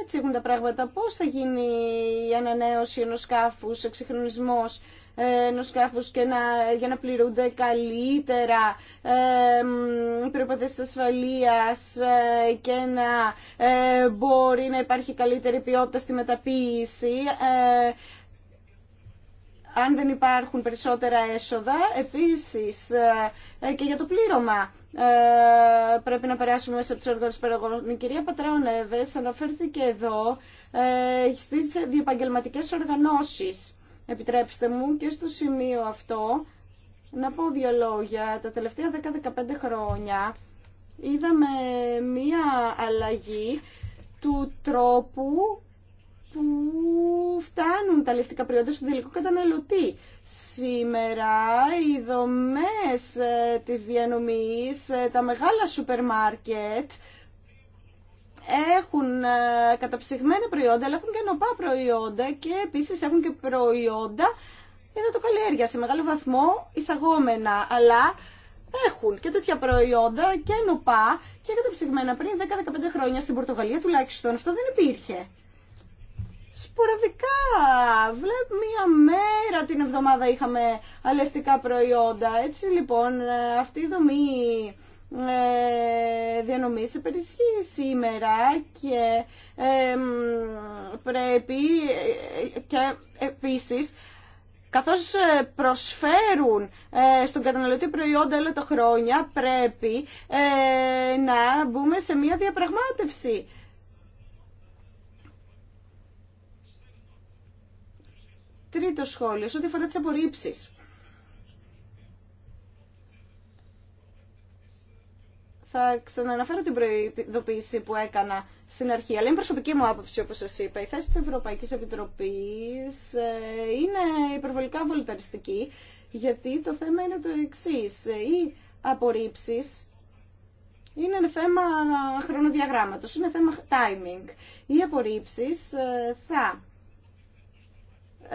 έτσι έχουν τα πράγματα. Πώς θα γίνει η ανανέωση ενός σκάφους, εξυγχρονισμός ενό σκάφου και να, για να πληρούνται καλύτερα ε, οι προποθέσει ασφαλεία και να ε, μπορεί να υπάρχει καλύτερη ποιότητα στη μεταποίηση. Ε, αν δεν υπάρχουν περισσότερα έσοδα, επίσης ε, ε, και για το πλήρωμα ε, πρέπει να περάσουμε μέσα από του οργανώσει παραγωγών. Η κυρία Πατρέων αναφέρθηκε εδώ ε, στι διεπαγγελματικέ οργανώσει. Επιτρέψτε μου και στο σημείο αυτό να πω δύο λόγια. Τα τελευταία 10-15 χρόνια είδαμε μία αλλαγή του τρόπου που φτάνουν τα λευτικά προϊόντα στον τελικό καταναλωτή. Σήμερα οι δομές ε, της διανομής, ε, τα μεγάλα σούπερ μάρκετ έχουν ε, καταψυγμένα προϊόντα, αλλά έχουν και νοπά προϊόντα και επίσης έχουν και προϊόντα το καλλιέργεια, σε μεγάλο βαθμό εισαγόμενα, αλλά έχουν και τέτοια προϊόντα και νοπά και καταψυγμένα πριν 10-15 χρόνια στην Πορτογαλία τουλάχιστον. Αυτό δεν υπήρχε σποραδικά. Βλέπω μία μέρα την εβδομάδα είχαμε αλευτικά προϊόντα. Έτσι λοιπόν ε, αυτή η δομή ε, διανομής υπερισχύει σήμερα και πρέπει ε, και επίσης καθώς ε, προσφέρουν στον καταναλωτή προϊόντα όλα τα χρόνια πρέπει να μπούμε σε μία διαπραγμάτευση Τρίτο σχόλιο, σε ό,τι αφορά τι απορρίψει, Θα ξαναναφέρω την προειδοποίηση που έκανα στην αρχή, αλλά είναι προσωπική μου άποψη, όπως σα είπα. Η θέση τη Ευρωπαϊκή Επιτροπή ε, είναι υπερβολικά βολιταριστική, γιατί το θέμα είναι το εξή Οι απορρίψει είναι θέμα χρονοδιαγράμματος, είναι θέμα timing. Οι απορρίψει ε, θα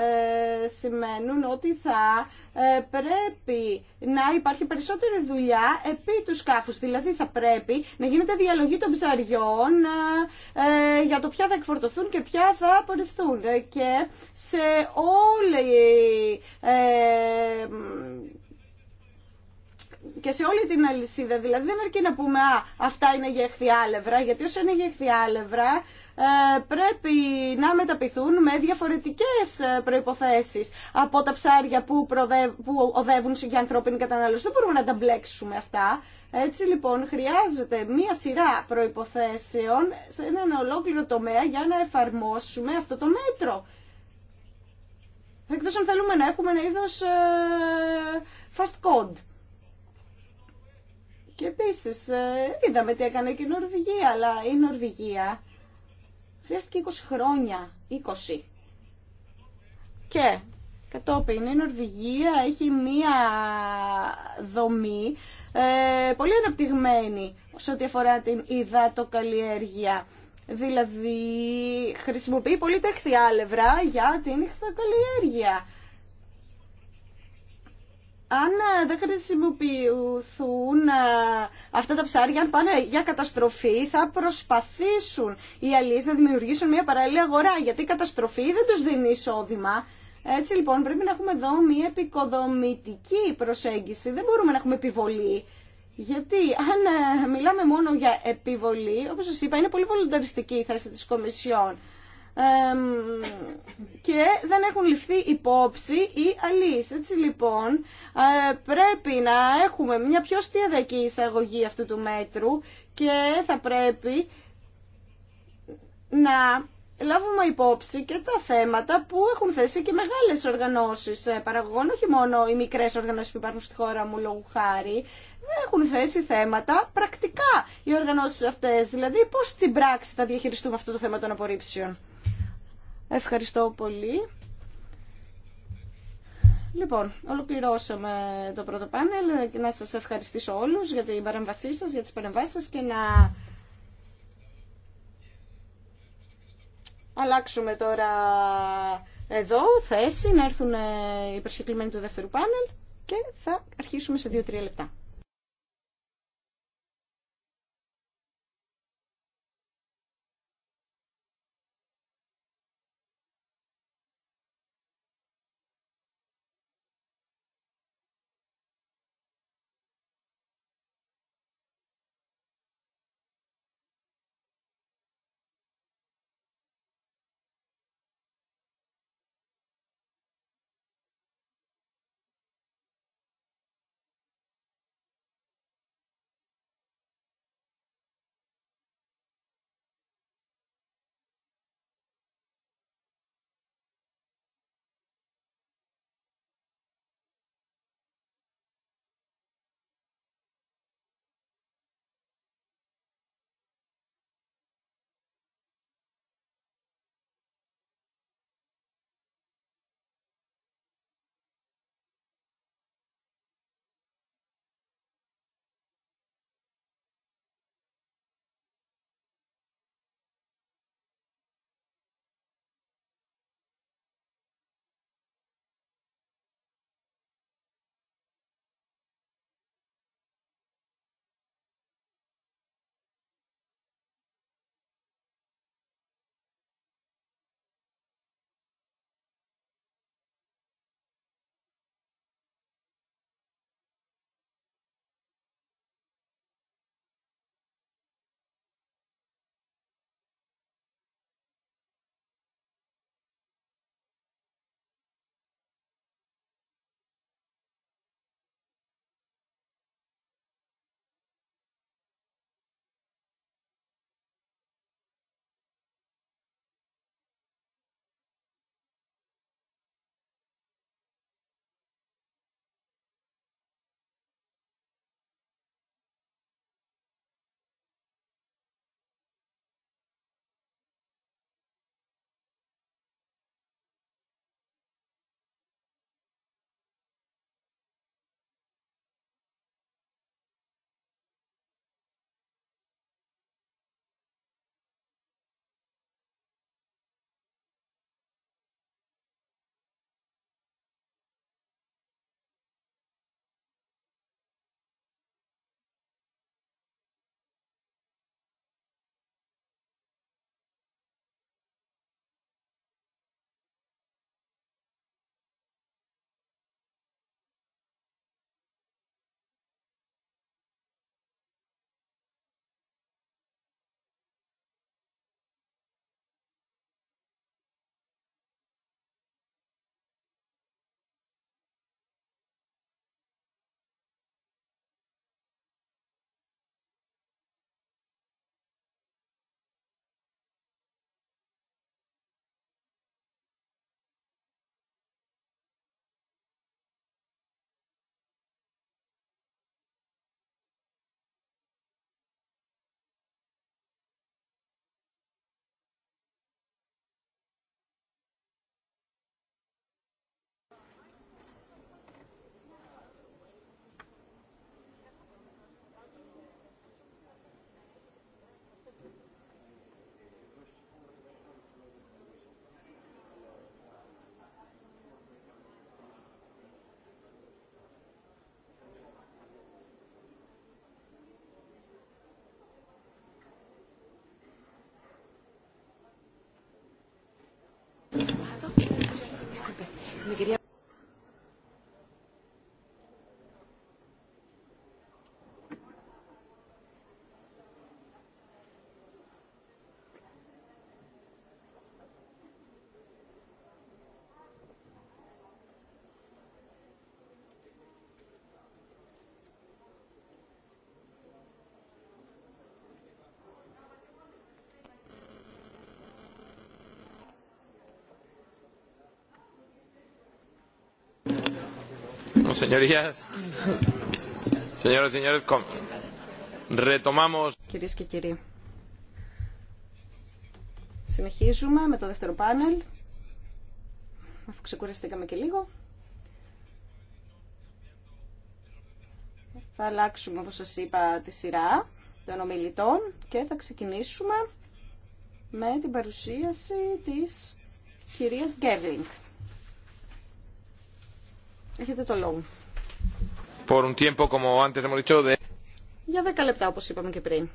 ε, σημαίνουν ότι θα ε, πρέπει να υπάρχει περισσότερη δουλειά επί του σκάφους. Δηλαδή θα πρέπει να γίνεται διαλογή των ψαριών ε, για το ποια θα εκφορτωθούν και ποια θα απορριφθούν. Και σε όλη και σε όλη την αλυσίδα. Δηλαδή δεν αρκεί να πούμε α, αυτά είναι για εχθιάλευρα, γιατί όσο είναι για εχθιάλευρα ε, πρέπει να μεταπηθούν με διαφορετικές ε, προϋποθέσεις από τα ψάρια που, προδε... που οδεύουν για ανθρώπινη κατανάλωση. Δεν μπορούμε να τα μπλέξουμε αυτά. Έτσι λοιπόν χρειάζεται μία σειρά προϋποθέσεων σε έναν ολόκληρο τομέα για να εφαρμόσουμε αυτό το μέτρο. Εκτός αν θέλουμε να έχουμε ένα είδος ε, fast code. Και επίση ε, είδαμε τι έκανε και η Νορβηγία, αλλά η Νορβηγία χρειάστηκε 20 χρόνια. 20. Και κατόπιν η Νορβηγία έχει μία δομή ε, πολύ αναπτυγμένη σε ό,τι αφορά την υδατοκαλλιέργεια. Δηλαδή χρησιμοποιεί πολύ τέχθη άλευρα για την υδατοκαλλιέργεια αν ε, δεν χρησιμοποιηθούν ε, αυτά τα ψάρια, αν πάνε για καταστροφή, θα προσπαθήσουν οι αλληλείς να δημιουργήσουν μια παράλληλη αγορά, γιατί η καταστροφή δεν τους δίνει εισόδημα. Έτσι λοιπόν πρέπει να έχουμε εδώ μια επικοδομητική προσέγγιση, δεν μπορούμε να έχουμε επιβολή. Γιατί αν ε, μιλάμε μόνο για επιβολή, όπως σας είπα, είναι πολύ βολονταριστική η θέση της Κομισιόν και δεν έχουν ληφθεί υπόψη ή αλήθεια. Έτσι λοιπόν ε, πρέπει να έχουμε μια πιο στιαδιακή εισαγωγή αυτού του μέτρου και θα πρέπει να λάβουμε υπόψη και τα θέματα που έχουν θέσει και μεγάλες οργανώσεις ε, παραγωγών, όχι μόνο οι μικρές οργανώσεις που υπάρχουν στη χώρα μου λόγου χάρη, έχουν θέσει θέματα πρακτικά οι οργανώσεις αυτές, δηλαδή πώς στην πράξη θα διαχειριστούμε αυτό το θέμα των απορρίψεων. Ευχαριστώ πολύ. Λοιπόν, ολοκληρώσαμε το πρώτο πάνελ και να σας ευχαριστήσω όλους για την παρέμβασή σας, για τις παρεμβάσεις σας και να αλλάξουμε τώρα εδώ θέση, να έρθουν οι προσκεκλημένοι του δεύτερου πάνελ και θα αρχίσουμε σε 2-3 λεπτά. την κυρία Señorías, Κυρίες και κύριοι, συνεχίζουμε με το δεύτερο πάνελ, αφού ξεκουραστήκαμε και λίγο. Θα αλλάξουμε, όπως σας είπα, τη σειρά των ομιλητών και θα ξεκινήσουμε με την παρουσίαση της κυρίας Γκέρλινγκ. Έχετε το λόγο. Για δέκα λεπτά, όπως είπαμε και πριν.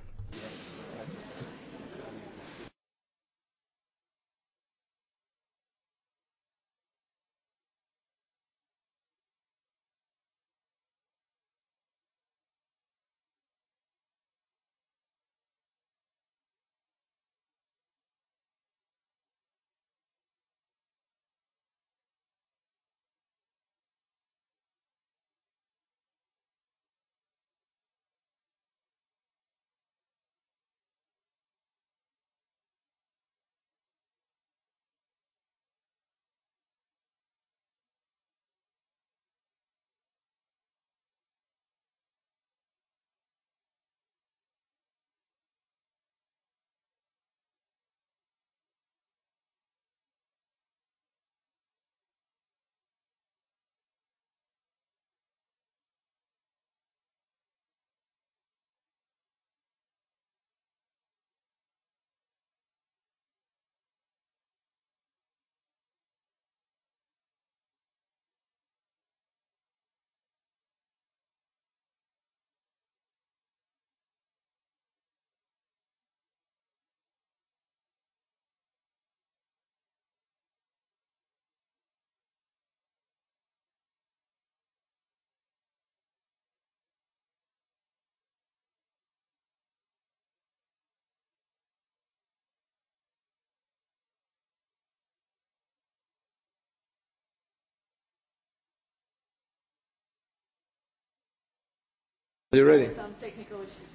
you ready? Some technical issues.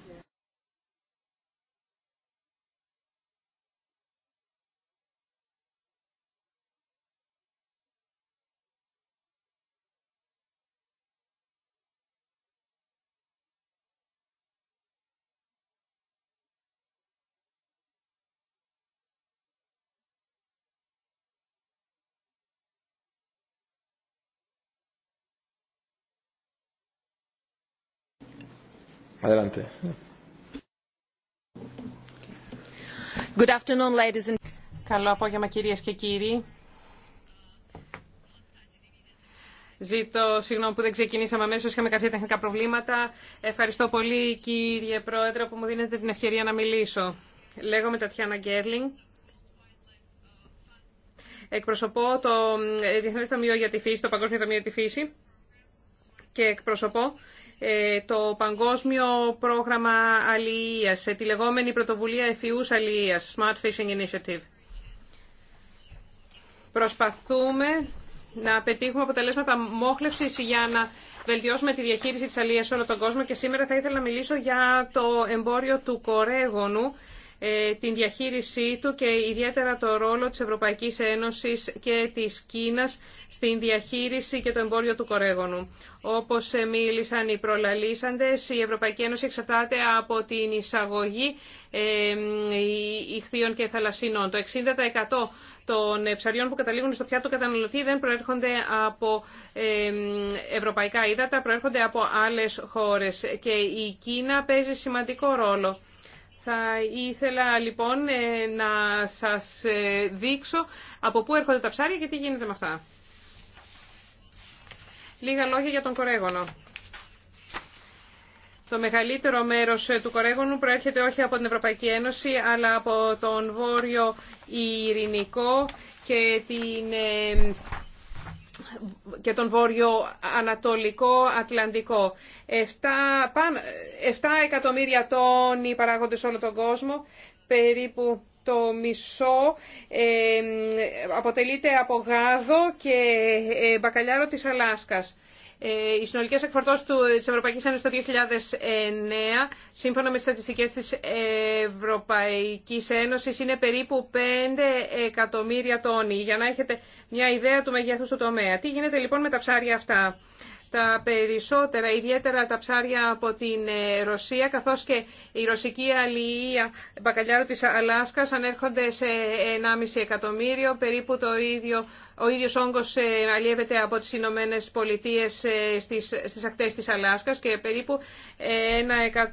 Adelante. Good afternoon, ladies and... Καλό απόγευμα κυρίες και κύριοι. Ζήτω συγγνώμη που δεν ξεκινήσαμε αμέσω, είχαμε κάποια τεχνικά προβλήματα. Ευχαριστώ πολύ κύριε Πρόεδρε που μου δίνετε την ευκαιρία να μιλήσω. Λέγομαι Τατιάνα Γκέρλινγκ. Εκπροσωπώ το ε, Διεθνέ Ταμείο για τη Φύση, το Παγκόσμιο Ταμείο για τη Φύση και εκπροσωπώ ε, το Παγκόσμιο Πρόγραμμα Αλληλείας, ε, τη λεγόμενη Πρωτοβουλία Εφιούς Αλληλείας, Smart Fishing Initiative. Προσπαθούμε να πετύχουμε αποτελέσματα μόχλευσης για να βελτιώσουμε τη διαχείριση της αλληλείας σε όλο τον κόσμο και σήμερα θα ήθελα να μιλήσω για το εμπόριο του κορέγονου ε, την διαχείρισή του και ιδιαίτερα το ρόλο της Ευρωπαϊκής Ένωσης και της Κίνας στην διαχείριση και το εμπόριο του κορέγονου. Όπως ε, μίλησαν οι προλαλήσαντες, η Ευρωπαϊκή Ένωση εξαρτάται από την εισαγωγή ε, ηχθείων και θαλασσινών. Το 60% των ψαριών που καταλήγουν στο πιάτο καταναλωτή δεν προέρχονται από ευρωπαϊκά ύδατα, προέρχονται από άλλες χώρες. Και η Κίνα παίζει σημαντικό ρόλο θα ήθελα λοιπόν ε, να σας ε, δείξω από πού έρχονται τα ψάρια και τι γίνεται με αυτά. Λίγα λόγια για τον κορέγονο. Το μεγαλύτερο μέρος ε, του κορέγονου προέρχεται όχι από την Ευρωπαϊκή Ένωση, αλλά από τον Βόρειο Ειρηνικό και την και τον βόρειο-ανατολικό Ατλαντικό. 7, πάν, 7 εκατομμύρια τόνοι παράγονται σε όλο τον κόσμο, περίπου το μισό ε, αποτελείται από γάδο και ε, μπακαλιάρο της Αλάσκας. Ε, οι συνολικέ εκφορτώσεις τη Ευρωπαϊκή Ευρωπαϊκής το 2009, σύμφωνα με τι στατιστικέ της Ευρωπαϊκής Ένωσης, είναι περίπου 5 εκατομμύρια τόνοι. Για να έχετε μια ιδέα του μεγεθού του τομέα. Τι γίνεται λοιπόν με τα ψάρια αυτά τα περισσότερα, ιδιαίτερα τα ψάρια από την ε, Ρωσία, καθώς και η ρωσική αλληλεία μπακαλιάρου της Αλάσκας ανέρχονται σε 1,5 εκατομμύριο, περίπου το ίδιο ο ίδιος όγκος ε, αλλιεύεται από τις Ηνωμένε Πολιτείε ε, στις, στις ακτές της Αλάσκας και περίπου 1.900.000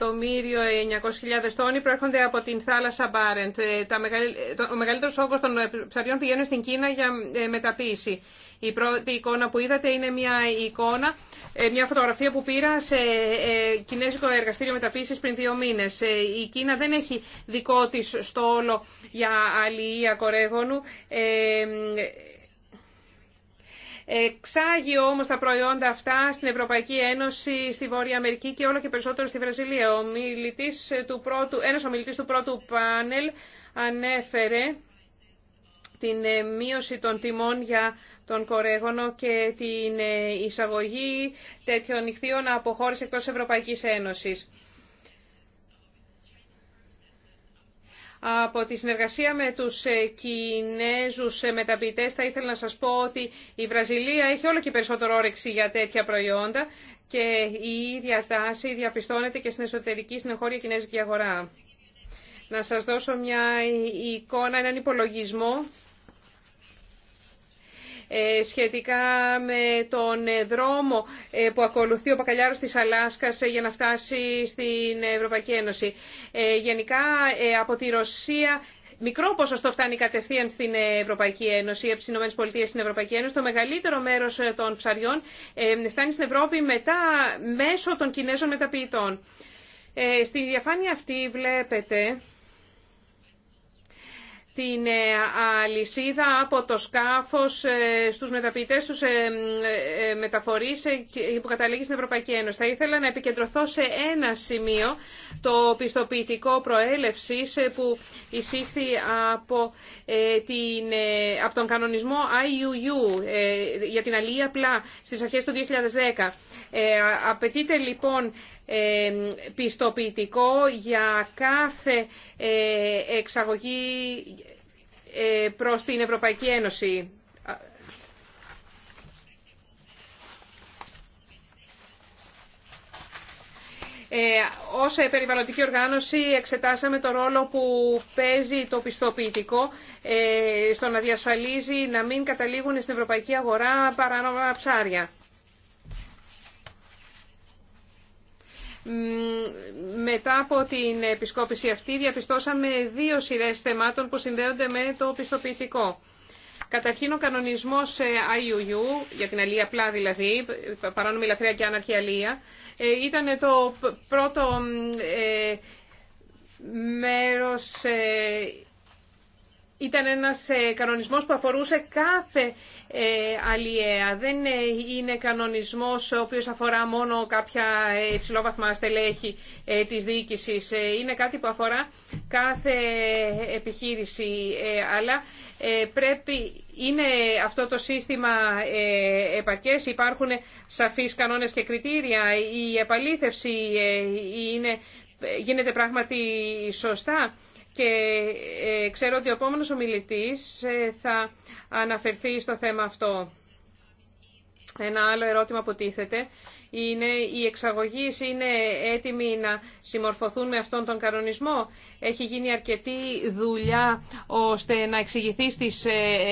τόνοι προέρχονται από την θάλασσα Μπάρεντ. Ο μεγαλύτερος όγκος των ψαριών πηγαίνει στην Κίνα για μεταποίηση. Η πρώτη εικόνα που είδατε είναι μια εικόνα, ε, μια φωτογραφία που πήρα σε ε, Κινέζικο Εργαστήριο μεταποίηση πριν δύο μήνες. Ε, η Κίνα δεν έχει δικό τη στόλο για αλληλεία κορέγονου. Εξάγει όμω τα προϊόντα αυτά στην Ευρωπαϊκή Ένωση, στη Βόρεια Αμερική και όλο και περισσότερο στη Βραζιλία. Ο μιλητής του πρώτου, ένας του πρώτου πάνελ ανέφερε την μείωση των τιμών για τον Κορέγονο και την ε, εισαγωγή τέτοιων νυχθείων από χώρες εκτός Ευρωπαϊκής Ένωσης. Από τη συνεργασία με τους ε, Κινέζους ε, μεταποιητές θα ήθελα να σας πω ότι η Βραζιλία έχει όλο και περισσότερο όρεξη για τέτοια προϊόντα και η ίδια τάση διαπιστώνεται και στην εσωτερική, συνεχόρια κινέζικη αγορά. Να σας δώσω μια εικόνα, έναν υπολογισμό ε, σχετικά με τον ε, δρόμο ε, που ακολουθεί ο Πακαλιάρος της Αλάσκας για να φτάσει στην Ευρωπαϊκή Ένωση. Γενικά από τη Ρωσία Μικρό ποσοστό φτάνει κατευθείαν στην Ευρωπαϊκή Ένωση, από τι ΗΠΑ στην Ευρωπαϊκή Ένωση. Το μεγαλύτερο μέρο των ψαριών φτάνει στην Ευρώπη μετά μέσω των Κινέζων μεταποιητών. Στη διαφάνεια αυτή βλέπετε την ε, αλυσίδα από το σκάφος ε, στους μεταποιητές, στους ε, μεταφορείς που καταλήγει στην Ευρωπαϊκή Ένωση. Θα ήθελα να επικεντρωθώ σε ένα σημείο, το πιστοποιητικό προέλευσης που εισήχθη από, την, από τον κανονισμό IUU για την αλληλεία απλά στις αρχές του 2010. Απαιτείται λοιπόν πιστοποιητικό για κάθε ε, εξαγωγή ε, προς την Ευρωπαϊκή Ένωση. Ε, ως περιβαλλοντική οργάνωση εξετάσαμε το ρόλο που παίζει το πιστοποιητικό ε, στο να διασφαλίζει να μην καταλήγουν στην ευρωπαϊκή αγορά παράνομα ψάρια. Μετά από την επισκόπηση αυτή διαπιστώσαμε δύο σειρές θεμάτων που συνδέονται με το πιστοποιητικό. Καταρχήν ο κανονισμός ε, IUU, για την αλία απλά δηλαδή, παράνομη λατρεία και άναρχη αλία, ε, ήταν το πρώτο ε, μέρος ήταν ένας ε, κανονισμός που αφορούσε κάθε ε, αλλιέα. Δεν ε, είναι κανονισμός ο οποίος αφορά μόνο κάποια υψηλόβαθμα στελέχη της διοίκησης. Είναι κάτι που αφορά κάθε επιχείρηση. Αλλά πρέπει, είναι αυτό το σύστημα επαρκές, υπάρχουν σαφείς κανόνες και κριτήρια. Η επαλήθευση είναι, γίνεται πράγματι σωστά και ε, ξέρω ότι ο επόμενος ομιλητής ε, θα αναφερθεί στο θέμα αυτό. Ένα άλλο ερώτημα που τίθεται είναι οι εξαγωγείς είναι έτοιμοι να συμμορφωθούν με αυτόν τον κανονισμό. Έχει γίνει αρκετή δουλειά ώστε να εξηγηθεί στις ε,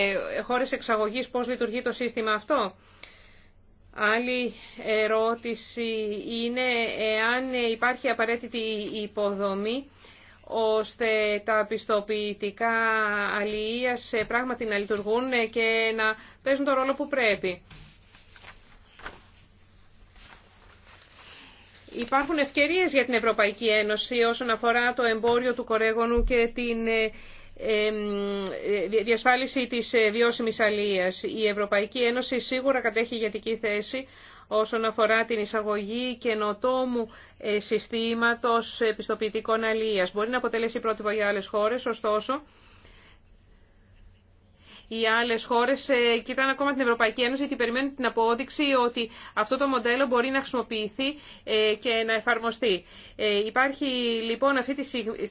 χώρες εξαγωγής πώς λειτουργεί το σύστημα αυτό. Άλλη ερώτηση είναι εάν υπάρχει απαραίτητη υποδομή ώστε τα πιστοποιητικά αλληλείας πράγματι να λειτουργούν και να παίζουν το ρόλο που πρέπει. Υπάρχουν ευκαιρίες για την Ευρωπαϊκή Ένωση όσον αφορά το εμπόριο του κορέγονου και την ε, ε, διασφάλιση της ε, βιώσιμης αλληλείας. Η Ευρωπαϊκή Ένωση σίγουρα κατέχει ηγετική θέση όσον αφορά την εισαγωγή καινοτόμου ε, συστήματος πιστοποιητικών αλληλείας. Μπορεί να αποτελέσει πρότυπο για άλλες χώρες, ωστόσο οι άλλε χώρε ε, κοιτάνε ακόμα την Ευρωπαϊκή Ένωση και περιμένουν την απόδειξη ότι αυτό το μοντέλο μπορεί να χρησιμοποιηθεί ε, και να εφαρμοστεί. Υπάρχει λοιπόν αυτή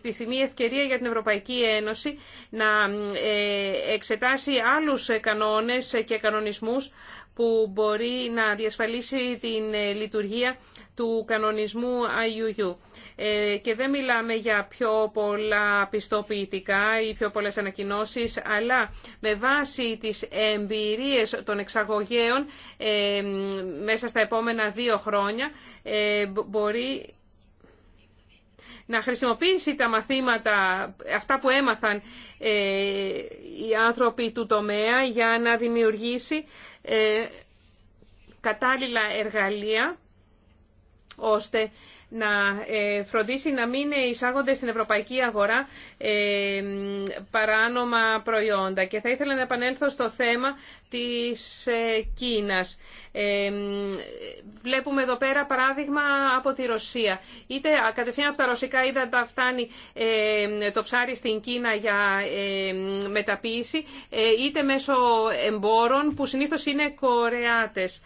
τη στιγμή ευκαιρία για την Ευρωπαϊκή Ένωση να εξετάσει άλλου κανόνε και κανονισμού που μπορεί να διασφαλίσει την ε, λειτουργία του κανονισμού IUU. Ε, και δεν μιλάμε για πιο πολλά πιστοποιητικά ή πιο πολλές ανακοινώσεις, αλλά με βάση τις εμπειρίες των εξαγωγέων ε, μέσα στα επόμενα δύο χρόνια μπορεί να χρησιμοποιήσει τα μαθήματα, αυτά που έμαθαν οι άνθρωποι του τομέα για να δημιουργήσει ε, κατάλληλα εργαλεία ώστε να ε, φροντίσει να μην εισάγονται στην ευρωπαϊκή αγορά ε, παράνομα προϊόντα. Και θα ήθελα να επανέλθω στο θέμα της ε, Κίνας. Βλέπουμε εδώ πέρα παράδειγμα από τη Ρωσία. Είτε κατευθείαν από τα ρωσικά τα φτάνει το ψάρι στην Κίνα για μεταποίηση, είτε μέσω εμπόρων που συνήθως είναι Κορεάτες.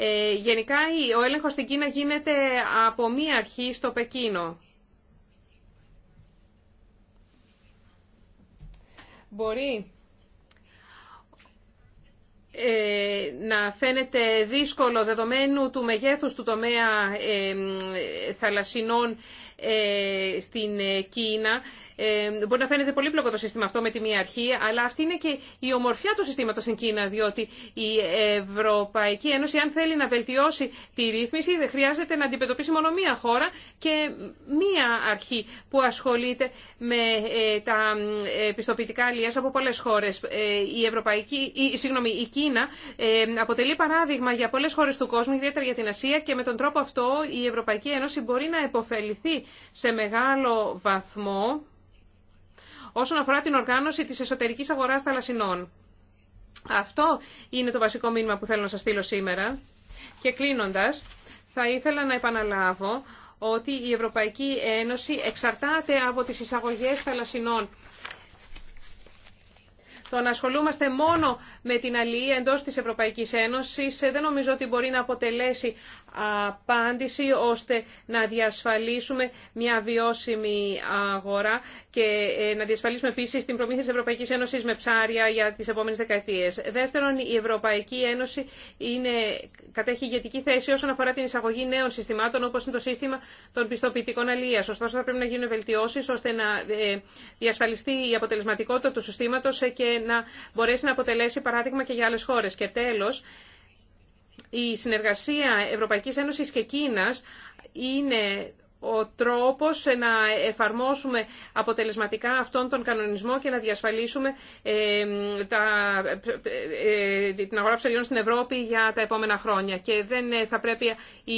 Ε, γενικά ο έλεγχος στην Κίνα γίνεται από μία αρχή στο Πεκίνο. Μπορεί ε, να φαίνεται δύσκολο δεδομένου του μεγέθους του τομέα ε, θαλασσινών στην Κίνα ε, μπορεί να φαίνεται πολύ πλοκό το σύστημα αυτό με τη μία αρχή, αλλά αυτή είναι και η ομορφιά του συστήματος στην Κίνα, διότι η Ευρωπαϊκή Ένωση, αν θέλει να βελτιώσει τη ρύθμιση, δεν χρειάζεται να αντιμετωπίσει μόνο μία χώρα και μία αρχή που ασχολείται με ε, τα ε, πιστοποιητικά αλλιέ από πολλές χώρες. η, Ευρωπαϊκή, η, η Κίνα αποτελεί παράδειγμα για πολλέ χώρε του κόσμου, ιδιαίτερα για την Ασία και με τον τρόπο αυτό η Ευρωπαϊκή Ένωση μπορεί να επωφεληθεί σε μεγάλο βαθμό όσον αφορά την οργάνωση της εσωτερικής αγοράς θαλασσινών. Αυτό είναι το βασικό μήνυμα που θέλω να σας στείλω σήμερα. Και κλείνοντας, θα ήθελα να επαναλάβω ότι η Ευρωπαϊκή Ένωση εξαρτάται από τις εισαγωγές θαλασσινών το να ασχολούμαστε μόνο με την αλληλεία εντό τη Ευρωπαϊκή Ένωση. Ε, δεν νομίζω ότι μπορεί να αποτελέσει απάντηση ώστε να διασφαλίσουμε μια βιώσιμη αγορά και ε, να διασφαλίσουμε επίση την προμήθεια της Ευρωπαϊκής Ένωσης με ψάρια για τι επόμενε δεκαετίες. Δεύτερον, η Ευρωπαϊκή Ένωση είναι, κατέχει ηγετική θέση όσον αφορά την εισαγωγή νέων συστημάτων όπω είναι το σύστημα των πιστοποιητικών αλληλεία. Ωστόσο, θα πρέπει να γίνουν βελτιώσει, ώστε να ε, διασφαλιστεί η αποτελεσματικότητα του συστήματο. και να μπορέσει να αποτελέσει παράδειγμα και για άλλες χώρες. Και τέλος, η συνεργασία Ευρωπαϊκής Ένωσης και Κίνας είναι ο τρόπος να εφαρμόσουμε αποτελεσματικά αυτόν τον κανονισμό και να διασφαλίσουμε ε, τα, ε, ε, την αγορά ψαριών στην Ευρώπη για τα επόμενα χρόνια. Και δεν θα πρέπει οι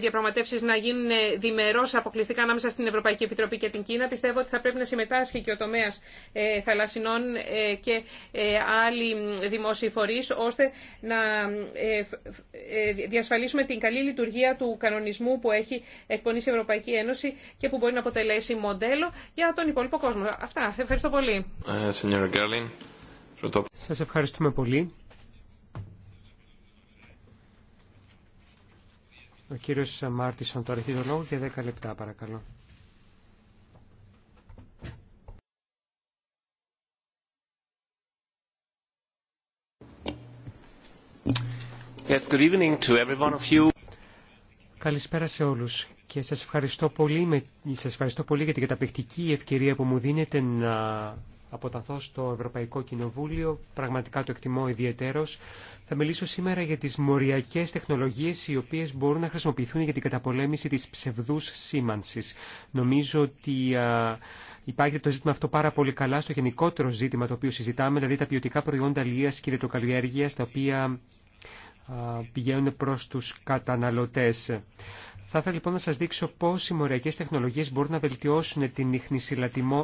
διαπραγματεύσεις να γίνουν διμερώς αποκλειστικά ανάμεσα στην Ευρωπαϊκή Επιτροπή και την Κίνα. Πιστεύω ότι θα πρέπει να συμμετάσχει και ο τομέας θαλασσινών και άλλοι δημόσιοι φορείς, ώστε να διασφαλίσουμε την καλή λειτουργία του κανονισμού που έχει εκπονήσει η Ευρωπαϊκή Ευρωπαϊκή Ένωση και που μπορεί να αποτελέσει μοντέλο για τον υπόλοιπο κόσμο. Αυτά. Ευχαριστώ πολύ. Ε, Σας ευχαριστούμε πολύ. Ο κύριος Μάρτισον τώρα έχει το λόγο και 10 λεπτά παρακαλώ. Yes, good evening to every one of you. Καλησπέρα σε όλους και σας ευχαριστώ πολύ, με, σας ευχαριστώ πολύ για την καταπληκτική ευκαιρία που μου δίνετε να αποταθώ στο Ευρωπαϊκό Κοινοβούλιο. Πραγματικά το εκτιμώ ιδιαιτέρως. Θα μιλήσω σήμερα για τις μοριακές τεχνολογίες οι οποίες μπορούν να χρησιμοποιηθούν για την καταπολέμηση της ψευδούς σήμανσης. Νομίζω ότι α, υπάρχει το ζήτημα αυτό πάρα πολύ καλά στο γενικότερο ζήτημα το οποίο συζητάμε, δηλαδή τα ποιοτικά προϊόντα λίας και τα οποία πηγαίνουν προς τους καταναλωτές. Θα ήθελα λοιπόν να σας δείξω πώς οι μοριακές τεχνολογίες μπορούν να βελτιώσουν την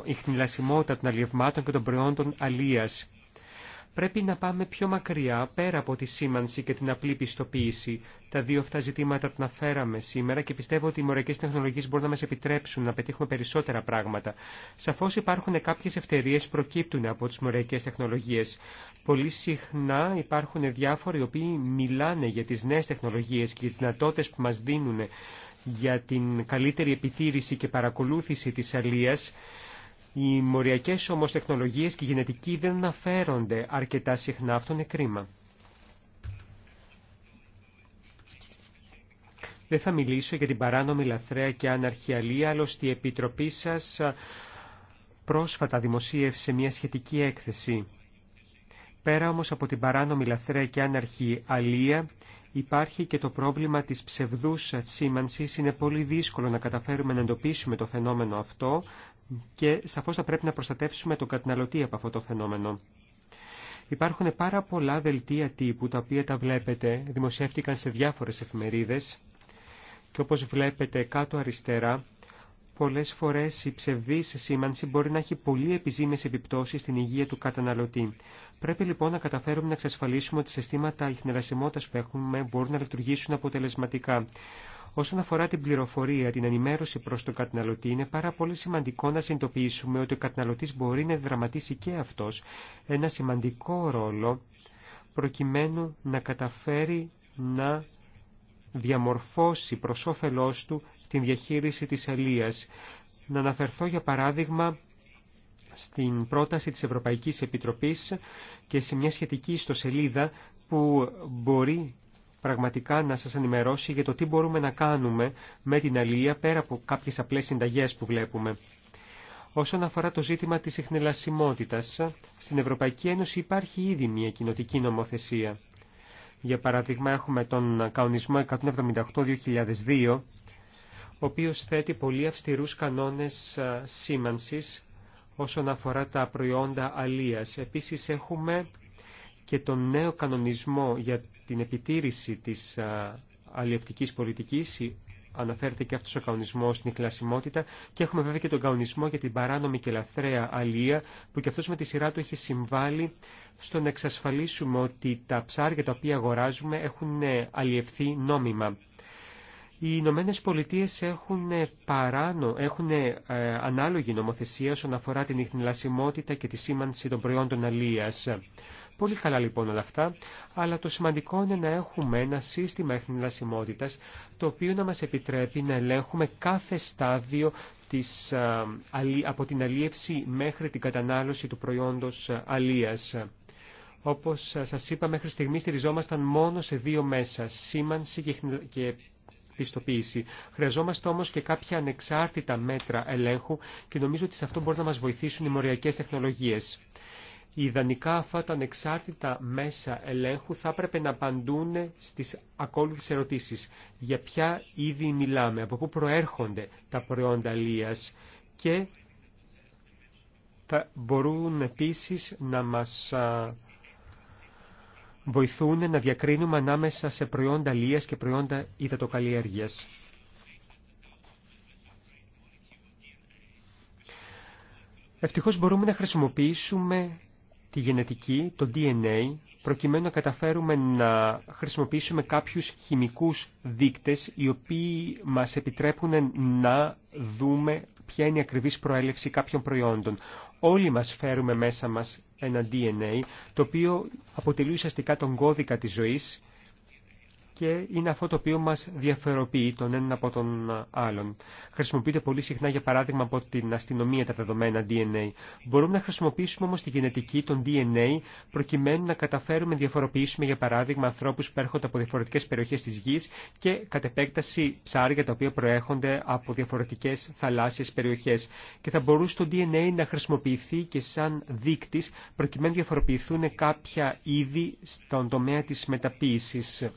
ιχνηλασιμότητα των αλλιευμάτων και των προϊόντων αλίας. Πρέπει να πάμε πιο μακριά, πέρα από τη σήμανση και την απλή πιστοποίηση. Τα δύο αυτά ζητήματα τα αναφέραμε σήμερα και πιστεύω ότι οι μοριακέ τεχνολογίε μπορούν να μα επιτρέψουν να πετύχουμε περισσότερα πράγματα. Σαφώ υπάρχουν κάποιε ευκαιρίε που προκύπτουν από τι μοριακέ τεχνολογίε. Πολύ συχνά υπάρχουν διάφοροι οι οποίοι μιλάνε για τι νέε τεχνολογίε και τι δυνατότητε που μα δίνουν για την καλύτερη επιτήρηση και παρακολούθηση της αλίας οι μοριακές όμως τεχνολογίες και οι γενετικοί δεν αναφέρονται αρκετά συχνά. Αυτό είναι κρίμα. Δεν θα μιλήσω για την παράνομη λαθρέα και αναρχιαλία, άλλωστε η Επιτροπή σας πρόσφατα δημοσίευσε μια σχετική έκθεση. Πέρα όμως από την παράνομη λαθρέα και άναρχη αλλία, υπάρχει και το πρόβλημα της ψευδούς σήμανσης. Είναι πολύ δύσκολο να καταφέρουμε να εντοπίσουμε το φαινόμενο αυτό και σαφώς θα πρέπει να προστατεύσουμε τον καταναλωτή από αυτό το φαινόμενο. Υπάρχουν πάρα πολλά δελτία τύπου τα οποία τα βλέπετε, δημοσιεύτηκαν σε διάφορες εφημερίδες και όπως βλέπετε κάτω αριστερά πολλές φορές η ψευδής σήμανση μπορεί να έχει πολύ επιζήμιες επιπτώσεις στην υγεία του καταναλωτή. Πρέπει λοιπόν να καταφέρουμε να εξασφαλίσουμε ότι συστήματα ηχνερασιμότητας που έχουμε μπορούν να λειτουργήσουν αποτελεσματικά. Όσον αφορά την πληροφορία, την ενημέρωση προς τον καταναλωτή, είναι πάρα πολύ σημαντικό να συνειδητοποιήσουμε ότι ο καταναλωτή μπορεί να δραματίσει και αυτός ένα σημαντικό ρόλο προκειμένου να καταφέρει να διαμορφώσει προς όφελός του την διαχείριση της αλίας. Να αναφερθώ για παράδειγμα στην πρόταση της Ευρωπαϊκής Επιτροπής και σε μια σχετική ιστοσελίδα που μπορεί πραγματικά να σας ενημερώσει για το τι μπορούμε να κάνουμε με την αλληλεία πέρα από κάποιες απλές συνταγές που βλέπουμε. Όσον αφορά το ζήτημα της εχνελασιμότητας, στην Ευρωπαϊκή Ένωση υπάρχει ήδη μια κοινοτική νομοθεσία. Για παράδειγμα έχουμε τον κανονισμό 178-2002, ο οποίος θέτει πολύ αυστηρούς κανόνες σήμανσης όσον αφορά τα προϊόντα αλίας. Επίσης έχουμε και τον νέο κανονισμό για την επιτήρηση της αλλιευτικής πολιτικής αναφέρεται και αυτός ο καονισμός στην εκλασιμότητα και έχουμε βέβαια και τον καονισμό για την παράνομη και λαθρέα αλία που και αυτός με τη σειρά του έχει συμβάλει στο να εξασφαλίσουμε ότι τα ψάρια τα οποία αγοράζουμε έχουν ε, αλλιευθεί νόμιμα. Οι Ηνωμένε Πολιτείε έχουν, ε, παράνο, έχουν ε, ανάλογη νομοθεσία όσον αφορά την ιχνηλασιμότητα και τη σήμανση των προϊόντων αλίας. Πολύ καλά λοιπόν όλα αυτά, αλλά το σημαντικό είναι να έχουμε ένα σύστημα εχνηλασιμότητας το οποίο να μας επιτρέπει να ελέγχουμε κάθε στάδιο της, από την αλίευση μέχρι την κατανάλωση του προϊόντος αλίας. Όπως σας είπα, μέχρι στιγμή στηριζόμασταν μόνο σε δύο μέσα, σήμανση και πιστοποίηση. Χρειαζόμαστε όμως και κάποια ανεξάρτητα μέτρα ελέγχου και νομίζω ότι σε αυτό μπορεί να μας βοηθήσουν οι μοριακές τεχνολογίες ιδανικά αυτά τα ανεξάρτητα μέσα ελέγχου θα έπρεπε να απαντούν στις ακόλουθες ερωτήσεις. Για ποια είδη μιλάμε, από πού προέρχονται τα προϊόντα αλίας και θα μπορούν επίσης να μας βοηθούν να διακρίνουμε ανάμεσα σε προϊόντα λίας και προϊόντα υδατοκαλλιέργειας. Ευτυχώς μπορούμε να χρησιμοποιήσουμε τη γενετική, το DNA, προκειμένου να καταφέρουμε να χρησιμοποιήσουμε κάποιους χημικούς δείκτες οι οποίοι μας επιτρέπουν να δούμε ποια είναι η ακριβής προέλευση κάποιων προϊόντων. Όλοι μας φέρουμε μέσα μας ένα DNA, το οποίο αποτελεί ουσιαστικά τον κώδικα της ζωής και είναι αυτό το οποίο μας διαφοροποιεί τον έναν από τον άλλον. Χρησιμοποιείται πολύ συχνά, για παράδειγμα, από την αστυνομία τα δεδομένα DNA. Μπορούμε να χρησιμοποιήσουμε όμως τη γενετική, των DNA, προκειμένου να καταφέρουμε να διαφοροποιήσουμε, για παράδειγμα, ανθρώπους που έρχονται από διαφορετικές περιοχές της γης και κατ' επέκταση ψάρια τα οποία προέρχονται από διαφορετικές θαλάσσιες περιοχές. Και θα μπορούσε το DNA να χρησιμοποιηθεί και σαν δείκτης, προκειμένου να διαφοροποιηθούν κάποια είδη στον τομέα της μεταποίησης.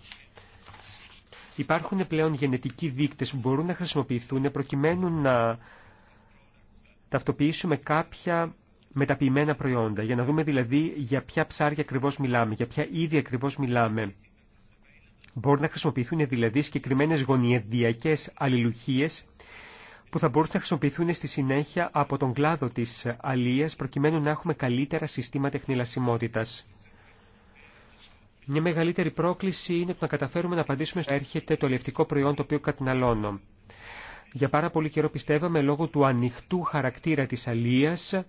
Υπάρχουν πλέον γενετικοί δείκτες που μπορούν να χρησιμοποιηθούν προκειμένου να ταυτοποιήσουμε κάποια μεταποιημένα προϊόντα, για να δούμε δηλαδή για ποια ψάρια ακριβώς μιλάμε, για ποια είδη ακριβώς μιλάμε. Μπορούν να χρησιμοποιηθούν δηλαδή συγκεκριμένε γωνιεδιακές αλληλουχίες που θα μπορούσαν να χρησιμοποιηθούν στη συνέχεια από τον κλάδο της αλίας προκειμένου να έχουμε καλύτερα συστήματα εχνηλασιμότητας. Μια μεγαλύτερη πρόκληση είναι το να καταφέρουμε να απαντήσουμε στο έρχεται το λευτικό προϊόν το οποίο καταναλώνω. Για πάρα πολύ καιρό πιστεύαμε λόγω του ανοιχτού χαρακτήρα της αλίας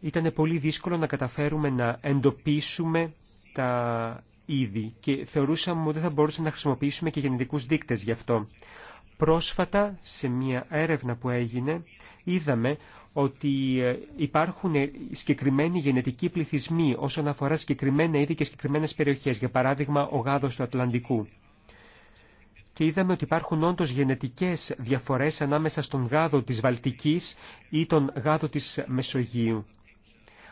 ήταν πολύ δύσκολο να καταφέρουμε να εντοπίσουμε τα είδη και θεωρούσαμε ότι δεν θα μπορούσαμε να χρησιμοποιήσουμε και γενετικούς δείκτες γι' αυτό. Πρόσφατα, σε μια έρευνα που έγινε, είδαμε ότι ε, υπάρχουν ε, συγκεκριμένοι γενετικοί πληθυσμοί όσον αφορά συγκεκριμένα είδη και συγκεκριμένε περιοχές, για παράδειγμα ο γάδο του Ατλαντικού. Και είδαμε ότι υπάρχουν όντως γενετικές διαφορές ανάμεσα στον γάδο της Βαλτική ή τον γάδο της Μεσογείου.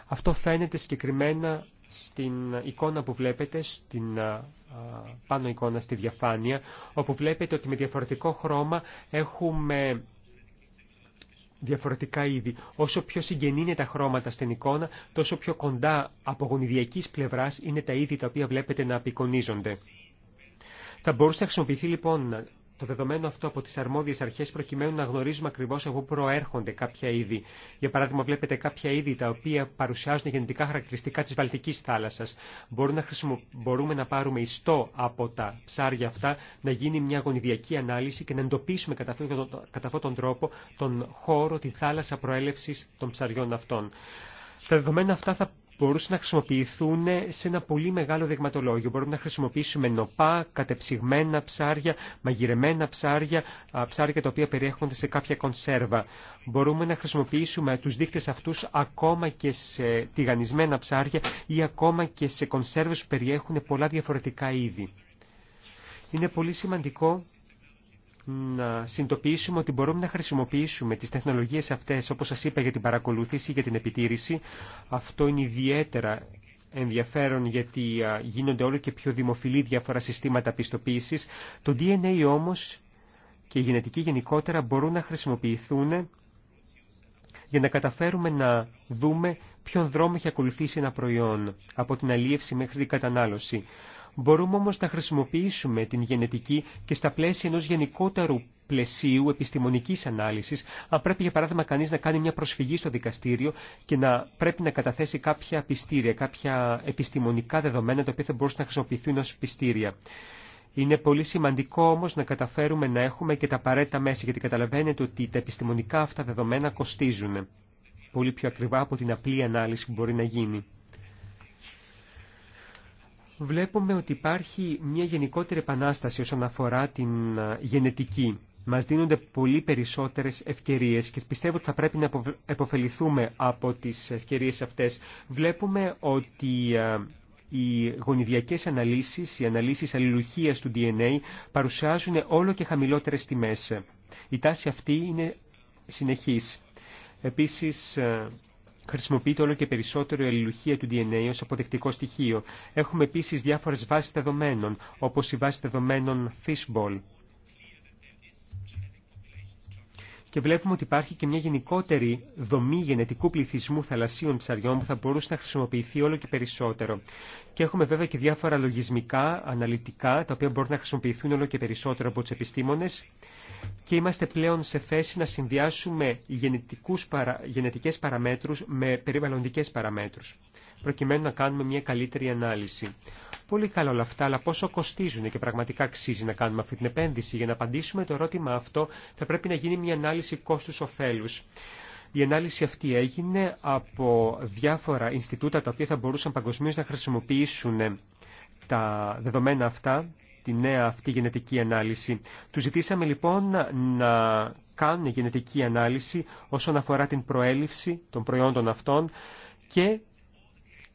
Αυτό φαίνεται συγκεκριμένα στην εικόνα που βλέπετε, στην πάνω εικόνα στη διαφάνεια, όπου βλέπετε ότι με διαφορετικό χρώμα έχουμε διαφορετικά είδη. Όσο πιο συγγενή είναι τα χρώματα στην εικόνα, τόσο πιο κοντά από γονιδιακής πλευράς είναι τα είδη τα οποία βλέπετε να απεικονίζονται. Θα μπορούσε να χρησιμοποιηθεί λοιπόν το δεδομένο αυτό από τι αρμόδιε αρχέ προκειμένου να γνωρίζουμε ακριβώ από πού προέρχονται κάποια είδη. Για παράδειγμα βλέπετε κάποια είδη τα οποία παρουσιάζουν γενετικά χαρακτηριστικά τη Βαλτική θάλασσα. Μπορούμε να, Μπορούμε να πάρουμε ιστό από τα ψάρια αυτά, να γίνει μια γονιδιακή ανάλυση και να εντοπίσουμε κατά αυτόν τον τρόπο τον χώρο, τη θάλασσα προέλευση των ψαριών αυτών. Τα δεδομένα αυτά θα μπορούσαν να χρησιμοποιηθούν σε ένα πολύ μεγάλο δειγματολόγιο. Μπορούμε να χρησιμοποιήσουμε νοπά, κατεψυγμένα ψάρια, μαγειρεμένα ψάρια, ψάρια τα οποία περιέχονται σε κάποια κονσέρβα. Μπορούμε να χρησιμοποιήσουμε τους δείχτες αυτούς ακόμα και σε τηγανισμένα ψάρια ή ακόμα και σε κονσέρβες που περιέχουν πολλά διαφορετικά είδη. Είναι πολύ σημαντικό να συνειδητοποιήσουμε ότι μπορούμε να χρησιμοποιήσουμε τις τεχνολογίες αυτές, όπως σας είπα, για την παρακολούθηση, για την επιτήρηση. Αυτό είναι ιδιαίτερα ενδιαφέρον γιατί γίνονται όλο και πιο δημοφιλή διάφορα συστήματα πιστοποίησης. Το DNA όμως και η γενετική γενικότερα μπορούν να χρησιμοποιηθούν για να καταφέρουμε να δούμε ποιον δρόμο έχει ακολουθήσει ένα προϊόν, από την αλίευση μέχρι την κατανάλωση. Μπορούμε όμως να χρησιμοποιήσουμε την γενετική και στα πλαίσια ενός γενικότερου πλαισίου επιστημονικής ανάλυσης, αν πρέπει για παράδειγμα κανείς να κάνει μια προσφυγή στο δικαστήριο και να πρέπει να καταθέσει κάποια πιστήρια, κάποια επιστημονικά δεδομένα τα οποία θα μπορούσαν να χρησιμοποιηθούν ως πιστήρια. Είναι πολύ σημαντικό όμω να καταφέρουμε να έχουμε και τα απαραίτητα μέσα, γιατί καταλαβαίνετε ότι τα επιστημονικά αυτά δεδομένα κοστίζουν πολύ πιο ακριβά από την απλή ανάλυση που μπορεί να γίνει βλέπουμε ότι υπάρχει μια γενικότερη επανάσταση όσον αφορά την γενετική. Μας δίνονται πολύ περισσότερες ευκαιρίες και πιστεύω ότι θα πρέπει να επωφεληθούμε από τις ευκαιρίες αυτές. Βλέπουμε ότι οι γονιδιακές αναλύσεις, οι αναλύσεις αλληλουχίας του DNA παρουσιάζουν όλο και χαμηλότερες τιμές. Η τάση αυτή είναι συνεχής. Επίσης, χρησιμοποιείται όλο και περισσότερο η αλληλουχία του DNA ως αποδεκτικό στοιχείο. Έχουμε επίσης διάφορες βάσεις δεδομένων, όπως η βάση δεδομένων Fishball. Και βλέπουμε ότι υπάρχει και μια γενικότερη δομή γενετικού πληθυσμού θαλασσίων ψαριών που θα μπορούσε να χρησιμοποιηθεί όλο και περισσότερο. Και έχουμε βέβαια και διάφορα λογισμικά, αναλυτικά, τα οποία μπορούν να χρησιμοποιηθούν όλο και περισσότερο από τους επιστήμονε και είμαστε πλέον σε θέση να συνδυάσουμε παρα... γενετικές παραμέτρους με περιβαλλοντικές παραμέτρους, προκειμένου να κάνουμε μια καλύτερη ανάλυση. Πολύ καλό όλα αυτά, αλλά πόσο κοστίζουν και πραγματικά αξίζει να κάνουμε αυτή την επένδυση. Για να απαντήσουμε το ερώτημα αυτό θα πρέπει να γίνει μια ανάλυση κόστους-οφέλους. Η ανάλυση αυτή έγινε από διάφορα Ινστιτούτα τα οποία θα μπορούσαν παγκοσμίως να χρησιμοποιήσουν τα δεδομένα αυτά τη νέα αυτή γενετική ανάλυση. Του ζητήσαμε λοιπόν να κάνουν γενετική ανάλυση όσον αφορά την προέλευση των προϊόντων αυτών και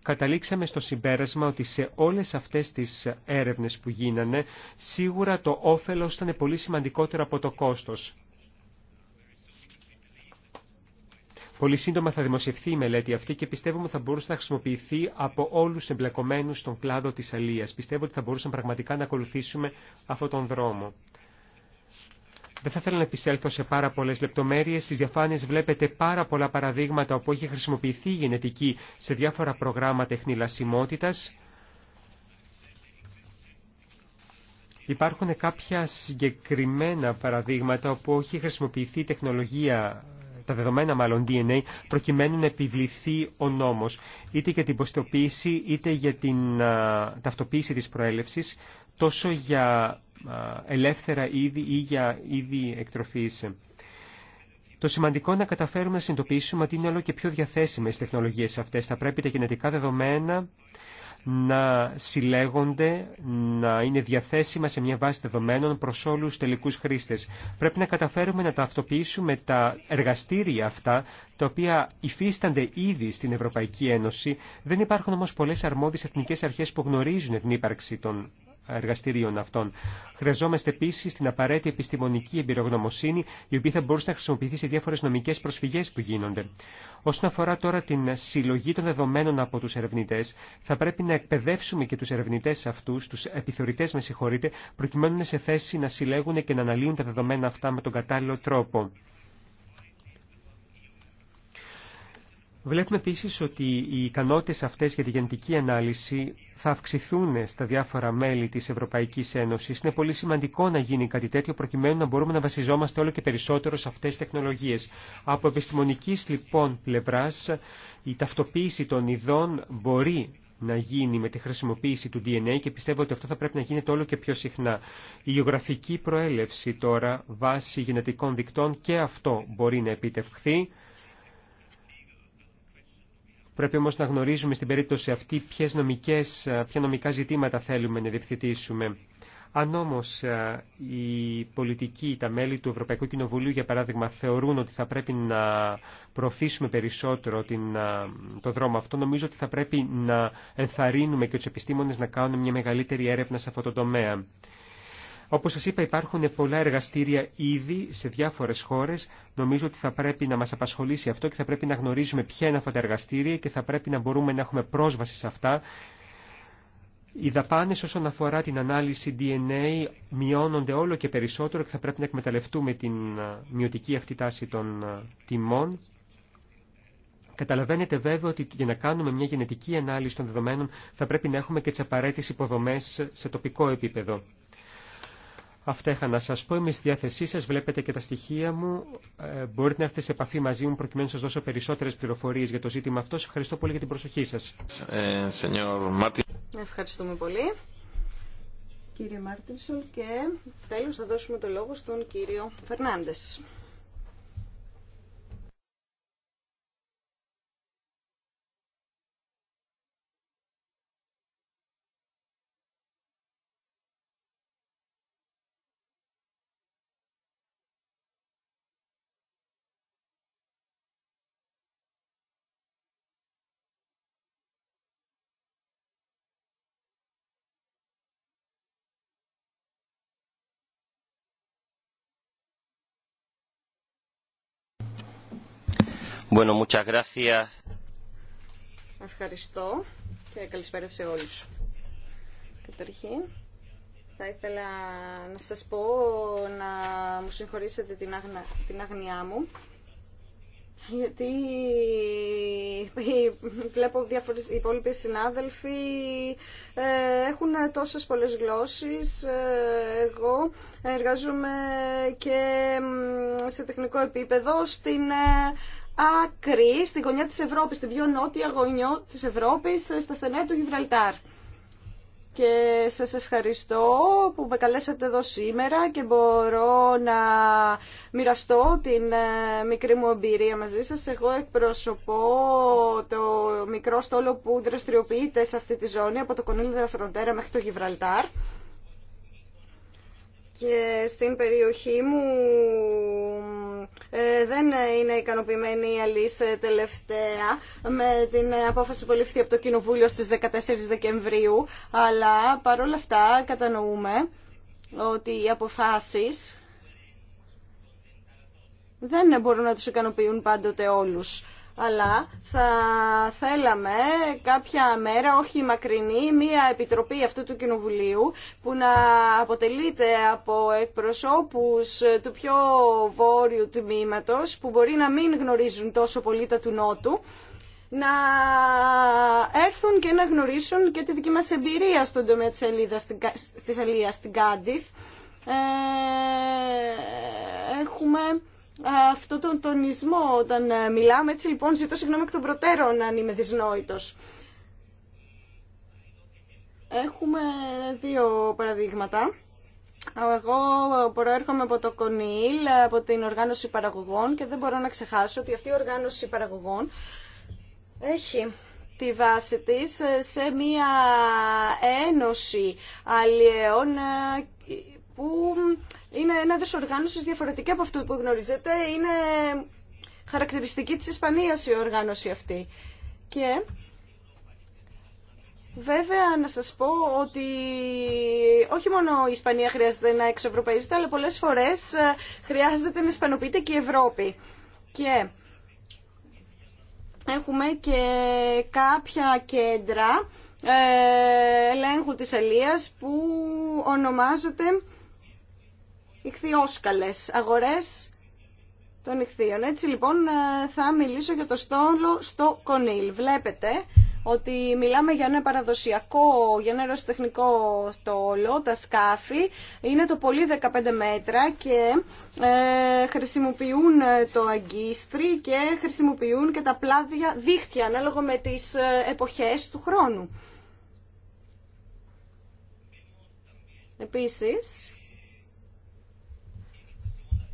καταλήξαμε στο συμπέρασμα ότι σε όλες αυτές τις έρευνες που γίνανε σίγουρα το όφελος ήταν πολύ σημαντικότερο από το κόστος. Πολύ σύντομα θα δημοσιευθεί η μελέτη αυτή και πιστεύουμε ότι θα μπορούσε να χρησιμοποιηθεί από όλου του εμπλεκομένου στον κλάδο τη αλεία. Πιστεύω ότι θα μπορούσαμε πραγματικά να ακολουθήσουμε αυτόν τον δρόμο. Δεν θα ήθελα να επισέλθω σε πάρα πολλέ λεπτομέρειε. Στι διαφάνειε βλέπετε πάρα πολλά παραδείγματα όπου έχει χρησιμοποιηθεί η γενετική σε διάφορα προγράμματα εχνηλασιμότητα. Υπάρχουν κάποια συγκεκριμένα παραδείγματα όπου έχει χρησιμοποιηθεί η τεχνολογία τα δεδομένα μάλλον DNA, προκειμένου να επιβληθεί ο νόμος, είτε για την ποστοποίηση, είτε για την ταυτοποίηση της προέλευσης, τόσο για ελεύθερα είδη ή για είδη εκτροφής. Το σημαντικό είναι να καταφέρουμε να συνειδητοποιήσουμε ότι είναι όλο και πιο διαθέσιμες τεχνολογίες αυτές, αυτέ. Θα πρέπει τα γενετικά δεδομένα να συλλέγονται, να είναι διαθέσιμα σε μια βάση δεδομένων προς όλους τους τελικούς χρήστες. Πρέπει να καταφέρουμε να ταυτοποιήσουμε τα εργαστήρια αυτά, τα οποία υφίστανται ήδη στην Ευρωπαϊκή Ένωση. Δεν υπάρχουν όμως πολλές αρμόδιες εθνικές αρχές που γνωρίζουν την ύπαρξη των εργαστηρίων αυτών. Χρειαζόμαστε επίση την απαραίτητη επιστημονική εμπειρογνωμοσύνη, η οποία θα μπορούσε να χρησιμοποιηθεί σε διάφορε νομικέ προσφυγέ που γίνονται. Όσον αφορά τώρα την συλλογή των δεδομένων από του ερευνητέ, θα πρέπει να εκπαιδεύσουμε και του ερευνητέ αυτού, του επιθεωρητέ, με συγχωρείτε, προκειμένου να είναι σε θέση να συλλέγουν και να αναλύουν τα δεδομένα αυτά με τον κατάλληλο τρόπο. Βλέπουμε επίσης ότι οι ικανότητες αυτές για τη γενετική ανάλυση θα αυξηθούν στα διάφορα μέλη της Ευρωπαϊκής Ένωσης. Είναι πολύ σημαντικό να γίνει κάτι τέτοιο προκειμένου να μπορούμε να βασιζόμαστε όλο και περισσότερο σε αυτές τις τεχνολογίες. Από επιστημονικής λοιπόν πλευράς η ταυτοποίηση των ειδών μπορεί να γίνει με τη χρησιμοποίηση του DNA και πιστεύω ότι αυτό θα πρέπει να γίνεται όλο και πιο συχνά. Η γεωγραφική προέλευση τώρα βάσει γενετικών δικτών και αυτό μπορεί να επιτευχθεί Πρέπει όμως να γνωρίζουμε στην περίπτωση αυτή ποιες νομικές, ποια νομικά ζητήματα θέλουμε να διευθυντήσουμε. Αν όμως οι πολιτικοί, τα μέλη του Ευρωπαϊκού Κοινοβουλίου, για παράδειγμα, θεωρούν ότι θα πρέπει να προωθήσουμε περισσότερο την, το δρόμο αυτό, νομίζω ότι θα πρέπει να ενθαρρύνουμε και τους επιστήμονες να κάνουν μια μεγαλύτερη έρευνα σε αυτό το τομέα. Όπως σας είπα υπάρχουν πολλά εργαστήρια ήδη σε διάφορες χώρες. Νομίζω ότι θα πρέπει να μας απασχολήσει αυτό και θα πρέπει να γνωρίζουμε ποια είναι αυτά τα εργαστήρια και θα πρέπει να μπορούμε να έχουμε πρόσβαση σε αυτά. Οι δαπάνε όσον αφορά την ανάλυση DNA μειώνονται όλο και περισσότερο και θα πρέπει να εκμεταλλευτούμε την μειωτική αυτή τάση των τιμών. Καταλαβαίνετε βέβαια ότι για να κάνουμε μια γενετική ανάλυση των δεδομένων θα πρέπει να έχουμε και τι απαραίτητε υποδομέ σε τοπικό επίπεδο. Αυτά είχα να σας πω. Είμαι στη διάθεσή σας. Βλέπετε και τα στοιχεία μου. Ε, μπορείτε να έρθετε σε επαφή μαζί μου προκειμένου να σας δώσω περισσότερες πληροφορίες για το ζήτημα αυτό. Σας ευχαριστώ πολύ για την προσοχή σας. Ε, Ευχαριστούμε πολύ. Κύριε Μάρτινσον και τέλος θα δώσουμε το λόγο στον κύριο Φερνάντες. Bueno, muchas Ευχαριστώ και καλησπέρα σε όλους. Καταρχήν, θα ήθελα να σας πω να μου συγχωρήσετε την, άγνα, την άγνοιά μου, γιατί βλέπω οι υπόλοιποι συνάδελφοι ε, έχουν τόσες πολλές γλώσσες. Ε, εγώ εργάζομαι και σε τεχνικό επίπεδο στην ε, άκρη στη γωνιά της Ευρώπης, την πιο νότια γωνιά της Ευρώπης, στα στενά του Γιβραλτάρ. Και σας ευχαριστώ που με καλέσατε εδώ σήμερα και μπορώ να μοιραστώ την ε, μικρή μου εμπειρία μαζί σας. Εγώ εκπροσωπώ το μικρό στόλο που δραστηριοποιείται σε αυτή τη ζώνη από το Κονίλιο Δελαφροντέρα μέχρι το Γιβραλτάρ και στην περιοχή μου ε, δεν είναι ικανοποιημένη η Αλής ε, τελευταία με την ε, απόφαση που ληφθεί από το Κοινοβούλιο στις 14 Δεκεμβρίου αλλά παρόλα αυτά κατανοούμε ότι οι αποφάσεις δεν μπορούν να τους ικανοποιούν πάντοτε όλους αλλά θα θέλαμε κάποια μέρα, όχι μακρινή, μία επιτροπή αυτού του Κοινοβουλίου που να αποτελείται από εκπροσώπους του πιο βόρειου τμήματος που μπορεί να μην γνωρίζουν τόσο πολύ τα του Νότου να έρθουν και να γνωρίσουν και τη δική μας εμπειρία στον τομέα της Αλίας, στην Κάντιθ. Ε, έχουμε αυτό τον τονισμό όταν ε, μιλάμε. Έτσι λοιπόν ζητώ συγγνώμη εκ των προτέρων αν είμαι δυσνόητος. Έχουμε δύο παραδείγματα. Εγώ προέρχομαι από το Κονίλ, από την οργάνωση παραγωγών και δεν μπορώ να ξεχάσω ότι αυτή η οργάνωση παραγωγών έχει τη βάση της ε, σε μία ένωση αλλιέων ε, που είναι ένα είδος οργάνωσης διαφορετική από αυτού που γνωρίζετε. Είναι χαρακτηριστική της Ισπανίας η οργάνωση αυτή. Και Βέβαια, να σας πω ότι όχι μόνο η Ισπανία χρειάζεται να εξευρωπαϊζεται, αλλά πολλές φορές ε, χρειάζεται να ισπανοποιείται και η Ευρώπη. Και έχουμε και κάποια κέντρα ε, ελέγχου της Αλίας που ονομάζονται ηχθιόσκαλες αγορές των ηχθείων. Έτσι λοιπόν ε, θα μιλήσω για το στόλο στο Κονίλ. Βλέπετε ότι μιλάμε για ένα παραδοσιακό, για ένα στόλο, τα σκάφη. Είναι το πολύ 15 μέτρα και ε, χρησιμοποιούν ε, το αγκίστρι και χρησιμοποιούν και τα πλάδια δίχτυα, ανάλογα με τις ε, εποχές του χρόνου. Επίσης,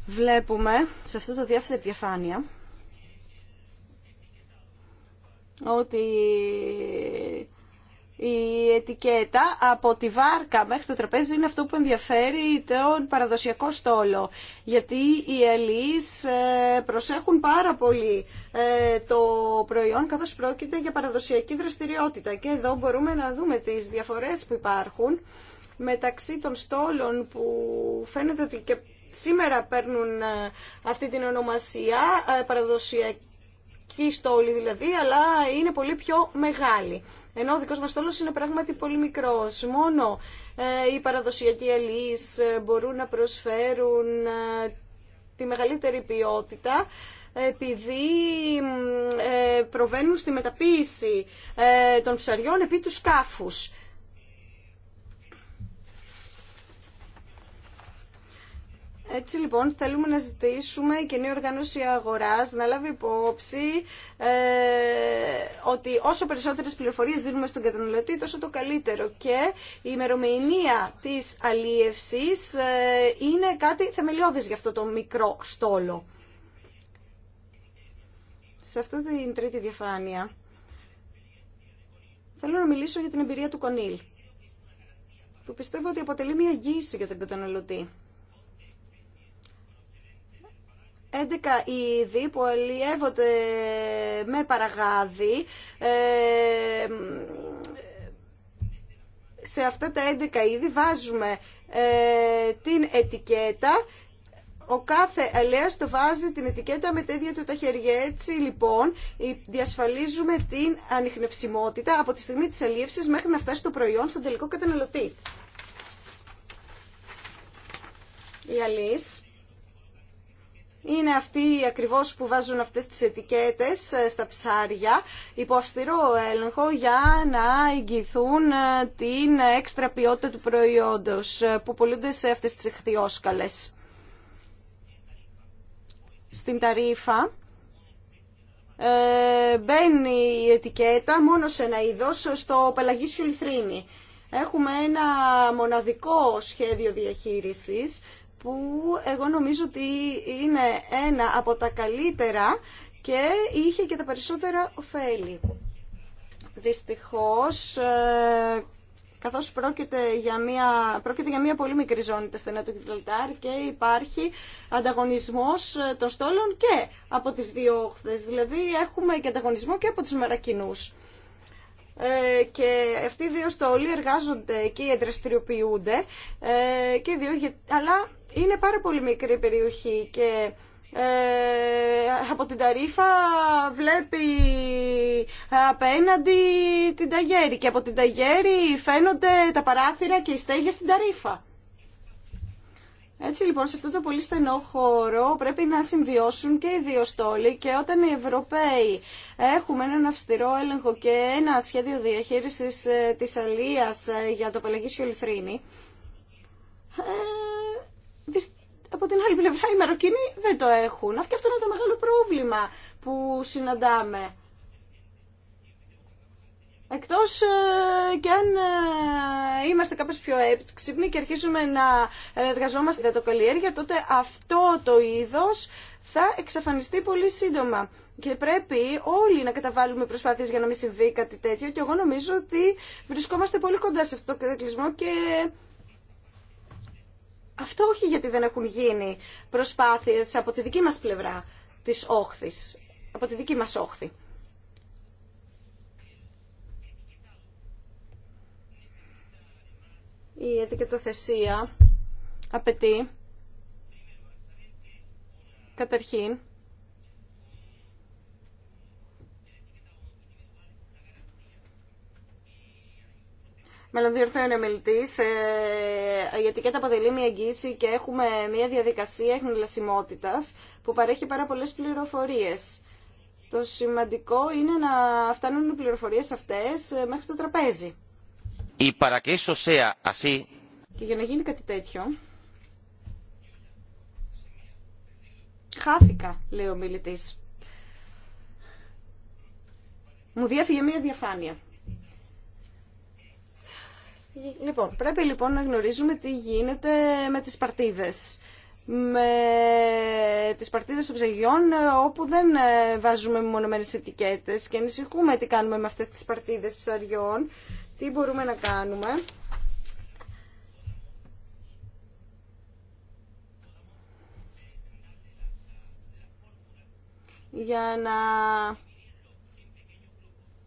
βλέπουμε σε αυτό το διάφθαρη διαφάνεια ότι η ετικέτα από τη βάρκα μέχρι το τραπέζι είναι αυτό που ενδιαφέρει τον παραδοσιακό στόλο. Γιατί οι ελείς ε, προσέχουν πάρα πολύ ε, το προϊόν καθώς πρόκειται για παραδοσιακή δραστηριότητα. Και εδώ μπορούμε να δούμε τις διαφορές που υπάρχουν μεταξύ των στόλων που φαίνεται ότι σήμερα παίρνουν ε, αυτή την ονομασία ε, παραδοσιακή στόλη δηλαδή, αλλά είναι πολύ πιο μεγάλη. Ενώ ο δικός μας στόλος είναι πράγματι πολύ μικρός. Μόνο ε, οι παραδοσιακοί αλληλείς μπορούν να προσφέρουν τη μεγαλύτερη ποιότητα επειδή προβαίνουν στη μεταποίηση των ψαριών επί του σκάφους. Έτσι λοιπόν θέλουμε να ζητήσουμε η κοινή οργάνωση αγοράς να λάβει υπόψη ε, ότι όσο περισσότερες πληροφορίες δίνουμε στον καταναλωτή τόσο το καλύτερο και η ημερομηνία της αλίευσης ε, είναι κάτι θεμελιώδες για αυτό το μικρό στόλο. Σε αυτή την τρίτη διαφάνεια θέλω να μιλήσω για την εμπειρία του Κονίλ που πιστεύω ότι αποτελεί μια εγγύηση για τον καταναλωτή. 11 είδη που αλλιεύονται με παραγάδι. Ε, σε αυτά τα 11 είδη βάζουμε ε, την ετικέτα ο κάθε ελέας το βάζει την ετικέτα με τα ίδια του τα χέρια. Έτσι λοιπόν διασφαλίζουμε την ανιχνευσιμότητα από τη στιγμή της αλλιεύσης μέχρι να φτάσει το προϊόν στον τελικό καταναλωτή. Η είναι αυτοί ακριβώς που βάζουν αυτές τις ετικέτες ε, στα ψάρια υπό αυστηρό έλεγχο για να εγγυηθούν ε, την έξτρα ποιότητα του προϊόντος ε, που πολλούνται σε αυτές τις εχθιόσκαλες. Στην ταρίφα μπαίνει η ετικέτα μόνο σε ένα είδος στο πελαγίσιο λιθρίνι. Έχουμε ένα μοναδικό σχέδιο διαχείρισης που εγώ νομίζω ότι είναι ένα από τα καλύτερα και είχε και τα περισσότερα ωφέλη. Δυστυχώς, ε, καθώς πρόκειται για μια, πρόκειται για μια πολύ μικρή ζώνη τα στενά του και υπάρχει ανταγωνισμός ε, των στόλων και από τις δύο όχθες. Δηλαδή έχουμε και ανταγωνισμό και από τους μερακινούς. Ε, και αυτοί οι δύο στόλοι εργάζονται και οι ε, και δύο, αλλά είναι πάρα πολύ μικρή περιοχή και ε, από την Ταρίφα βλέπει απέναντι την Ταγέρη και από την Ταγέρη φαίνονται τα παράθυρα και οι στέγες στην Ταρίφα. Έτσι λοιπόν σε αυτό το πολύ στενό χώρο πρέπει να συμβιώσουν και οι δύο στόλοι και όταν οι Ευρωπαίοι έχουμε έναν αυστηρό έλεγχο και ένα σχέδιο διαχείρισης ε, της αλίας ε, για το πελαγίσιο λιθρίνη, από την άλλη πλευρά οι Μαροκινοί δεν το έχουν. Αυτό είναι το μεγάλο πρόβλημα που συναντάμε. Εκτός ε, και αν ε, είμαστε κάπως πιο έξυπνοι και αρχίζουμε να εργαζόμαστε για το καλλιέργεια, τότε αυτό το είδος θα εξαφανιστεί πολύ σύντομα. Και πρέπει όλοι να καταβάλουμε προσπάθειες για να μην συμβεί κάτι τέτοιο και εγώ νομίζω ότι βρισκόμαστε πολύ κοντά σε αυτό το κατακλυσμό και αυτό όχι γιατί δεν έχουν γίνει προσπάθειες από τη δική μας πλευρά της όχθης, από τη δική μας όχθη. Η ετικετοθεσία απαιτεί καταρχήν Μάλλον διορθώνει ο μιλητή. Ε, η τα αποτελεί μια εγγύηση και έχουμε μια διαδικασία εχνηλασιμότητα που παρέχει πάρα πολλέ πληροφορίε. Το σημαντικό είναι να φτάνουν οι πληροφορίε αυτέ ε, μέχρι το τραπέζι. Η Και για να γίνει κάτι τέτοιο. Χάθηκα, λέει ο μιλητή. Μου διέφυγε μια διαφάνεια. Λοιπόν, πρέπει λοιπόν να γνωρίζουμε τι γίνεται με τις παρτίδες. Με τις παρτίδες των ψαριών ε, όπου δεν ε, βάζουμε μονομένες ετικέτες και ανησυχούμε τι κάνουμε με αυτές τις παρτίδες ψαριών, τι μπορούμε να κάνουμε. Για να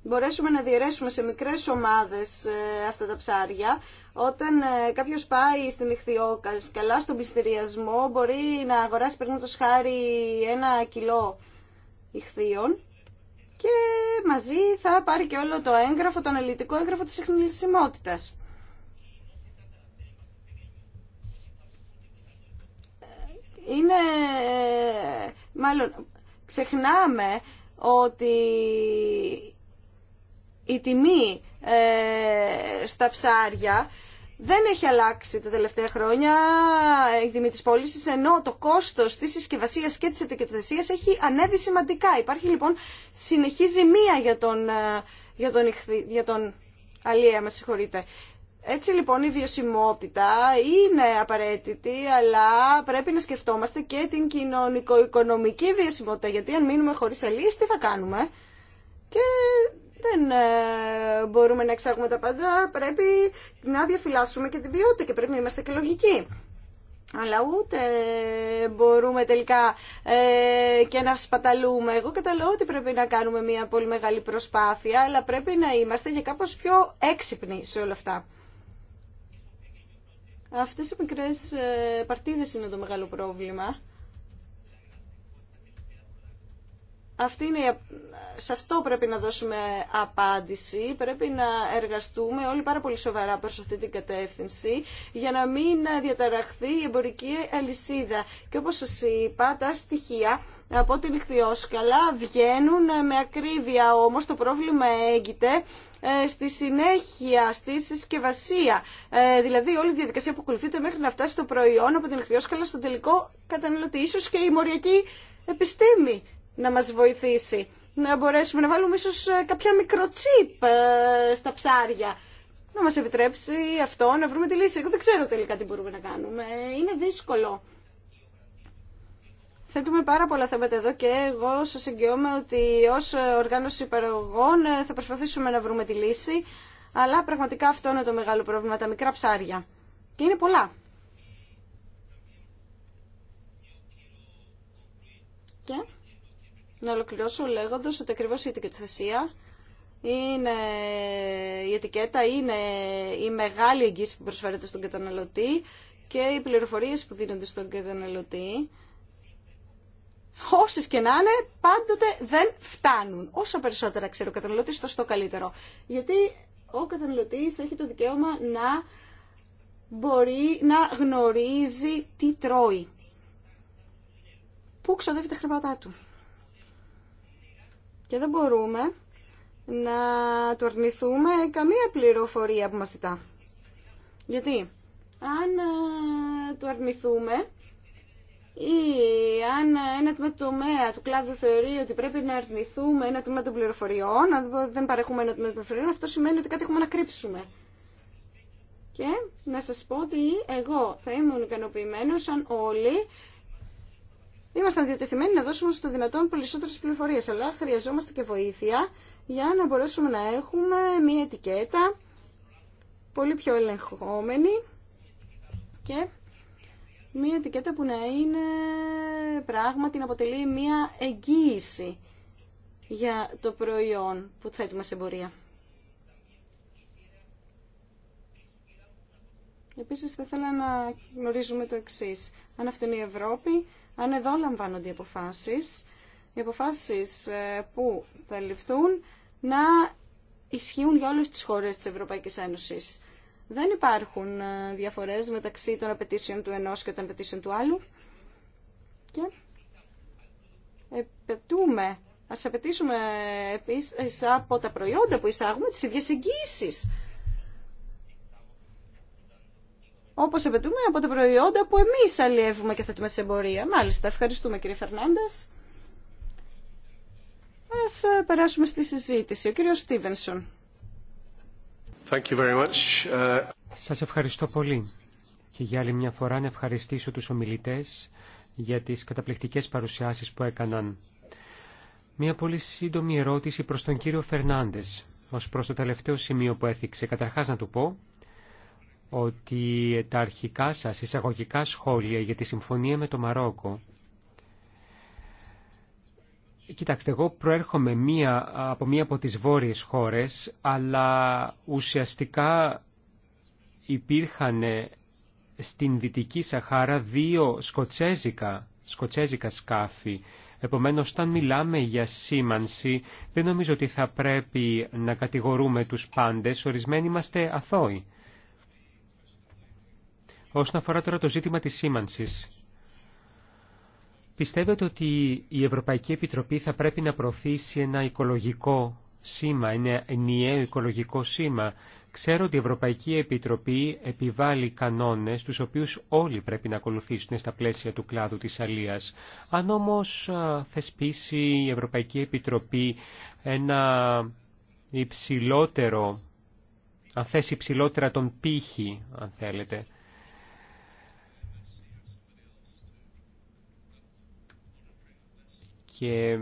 μπορέσουμε να διαιρέσουμε σε μικρές ομάδες ε, αυτά τα ψάρια. Όταν ε, κάποιος πάει στην καλά στον πιστηριασμό μπορεί να αγοράσει το σχάρι ένα κιλό ηχθείων και μαζί θα πάρει και όλο το έγγραφο, το αναλυτικό έγγραφο της εχνησιμότητας. Είναι, ε, μάλλον, ξεχνάμε ότι η τιμή ε, στα ψάρια δεν έχει αλλάξει τα τελευταία χρόνια η τιμή της πώληση, ενώ το κόστος της συσκευασία και της ετικετοθεσίας έχει ανέβει σημαντικά. Υπάρχει λοιπόν συνεχή ζημία για τον, ε, για τον, για τον αλία, με συγχωρείτε. Έτσι λοιπόν η βιωσιμότητα είναι απαραίτητη, αλλά πρέπει να σκεφτόμαστε και την κοινωνικο-οικονομική βιωσιμότητα, γιατί αν μείνουμε χωρίς αλίες, τι θα κάνουμε. Και δεν ε, μπορούμε να εξάγουμε τα πάντα, πρέπει να διαφυλάσσουμε και την ποιότητα και πρέπει να είμαστε και λογικοί. Αλλά ούτε μπορούμε τελικά ε, και να σπαταλούμε. Εγώ καταλαβαίνω ότι πρέπει να κάνουμε μια πολύ μεγάλη προσπάθεια, αλλά πρέπει να είμαστε και κάπως πιο έξυπνοι σε όλα αυτά. Αυτές οι μικρές ε, παρτίδες είναι το μεγάλο πρόβλημα. Αυτή είναι, σε αυτό πρέπει να δώσουμε απάντηση. Πρέπει να εργαστούμε όλοι πάρα πολύ σοβαρά προς αυτή την κατεύθυνση για να μην διαταραχθεί η εμπορική αλυσίδα. Και όπως σας είπα, τα στοιχεία από την ηχθειόσκαλα βγαίνουν με ακρίβεια όμως το πρόβλημα έγκυται ε, στη συνέχεια, στη συσκευασία. Ε, δηλαδή όλη η διαδικασία που ακολουθείται μέχρι να φτάσει το προϊόν από την ηχθειόσκαλα στο τελικό καταναλωτή. Ίσως και η μοριακή επιστήμη να μας βοηθήσει. Να μπορέσουμε να βάλουμε ίσως ε, κάποια μικροτσίπ ε, στα ψάρια. Να μας επιτρέψει αυτό, να βρούμε τη λύση. Εγώ δεν ξέρω τελικά τι μπορούμε να κάνουμε. Είναι δύσκολο. Θέτουμε πάρα πολλά θέματα εδώ και εγώ σας εγγυώμαι ότι ως οργάνωση παραγωγών ε, θα προσπαθήσουμε να βρούμε τη λύση. Αλλά πραγματικά αυτό είναι το μεγάλο πρόβλημα, τα μικρά ψάρια. Και είναι πολλά. Και να ολοκληρώσω λέγοντα ότι ακριβώ η ετικετοθεσία είναι η ετικέτα, είναι η μεγάλη εγγύηση που προσφέρεται στον καταναλωτή και οι πληροφορίες που δίνονται στον καταναλωτή όσε και να είναι, πάντοτε δεν φτάνουν. Όσο περισσότερα ξέρει ο καταναλωτή, τόσο καλύτερο. Γιατί ο καταναλωτή έχει το δικαίωμα να μπορεί να γνωρίζει τι τρώει. Πού ξοδεύει τα χρήματά του και δεν μπορούμε να του αρνηθούμε καμία πληροφορία που μας ζητά. Γιατί αν ε, του αρνηθούμε ή αν ένα τμήμα του τομέα του κλάδου θεωρεί ότι πρέπει να αρνηθούμε ένα τμήμα των πληροφοριών, αν δεν παρέχουμε ένα τμήμα των πληροφοριών, αυτό σημαίνει ότι κάτι έχουμε να κρύψουμε. Και να σας πω ότι εγώ θα ήμουν ικανοποιημένος αν όλοι Είμαστε διατεθειμένοι να δώσουμε στο δυνατόν περισσότερε πληροφορίε, αλλά χρειαζόμαστε και βοήθεια για να μπορέσουμε να έχουμε μία ετικέτα πολύ πιο ελεγχόμενη και μία ετικέτα που να είναι πράγματι να αποτελεί μία εγγύηση για το προϊόν που θέτουμε σε εμπορία. Επίσης θα ήθελα να γνωρίζουμε το εξής. Αν αυτό είναι η Ευρώπη, αν εδώ λαμβάνονται οι αποφάσεις, οι αποφάσεις ε, που θα ληφθούν να ισχύουν για όλες τις χώρες της Ευρωπαϊκής Ένωσης. Δεν υπάρχουν ε, διαφορές μεταξύ των απαιτήσεων του ενός και των απαιτήσεων του άλλου. Και επαιτούμε, ας απαιτήσουμε επίσης από τα προϊόντα που εισάγουμε τις ίδιες εγγύησεις όπως απαιτούμε από τα προϊόντα που εμείς αλλιεύουμε και θέτουμε σε εμπορία. Μάλιστα, ευχαριστούμε κύριε Φερνάντες. Ας ε, περάσουμε στη συζήτηση. Ο κύριος Στίβενσον. Thank you very much. Ε, Σας ευχαριστώ πολύ και για άλλη μια φορά να ευχαριστήσω τους ομιλητές για τις καταπληκτικές παρουσιάσεις που έκαναν. Μια πολύ σύντομη ερώτηση προς τον κύριο Φερνάντες, ως προς το τελευταίο σημείο που έθιξε. Καταρχάς να του πω ότι τα αρχικά σας εισαγωγικά σχόλια για τη συμφωνία με το Μαρόκο Κοιτάξτε, εγώ προέρχομαι μία, από μία από τις βόρειες χώρες, αλλά ουσιαστικά υπήρχαν στην Δυτική Σαχάρα δύο σκοτσέζικα, σκοτσέζικα σκάφη. Επομένως, όταν μιλάμε για σήμανση, δεν νομίζω ότι θα πρέπει να κατηγορούμε τους πάντες, ορισμένοι είμαστε αθώοι. Όσον αφορά τώρα το ζήτημα της σήμανσης, πιστεύετε ότι η Ευρωπαϊκή Επιτροπή θα πρέπει να προωθήσει ένα οικολογικό σήμα, ένα ενιαίο οικολογικό σήμα. Ξέρω ότι η Ευρωπαϊκή Επιτροπή επιβάλλει κανόνες τους οποίους όλοι πρέπει να ακολουθήσουν στα πλαίσια του κλάδου της αλίας. Αν όμως θεσπίσει η Ευρωπαϊκή Επιτροπή ένα υψηλότερο, αν θέσει υψηλότερα τον πύχη, αν θέλετε, και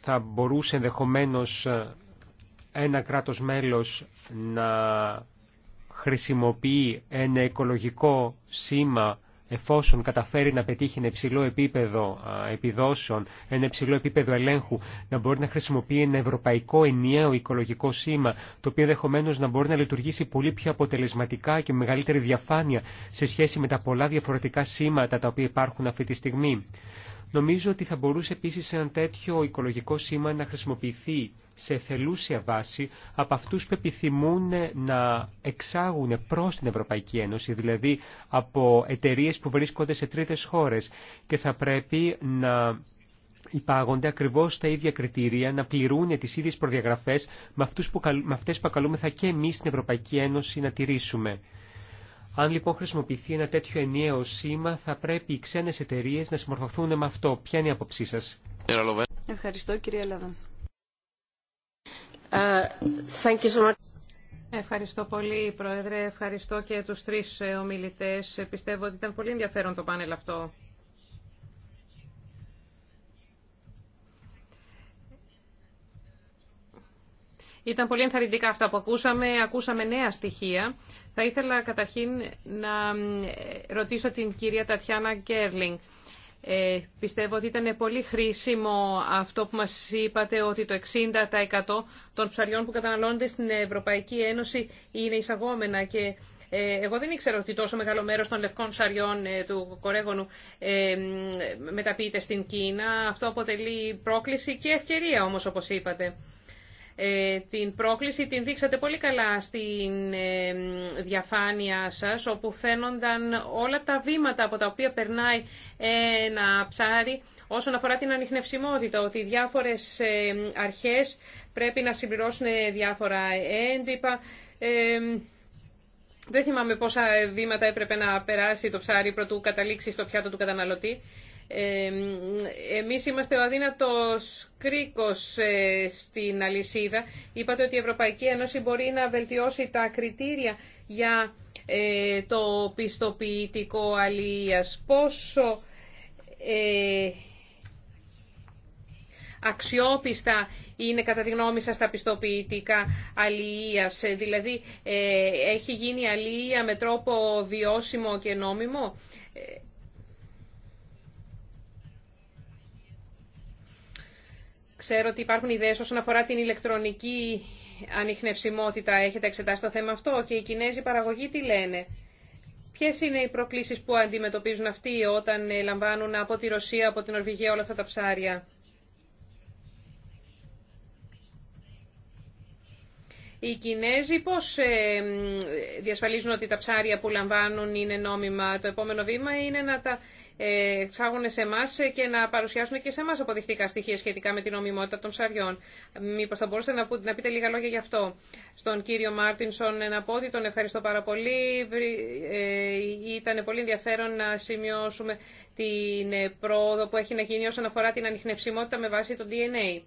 θα μπορούσε ενδεχομένως ε, ένα κράτος μέλος να χρησιμοποιεί ένα οικολογικό σήμα εφόσον καταφέρει να πετύχει ένα υψηλό επίπεδο επιδόσεων, ένα υψηλό επίπεδο ελέγχου, να μπορεί να χρησιμοποιεί ένα ευρωπαϊκό ενιαίο οικολογικό σήμα, το οποίο ενδεχομένω να μπορεί να λειτουργήσει πολύ πιο αποτελεσματικά και με μεγαλύτερη διαφάνεια σε σχέση με τα πολλά διαφορετικά σήματα τα οποία υπάρχουν αυτή τη στιγμή. Νομίζω ότι θα μπορούσε επίσης ένα τέτοιο οικολογικό σήμα να χρησιμοποιηθεί σε θελούσια βάση από αυτούς που επιθυμούν να εξάγουν προς την Ευρωπαϊκή Ένωση, δηλαδή από εταιρείες που βρίσκονται σε τρίτες χώρες και θα πρέπει να υπάγονται ακριβώς τα ίδια κριτήρια, να πληρούν τις ίδιες προδιαγραφές με, που, με αυτές που ακαλούμεθα και εμείς στην Ευρωπαϊκή Ένωση να τηρήσουμε. Αν λοιπόν χρησιμοποιηθεί ένα τέτοιο ενιαίο σήμα, θα πρέπει οι ξένες εταιρείες να συμμορφωθούν με αυτό. Ποια είναι η άποψή σας. Ευχαριστώ κυρία so Ευχαριστώ πολύ, Πρόεδρε. Ευχαριστώ και τους τρεις ομιλητές. Πιστεύω ότι ήταν πολύ ενδιαφέρον το πάνελ αυτό. Ήταν πολύ ενθαρρυντικά αυτά που ακούσαμε, ακούσαμε νέα στοιχεία. Θα ήθελα καταρχήν να ρωτήσω την κυρία Τατιάνα Γκέρλινγκ. Ε, πιστεύω ότι ήταν πολύ χρήσιμο αυτό που μας είπατε ότι το 60% των ψαριών που καταναλώνονται στην Ευρωπαϊκή Ένωση είναι εισαγόμενα και ε, εγώ δεν ήξερα ότι τόσο μεγάλο μέρος των λευκών ψαριών ε, του Κορέγονου ε, μεταποιείται στην Κίνα. Αυτό αποτελεί πρόκληση και ευκαιρία όμως όπως είπατε. Ε, την πρόκληση την δείξατε πολύ καλά στην ε, διαφάνεια σας, όπου φαίνονταν όλα τα βήματα από τα οποία περνάει ένα ψάρι όσον αφορά την ανιχνευσιμότητα, ότι οι διάφορες ε, αρχές πρέπει να συμπληρώσουν διάφορα έντυπα. Δεν θυμάμαι πόσα βήματα έπρεπε να περάσει το ψάρι προτού καταλήξει στο πιάτο του καταναλωτή. Εμείς είμαστε ο αδύνατος κρίκος ε, στην αλυσίδα. Είπατε ότι η Ευρωπαϊκή Ένωση μπορεί να βελτιώσει τα κριτήρια για ε, το πιστοποιητικό αλίας. Πόσο ε, αξιόπιστα είναι κατά τη γνώμη σας τα πιστοποιητικά Ε, Δηλαδή, έχει γίνει αλία με τρόπο βιώσιμο και νόμιμο. Ξέρω ότι υπάρχουν ιδέες όσον αφορά την ηλεκτρονική ανιχνευσιμότητα. Έχετε εξετάσει το θέμα αυτό και οι Κινέζοι παραγωγοί τι λένε. Ποιε είναι οι προκλήσεις που αντιμετωπίζουν αυτοί όταν ε, λαμβάνουν από τη Ρωσία, από την Ορβηγία όλα αυτά τα ψάρια. Οι Κινέζοι πώς ε, διασφαλίζουν ότι τα ψάρια που λαμβάνουν είναι νόμιμα. Το επόμενο βήμα είναι να τα εξάγουν σε εμά και να παρουσιάσουν και σε εμά αποδεικτικά στοιχεία σχετικά με την ομιμότητα των ψαριών. Μήπω θα μπορούσατε να, να πείτε λίγα λόγια γι' αυτό. Στον κύριο Μάρτινσον να πω ότι τον ευχαριστώ πάρα πολύ. Ε, ήταν πολύ ενδιαφέρον να σημειώσουμε την ε, πρόοδο που έχει να γίνει όσον αφορά την ανιχνευσιμότητα με βάση το DNA.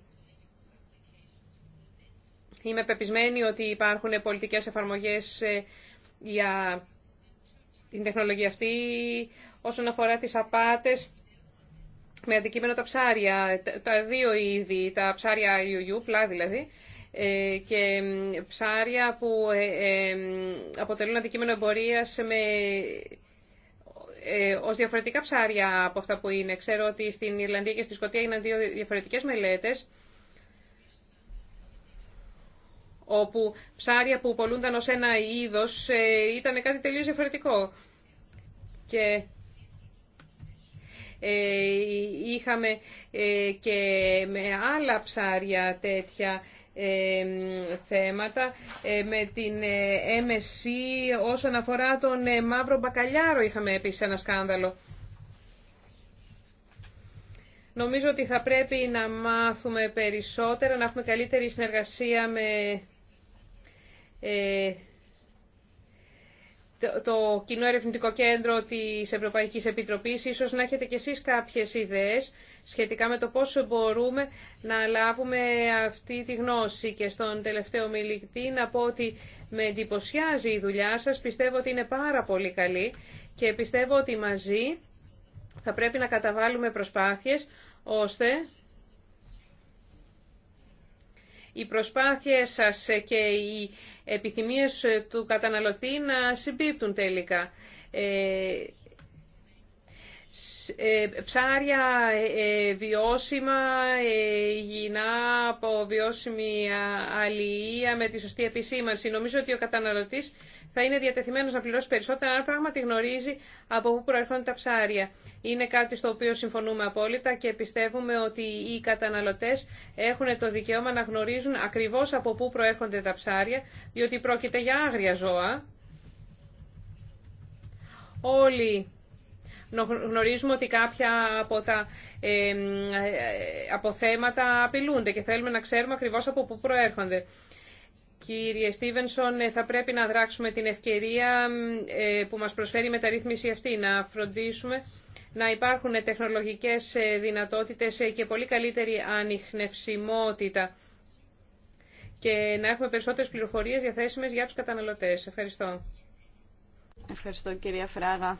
Είμαι πεπισμένη ότι υπάρχουν πολιτικές εφαρμογές ε, για την τεχνολογία αυτή, όσον αφορά τις απάτες με αντικείμενο τα ψάρια, τα δύο είδη, τα ψάρια ιουγιού, πλά δηλαδή, ε, και ψάρια που ε, ε, αποτελούν αντικείμενο εμπορίας με Ω διαφορετικά ψάρια από αυτά που είναι. Ξέρω ότι στην Ιρλανδία και στη Σκωτία έγιναν δύο διαφορετικές μελέτες όπου ψάρια που πολλούνταν ως ένα είδος ήταν κάτι τελείως διαφορετικό. Και ε, είχαμε ε, και με άλλα ψάρια τέτοια ε, θέματα. Με την MSC όσον αφορά τον μαύρο μπακαλιάρο είχαμε επίσης ένα σκάνδαλο. Νομίζω ότι θα πρέπει να μάθουμε περισσότερα, να έχουμε καλύτερη συνεργασία με το Κοινό Ερευνητικό Κέντρο της Ευρωπαϊκής Επιτροπής. Ίσως να έχετε κι εσείς κάποιες ιδέες σχετικά με το πόσο μπορούμε να λάβουμε αυτή τη γνώση. Και στον τελευταίο μιλητή να πω ότι με εντυπωσιάζει η δουλειά σας. Πιστεύω ότι είναι πάρα πολύ καλή και πιστεύω ότι μαζί θα πρέπει να καταβάλουμε προσπάθειες ώστε οι προσπάθειες σας και οι επιθυμίες ε, του καταναλωτή να συμπίπτουν τελικά. Ε, ε, ψάρια ε, ε, βιώσιμα, υγιεινά από βιώσιμη αλληλεία με τη σωστή επισήμανση. Νομίζω ότι ο καταναλωτής θα είναι διατεθειμένος να πληρώσει περισσότερα αν πράγματι γνωρίζει από πού προερχόνται τα ψάρια. Είναι κάτι στο οποίο συμφωνούμε απόλυτα και πιστεύουμε ότι οι καταναλωτές έχουν το δικαίωμα να γνωρίζουν ακριβώς από πού προέρχονται τα ψάρια, διότι πρόκειται για άγρια ζώα. Όλοι γνωρίζουμε ότι κάποια από τα ε, ε, αποθέματα απειλούνται και θέλουμε να ξέρουμε ακριβώς από πού προέρχονται. Κύριε Στίβενσον, ε, θα πρέπει να δράξουμε την ευκαιρία που μας προσφέρει η μεταρρύθμιση αυτή, να φροντίσουμε να υπάρχουν τεχνολογικές δυνατότητες και πολύ καλύτερη ανιχνευσιμότητα και να έχουμε περισσότερες πληροφορίες διαθέσιμες για τους καταναλωτές. Ευχαριστώ. Ευχαριστώ κυρία Φράγα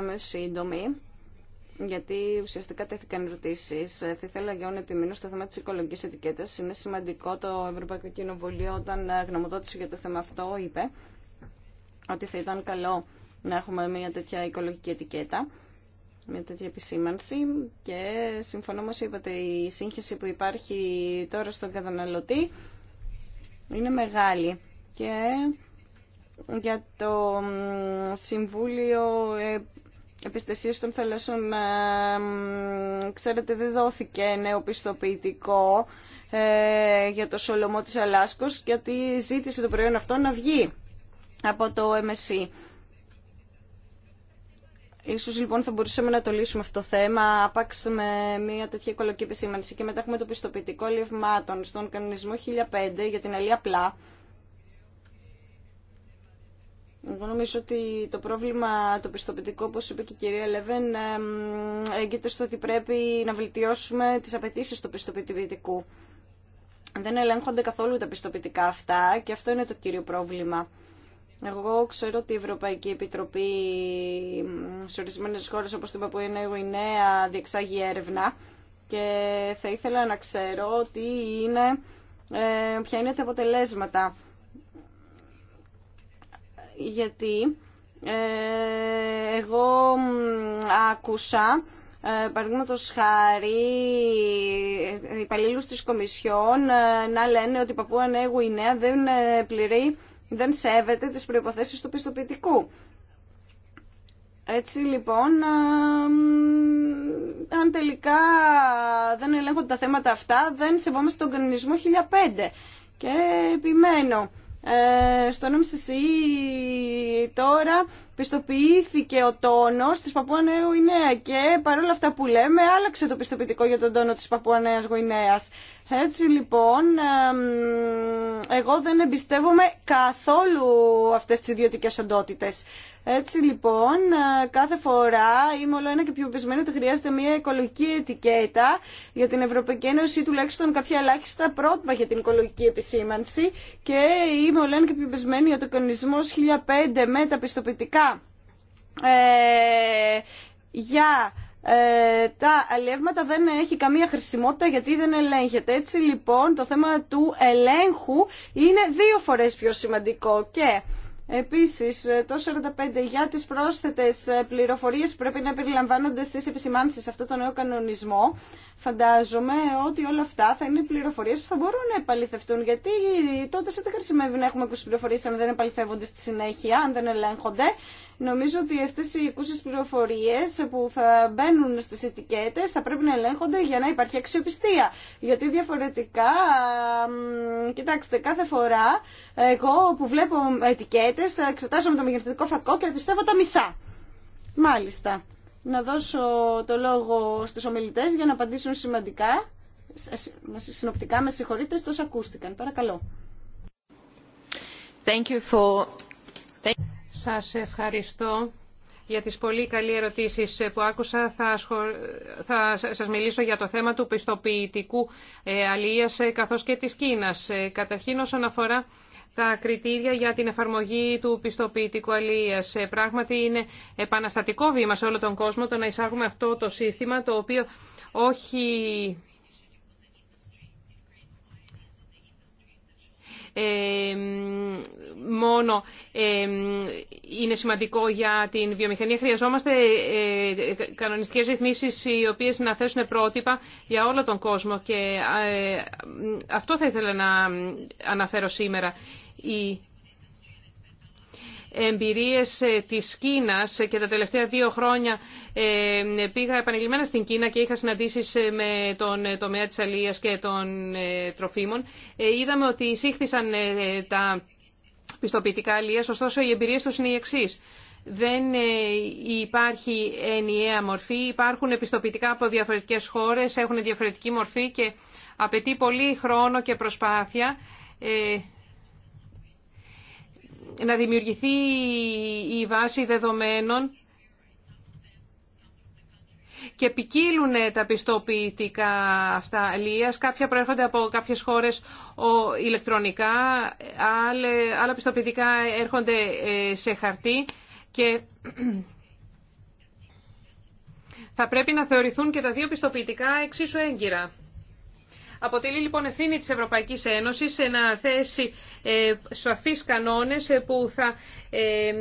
θα είμαι σύντομη, γιατί ουσιαστικά τέθηκαν ερωτήσει. Ε, θα ήθελα για να επιμείνω στο θέμα τη οικολογική ετικέτα. Είναι σημαντικό το Ευρωπαϊκό Κοινοβουλίο, όταν ε, γνωμοδότησε για το θέμα αυτό, είπε ότι θα ήταν καλό να έχουμε μια τέτοια οικολογική ετικέτα μια τέτοια επισήμανση και συμφωνώ όμως είπατε η σύγχυση που υπάρχει τώρα στον καταναλωτή είναι μεγάλη και για το Συμβούλιο ε, επιστασίες των θαλασσών, ξέρετε, δεν δόθηκε νέο πιστοποιητικό ε, για το σολομό της Αλάσκος, γιατί ζήτησε το προϊόν αυτό να βγει από το MSC. Ίσως λοιπόν θα μπορούσαμε να το λύσουμε αυτό το θέμα, άπαξ με μια τέτοια οικολογική επισήμανση και μετά έχουμε το πιστοποιητικό λευμάτων στον κανονισμό 1005 για την αλία πλά. Εγώ νομίζω ότι το πρόβλημα το πιστοποιητικό, όπως είπε και η κυρία Λεβέν, έγκυται στο ότι πρέπει να βελτιώσουμε τις απαιτήσει του πιστοποιητικού. Δεν ελέγχονται καθόλου τα πιστοποιητικά αυτά και αυτό είναι το κύριο πρόβλημα. Εγώ ξέρω ότι η Ευρωπαϊκή Επιτροπή σε ορισμένε χώρε όπω την Παπουένα Νέα, διεξάγει έρευνα και θα ήθελα να ξέρω τι είναι, ε, ποια είναι τα αποτελέσματα γιατί ε, εγώ άκουσα ε, Παραδείγματο χάρη ε, υπαλλήλου τη Κομισιόν ε, να λένε ότι η Νέα δεν πληρεί, δεν σέβεται τις προποθέσει του πιστοποιητικού. Έτσι λοιπόν, αν τελικά δεν ελέγχονται τα θέματα αυτά, δεν σεβόμαστε τον κανονισμό 1005. Και επιμένω, ε, στον MCC τώρα πιστοποιήθηκε ο τόνος της Παππούα Νέα Γουινέα και παρόλα αυτά που λέμε άλλαξε το πιστοποιητικό για τον τόνο της Παππούα Νέας Γουινέας. Έτσι λοιπόν, εγώ δεν εμπιστεύομαι καθόλου αυτές τις ιδιωτικές οντότητες. Έτσι λοιπόν, ε, κάθε φορά είμαι όλο ένα και πιο πεσμένο ότι χρειάζεται μια οικολογική ετικέτα για την Ευρωπαϊκή Ένωση, τουλάχιστον κάποια ελάχιστα πρότυπα για την οικολογική επισήμανση και είμαι όλο ένα και πιο πεσμένο ότι ο κανονισμός 1005 με τα πιστοποιητικά ε, για ε, τα αλλιεύματα δεν έχει καμία χρησιμότητα γιατί δεν ελέγχεται. Έτσι λοιπόν το θέμα του ελέγχου είναι δύο φορές πιο σημαντικό και Επίσης, το 45 για τις πρόσθετες πληροφορίες που πρέπει να περιλαμβάνονται στις επισημάνσεις σε αυτό το νέο κανονισμό φαντάζομαι ότι όλα αυτά θα είναι πληροφορίε που θα μπορούν να επαληθευτούν. Γιατί τότε σε τι χρησιμεύει να έχουμε ακούσει πληροφορίε αν δεν επαληθεύονται στη συνέχεια, αν δεν ελέγχονται. Νομίζω ότι αυτέ οι ακούσει πληροφορίε που θα μπαίνουν στι ετικέτε θα πρέπει να ελέγχονται για να υπάρχει αξιοπιστία. Γιατί διαφορετικά, κοιτάξτε, κάθε φορά εγώ που βλέπω ετικέτε εξετάζομαι το μεγεθυντικό φακό και πιστεύω τα μισά. Μάλιστα να δώσω το λόγο στους ομιλητές για να απαντήσουν σημαντικά, συνοπτικά με συγχωρείτε, τόσο ακούστηκαν. Παρακαλώ. Thank you for... Σας ευχαριστώ για τις πολύ καλή ερωτήσεις που άκουσα. Θα, θα σας μιλήσω για το θέμα του πιστοποιητικού ε, ε καθώς και της Κίνας. Ε, καταρχήν όσον αφορά τα κριτήρια για την εφαρμογή του πιστοποιητικού αλίας. Ε, πράγματι είναι επαναστατικό βήμα σε όλο τον κόσμο το να εισάγουμε αυτό το σύστημα το οποίο όχι μόνο ε, είναι σημαντικό για την βιομηχανία. Χρειαζόμαστε ε, κανονιστικές ρυθμίσεις οι οποίες να θέσουν πρότυπα για όλο τον κόσμο και ε, αυτό θα ήθελα να αναφέρω σήμερα. Οι εμπειρίες ε, της Κίνας ε, και τα τελευταία δύο χρόνια ε, πήγα επανειλημμένα στην Κίνα και είχα συναντήσεις με τον τομέα της αλίας και των τροφίμων. Είδαμε ότι εισήχθησαν τα πιστοποιητικά αλίας, ωστόσο οι εμπειρίες τους είναι οι εξής. Δεν υπάρχει ενιαία μορφή, υπάρχουν πιστοποιητικά από διαφορετικές χώρες, έχουν διαφορετική μορφή και απαιτεί πολύ χρόνο και προσπάθεια να δημιουργηθεί η βάση δεδομένων και ποικίλουν τα πιστοποιητικά αυτά λίας. Κάποια προέρχονται από κάποιες χώρες ο, ηλεκτρονικά, άλλα, άλλα πιστοποιητικά έρχονται ε, σε χαρτί και θα πρέπει να θεωρηθούν και τα δύο πιστοποιητικά εξίσου έγκυρα. Αποτελεί λοιπόν ευθύνη της Ευρωπαϊκής Ένωσης σε να θέσει ε, σαφείς κανόνες ε, που θα ε,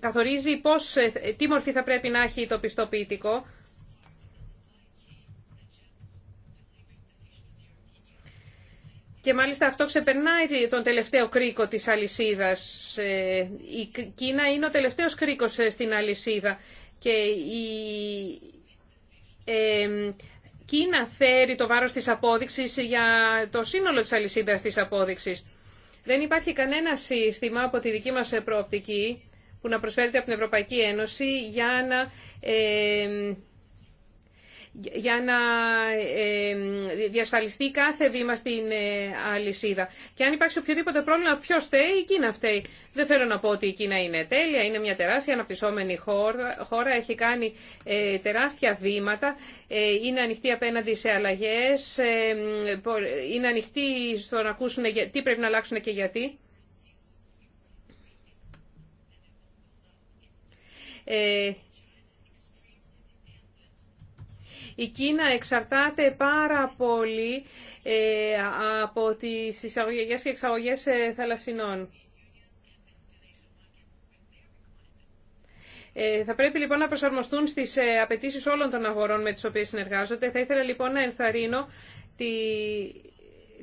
καθορίζει πώς, ε, τι μορφή θα πρέπει να έχει το πιστοποιητικό. Και μάλιστα αυτό ξεπερνάει τον τελευταίο κρίκο της αλυσίδας. Η Κίνα είναι ο τελευταίος κρίκος στην αλυσίδα και η αρκεί να φέρει το βάρος της απόδειξης για το σύνολο της αλυσίδας της απόδειξης. Δεν υπάρχει κανένα σύστημα από τη δική μας προοπτική που να προσφέρεται από την Ευρωπαϊκή Ένωση για να ε, για να ε, διασφαλιστεί κάθε βήμα στην ε, αλυσίδα. Και αν υπάρξει οποιοδήποτε πρόβλημα, ποιο θέει, η Κίνα φταίει. Δεν θέλω να πω ότι η Κίνα είναι τέλεια, είναι μια τεράστια αναπτυσσόμενη χώρα, χώρα έχει κάνει ε, τεράστια βήματα, είναι ανοιχτή απέναντι σε αλλαγέ, είναι ανοιχτή στο να ακούσουν τι πρέπει να αλλάξουν και γιατί. Ε, Η Κίνα εξαρτάται πάρα πολύ ε, από τις εισαγωγές και εξαγωγές ε, θαλασσινών. Ε, θα πρέπει λοιπόν να προσαρμοστούν στις απαιτήσεις όλων των αγορών με τις οποίες συνεργάζονται. Θα ήθελα λοιπόν να ενθαρρύνω τη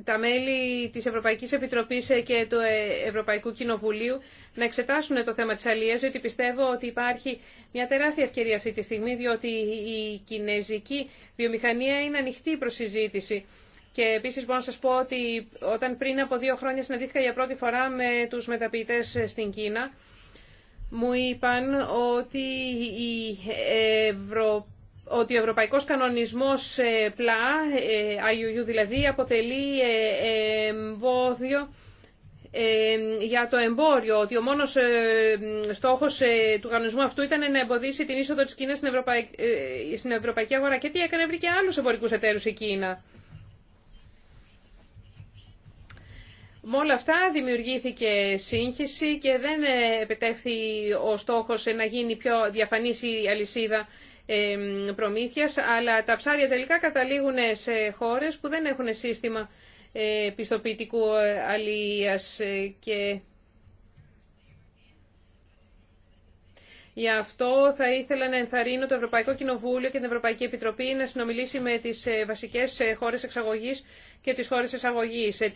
τα μέλη της Ευρωπαϊκής Επιτροπής και του Ευρωπαϊκού Κοινοβουλίου να εξετάσουν το θέμα της γιατί διότι πιστεύω ότι υπάρχει μια τεράστια ευκαιρία αυτή τη στιγμή, διότι η κινέζικη βιομηχανία είναι ανοιχτή προς συζήτηση. Και επίσης μπορώ να σας πω ότι όταν πριν από δύο χρόνια συναντήθηκα για πρώτη φορά με τους μεταποιητές στην Κίνα, μου είπαν ότι η Ευρωπαϊκή ότι ο Ευρωπαϊκός Κανονισμός ε, ΠΛΑ, ε, IUU δηλαδή, αποτελεί ε, εμπόδιο για το εμπόριο, ότι ο μόνος στόχος του κανονισμού αυτού ήταν να εμποδίσει την είσοδο της Κίνας στην, στην ευρωπαϊκή αγορά. Και τι έκανε, βρήκε άλλους εμπορικούς εταίρους η Κίνα. Με όλα αυτά δημιουργήθηκε σύγχυση και δεν επιτεύχθη ο στόχος να γίνει πιο διαφανής η αλυσίδα προμήθειας, αλλά τα ψάρια τελικά καταλήγουν σε χώρες που δεν έχουν σύστημα ε, πιστοποιητικού ε, αλίας ε, και Γι' αυτό θα ήθελα να ενθαρρύνω το Ευρωπαϊκό Κοινοβούλιο και την Ευρωπαϊκή Επιτροπή να συνομιλήσει με τι ε, βασικέ ε, χώρε εξαγωγή και τι χώρε εισαγωγή, ε,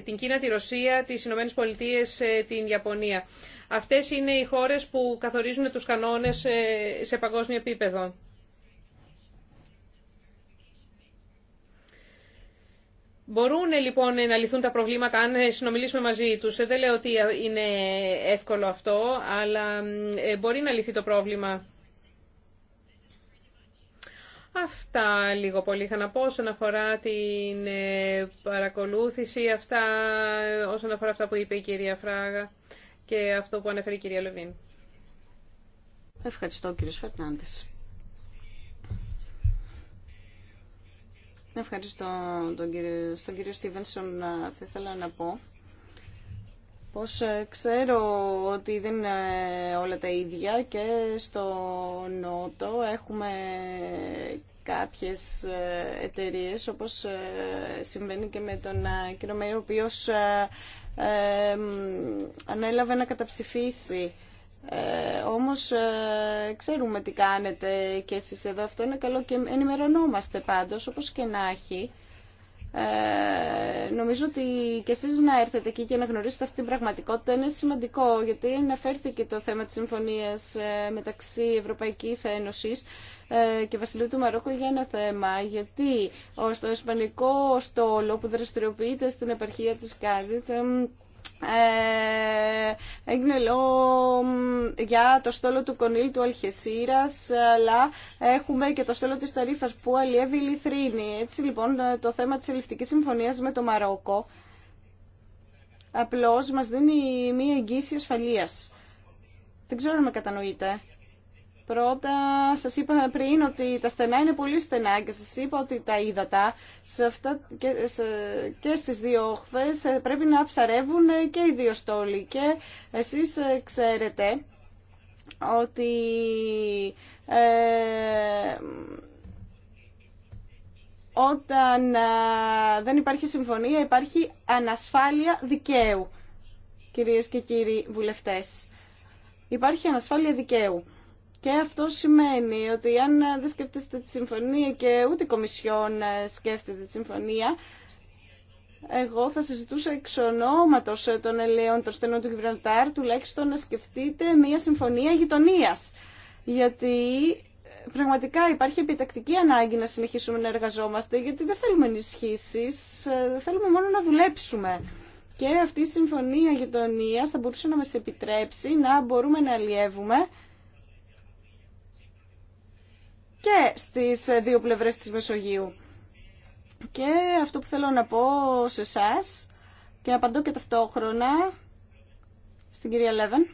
την Κίνα, τη Ρωσία, τι Ηνωμένε Πολιτείε, την Ιαπωνία. Αυτέ είναι οι χώρε που καθορίζουν του κανόνε σε παγκόσμιο επίπεδο. Μπορούν λοιπόν να λυθούν τα προβλήματα αν ε, συνομιλήσουμε μαζί τους. Ε, δεν λέω ότι ε, είναι εύκολο αυτό, αλλά μπορεί να λυθεί το πρόβλημα. Αυτά λίγο πολύ είχα να πω όσον αφορά την παρακολούθηση, αυτά, όσον αφορά αυτά που είπε η κυρία Φράγα και αυτό που ανέφερε η κυρία Λεβίν. Ευχαριστώ κύριος Φερνάντες. Ευχαριστώ τον κύριο, στον κύριο Στίβενσον. Θα ήθελα να πω πως ε, ξέρω ότι δεν είναι ε, όλα τα ίδια και στο Νότο έχουμε κάποιες ε, εταιρείε, όπως συμβαίνει και με τον κύριο Μέιρο, ο οποίος ανέλαβε να καταψηφίσει ε, όμως ε, ξέρουμε τι κάνετε και εσείς εδώ. Αυτό είναι καλό και ενημερωνόμαστε πάντως, όπως και να έχει. Ε, νομίζω ότι και εσείς να έρθετε εκεί και να γνωρίσετε αυτή την πραγματικότητα είναι σημαντικό, γιατί αναφέρθηκε το θέμα της συμφωνίας ε, μεταξύ Ευρωπαϊκής Ένωσης ε, και Βασιλείου του Μαρόκου για ένα θέμα, γιατί στο Ισπανικό στόλο που δραστηριοποιείται στην επαρχία της Κάδιτ ε, έγινε λόγο για το στόλο του Κονίλ του Αλχεσίρας αλλά έχουμε και το στόλο της Ταρίφας που αλλιεύει η Λιθρίνη. Έτσι λοιπόν ε, το θέμα της Ελληνική συμφωνίας με το Μαρόκο απλώς μας δίνει μία εγγύηση ασφαλείας. Δεν ξέρω αν με κατανοείτε. Πρώτα, σας είπα πριν ότι τα στενά είναι πολύ στενά και σας είπα ότι τα ύδατα σε αυτά και, σε, και στις δύο όχθες ε, πρέπει να ψαρεύουν ε, και οι δύο στόλοι. Και εσείς ε, ξέρετε ότι... όταν δεν υπάρχει συμφωνία υπάρχει ανασφάλεια δικαίου, κυρίες και κύριοι βουλευτές. Υπάρχει ανασφάλεια δικαίου. Και αυτό σημαίνει ότι αν δεν σκεφτείτε τη συμφωνία και ούτε η Κομισιόν ε, σκέφτεται τη συμφωνία, εγώ θα συζητούσα εξ ονόματο ε, των ελαιών των στενών του Γιβραλτάρ τουλάχιστον να σκεφτείτε μια συμφωνία γειτονία. Γιατί ε, πραγματικά υπάρχει επιτακτική ανάγκη να συνεχίσουμε να εργαζόμαστε, γιατί δεν θέλουμε ενισχύσει, θέλουμε μόνο να δουλέψουμε. Και αυτή η συμφωνία γειτονία θα μπορούσε να μα επιτρέψει να μπορούμε να αλλιεύουμε και στις ε, δύο πλευρές της Μεσογείου. Και αυτό που θέλω να πω σε εσά και να απαντώ και ταυτόχρονα στην κυρία Λέβεν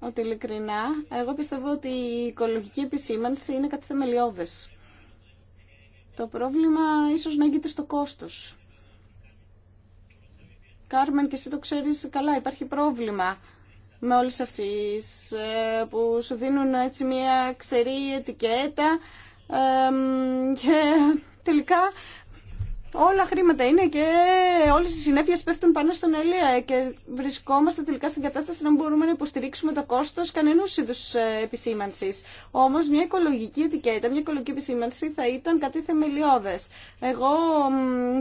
ότι ειλικρινά εγώ πιστεύω ότι η οικολογική επισήμανση είναι κάτι θεμελιώδες. Το πρόβλημα ίσως να έγκυται στο κόστος. Κάρμεν και εσύ το ξέρεις καλά, υπάρχει πρόβλημα με όλες αυτές ε, που σου δίνουν έτσι μια ξερή ετικέτα και τελικά όλα χρήματα είναι και όλες οι συνέπειες πέφτουν πάνω στον Ελία και βρισκόμαστε τελικά στην κατάσταση να μπορούμε να υποστηρίξουμε το κόστος κανένας είδους ε, επισήμανσης. Όμως μια οικολογική ετικέτα, μια οικολογική επισήμανση θα ήταν κάτι θεμελιώδες. Εγώ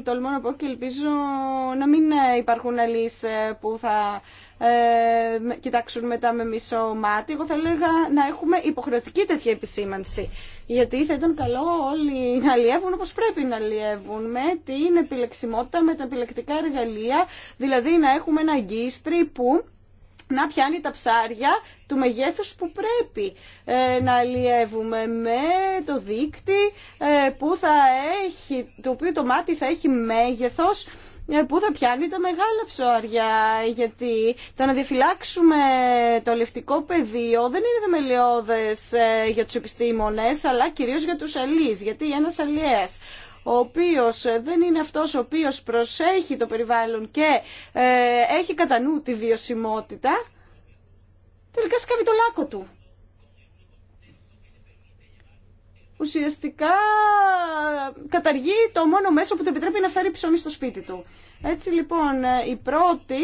τολμώ να πω και ελπίζω να μην ε, υπάρχουν αλείς που θα ε, κοιτάξουν μετά με μισό μάτι. Εγώ θα έλεγα να έχουμε υποχρεωτική τέτοια επισήμανση. Γιατί θα ήταν καλό όλοι να αλλιεύουν όπως πρέπει να αλλιεύουν με την επιλεξιμότητα, με τα επιλεκτικά εργαλεία, δηλαδή να έχουμε ένα αγκίστρι που να πιάνει τα ψάρια του μεγέθους που πρέπει ε, να αλλιεύουμε με το δίκτυ ε, που θα έχει, το οποίο το μάτι θα έχει μέγεθος ε, που θα πιάνει τα μεγάλα ψώρια. Γιατί το να διαφυλάξουμε το λευτικό πεδίο δεν είναι δεμελιώδες ε, για τους επιστήμονες, αλλά κυρίως για τους αλείς. Γιατί ένας αλλιές, ο οποίος ε, δεν είναι αυτός ο οποίος προσέχει το περιβάλλον και έχει κατά νου τη βιωσιμότητα, τελικά σκάβει το λάκκο του. ουσιαστικά καταργεί το μόνο μέσο που του επιτρέπει να φέρει ψωμί στο σπίτι του. Έτσι λοιπόν, ε, οι πρώτοι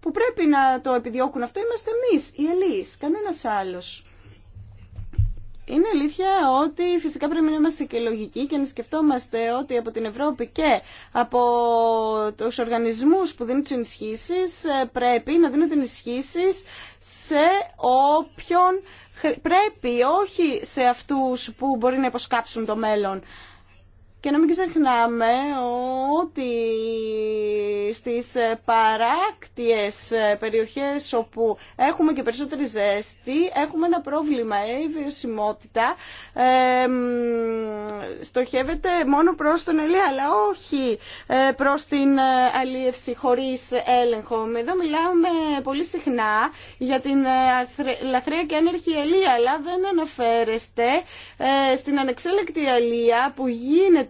που πρέπει να το επιδιώκουν αυτό είμαστε εμείς, οι Ελλείς, κανένας άλλος. Είναι αλήθεια ότι φυσικά πρέπει να είμαστε και λογικοί και να σκεφτόμαστε ότι από την Ευρώπη και από τους οργανισμούς που δίνουν τις ενισχύσεις ε, πρέπει να δίνουν ενισχύσεις σε όποιον πρέπει, όχι σε αυτούς που μπορεί να υποσκάψουν το μέλλον. Και να μην ξεχνάμε ότι στις παράκτιες περιοχές όπου έχουμε και περισσότερη ζέστη, έχουμε ένα πρόβλημα. Η βιωσιμότητα ε, στοχεύεται μόνο προς τον ελία, αλλά όχι ε, προς την ε, αλίευση χωρίς έλεγχο. Εδώ μιλάμε πολύ συχνά για την ε, λαθρέα και άνερχη ελία, αλλά δεν αναφέρεστε στην ανεξέλεκτη αλία που γίνεται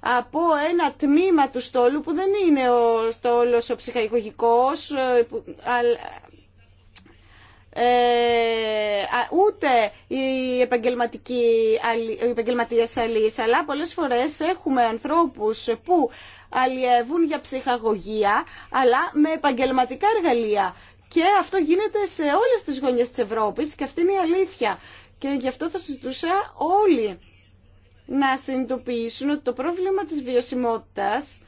από ένα τμήμα του στόλου που δεν είναι ο στόλος ο ψυχαγωγικός, ε, ε, ούτε οι επαγγελματίες αλείς, αλλά πολλές φορές έχουμε ανθρώπους που αλλιεύουν για ψυχαγωγία, αλλά με επαγγελματικά εργαλεία. Και αυτό γίνεται σε όλες τις γωνιές της Ευρώπης και αυτή είναι η αλήθεια. Και γι' αυτό θα συζητούσα όλοι να συνειδητοποιήσουν ότι το πρόβλημα της βιωσιμότητας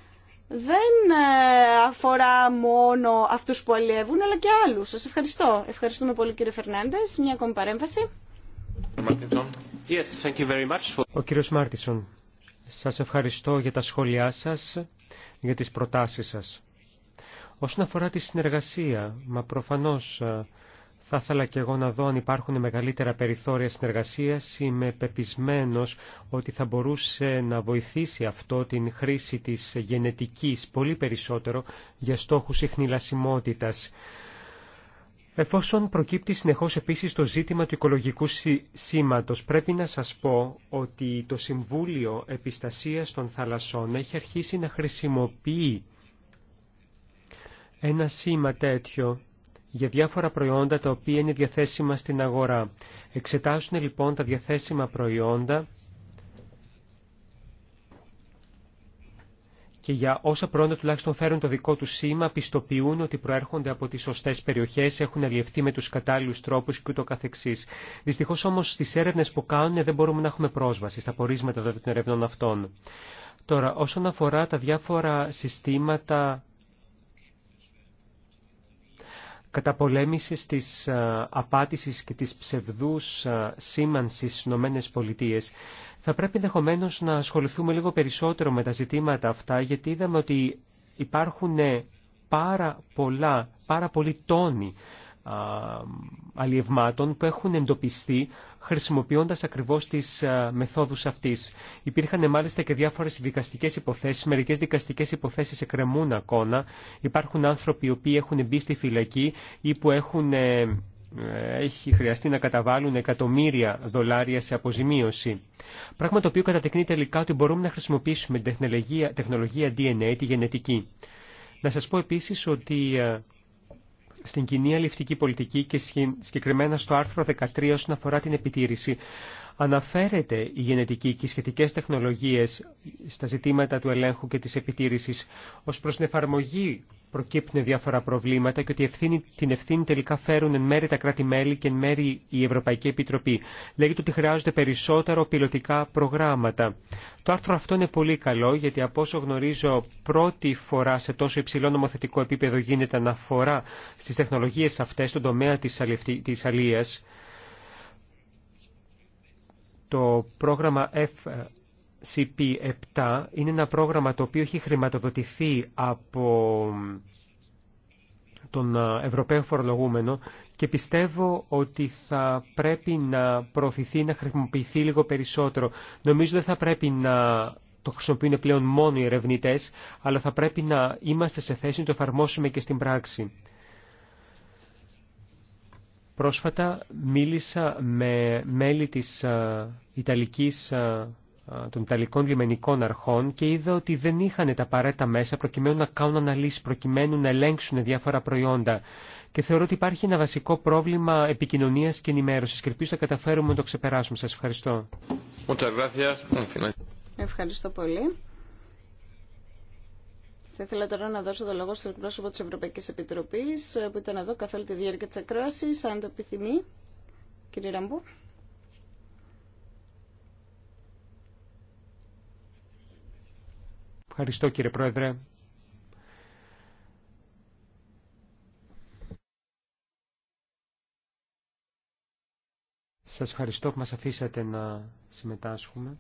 δεν ε, αφορά μόνο αυτούς που αλλιεύουν, αλλά και άλλους. Σας ευχαριστώ. Ευχαριστούμε πολύ κύριε Φερνάντες. Μια ακόμη παρέμβαση. Yes, thank you very much for... Ο κύριος Μάρτισον, σας ευχαριστώ για τα σχόλιά σας, για τις προτάσεις σας. Όσον αφορά τη συνεργασία, μα προφανώς ε, θα ήθελα και εγώ να δω αν υπάρχουν μεγαλύτερα περιθώρια συνεργασίας. Είμαι πεπισμένος ότι θα μπορούσε να βοηθήσει αυτό την χρήση της γενετικής πολύ περισσότερο για στόχους ιχνηλασιμότητας. Εφόσον προκύπτει συνεχώς επίσης το ζήτημα του οικολογικού σήματος, πρέπει να σας πω ότι το Συμβούλιο Επιστασίας των Θαλασσών έχει αρχίσει να χρησιμοποιεί ένα σήμα τέτοιο για διάφορα προϊόντα τα οποία είναι διαθέσιμα στην αγορά. Εξετάζουν λοιπόν τα διαθέσιμα προϊόντα και για όσα προϊόντα τουλάχιστον φέρουν το δικό του σήμα, πιστοποιούν ότι προέρχονται από τις σωστές περιοχές... έχουν αλλιευθεί με τους κατάλληλους τρόπους και ούτω καθεξής Δυστυχώ όμω στι έρευνε που κάνουν δεν μπορούμε να έχουμε πρόσβαση στα πορίσματα των ερευνών αυτών. Τώρα, όσον αφορά τα διάφορα συστήματα καταπολέμησης της ε, απάτησης και της ψευδούς ε, σήμανσης στις Ηνωμένες Πολιτείες. Θα πρέπει ενδεχομένω να ασχοληθούμε λίγο περισσότερο με τα ζητήματα αυτά, γιατί είδαμε ότι υπάρχουν ε, πάρα πολλά, πάρα πολλοί τόνοι αλλιευμάτων που έχουν εντοπιστεί χρησιμοποιώντας ακριβώς τις ε, μεθόδους αυτής. Υπήρχαν μάλιστα και διάφορες δικαστικές υποθέσεις, μερικές δικαστικές υποθέσεις εκκρεμούν ακόμα. Υπάρχουν άνθρωποι οι οποίοι έχουν μπει στη φυλακή ή που έχουν ε, ε, έχει χρειαστεί να καταβάλουν εκατομμύρια δολάρια σε αποζημίωση. Πράγμα το οποίο κατατεκνεί τελικά ότι μπορούμε να χρησιμοποιήσουμε την τεχνολογία, τεχνολογία DNA, τη γενετική. Να σας πω επίσης ότι στην κοινή αλληλευτική πολιτική και συγκεκριμένα στο άρθρο 13 όσον αφορά την επιτήρηση. Αναφέρεται η γενετική και οι σχετικές τεχνολογίες στα ζητήματα του ελέγχου και της επιτήρησης ως προς την εφαρμογή προκύπτουν διάφορα προβλήματα και ότι ευθύνη, την ευθύνη τελικά φέρουν εν μέρη τα κράτη-μέλη και εν μέρη η Ευρωπαϊκή Επιτροπή. Λέγεται ότι χρειάζονται περισσότερο πιλωτικά προγράμματα. Το άρθρο αυτό είναι πολύ καλό γιατί από όσο γνωρίζω πρώτη φορά σε τόσο υψηλό νομοθετικό επίπεδο γίνεται αναφορά στις τεχνολογίες αυτές στον τομέα της αλίας. Το πρόγραμμα F CP7 είναι ένα πρόγραμμα το οποίο έχει χρηματοδοτηθεί από τον ε, Ευρωπαίο φορολογούμενο και πιστεύω ότι θα πρέπει να προωθηθεί, να χρησιμοποιηθεί λίγο περισσότερο. Νομίζω δεν θα πρέπει να το χρησιμοποιούν πλέον μόνο οι ερευνητέ, αλλά θα πρέπει να είμαστε σε θέση να το εφαρμόσουμε και στην πράξη. Πρόσφατα μίλησα με μέλη της ε, Ιταλικής ε, των Ιταλικών λιμενικών αρχών και είδα ότι δεν είχαν τα απαραίτητα μέσα προκειμένου να κάνουν αναλύσει, προκειμένου να ελέγξουν διάφορα προϊόντα. Και θεωρώ ότι υπάρχει ένα βασικό πρόβλημα επικοινωνία και ενημέρωση και ελπίζω να καταφέρουμε να το ξεπεράσουμε. Σα ευχαριστώ. Ευχαριστώ πολύ. Θα ήθελα τώρα να δώσω το λόγο στον εκπρόσωπο τη Ευρωπαϊκή Επιτροπή, ε, που ήταν εδώ καθ' όλη τη διάρκεια τη ακρόαση αν το επιθυμεί. Κύριε Ραμπού. Ευχαριστώ κύριε Πρόεδρε. Σας ευχαριστώ που μας αφήσατε να συμμετάσχουμε.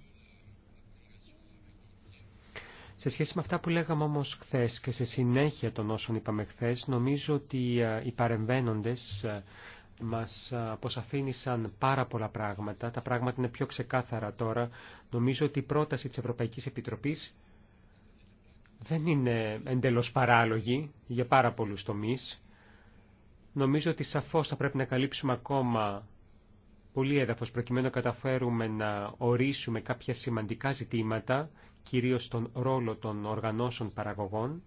Σε σχέση με αυτά που λέγαμε όμως χθες και σε συνέχεια των όσων είπαμε χθες, νομίζω ότι ε, οι παρεμβαίνοντες ε, μας αποσαφήνισαν πάρα πολλά πράγματα. Τα πράγματα είναι πιο ξεκάθαρα τώρα. Νομίζω ότι η πρόταση της Ευρωπαϊκής Επιτροπής δεν είναι εντελώς παράλογη για πάρα πολλούς τομείς. Νομίζω ότι σαφώς θα πρέπει να καλύψουμε ακόμα πολύ έδαφος προκειμένου να καταφέρουμε να ορίσουμε κάποια σημαντικά ζητήματα, κυρίως τον ρόλο των οργανώσεων παραγωγών.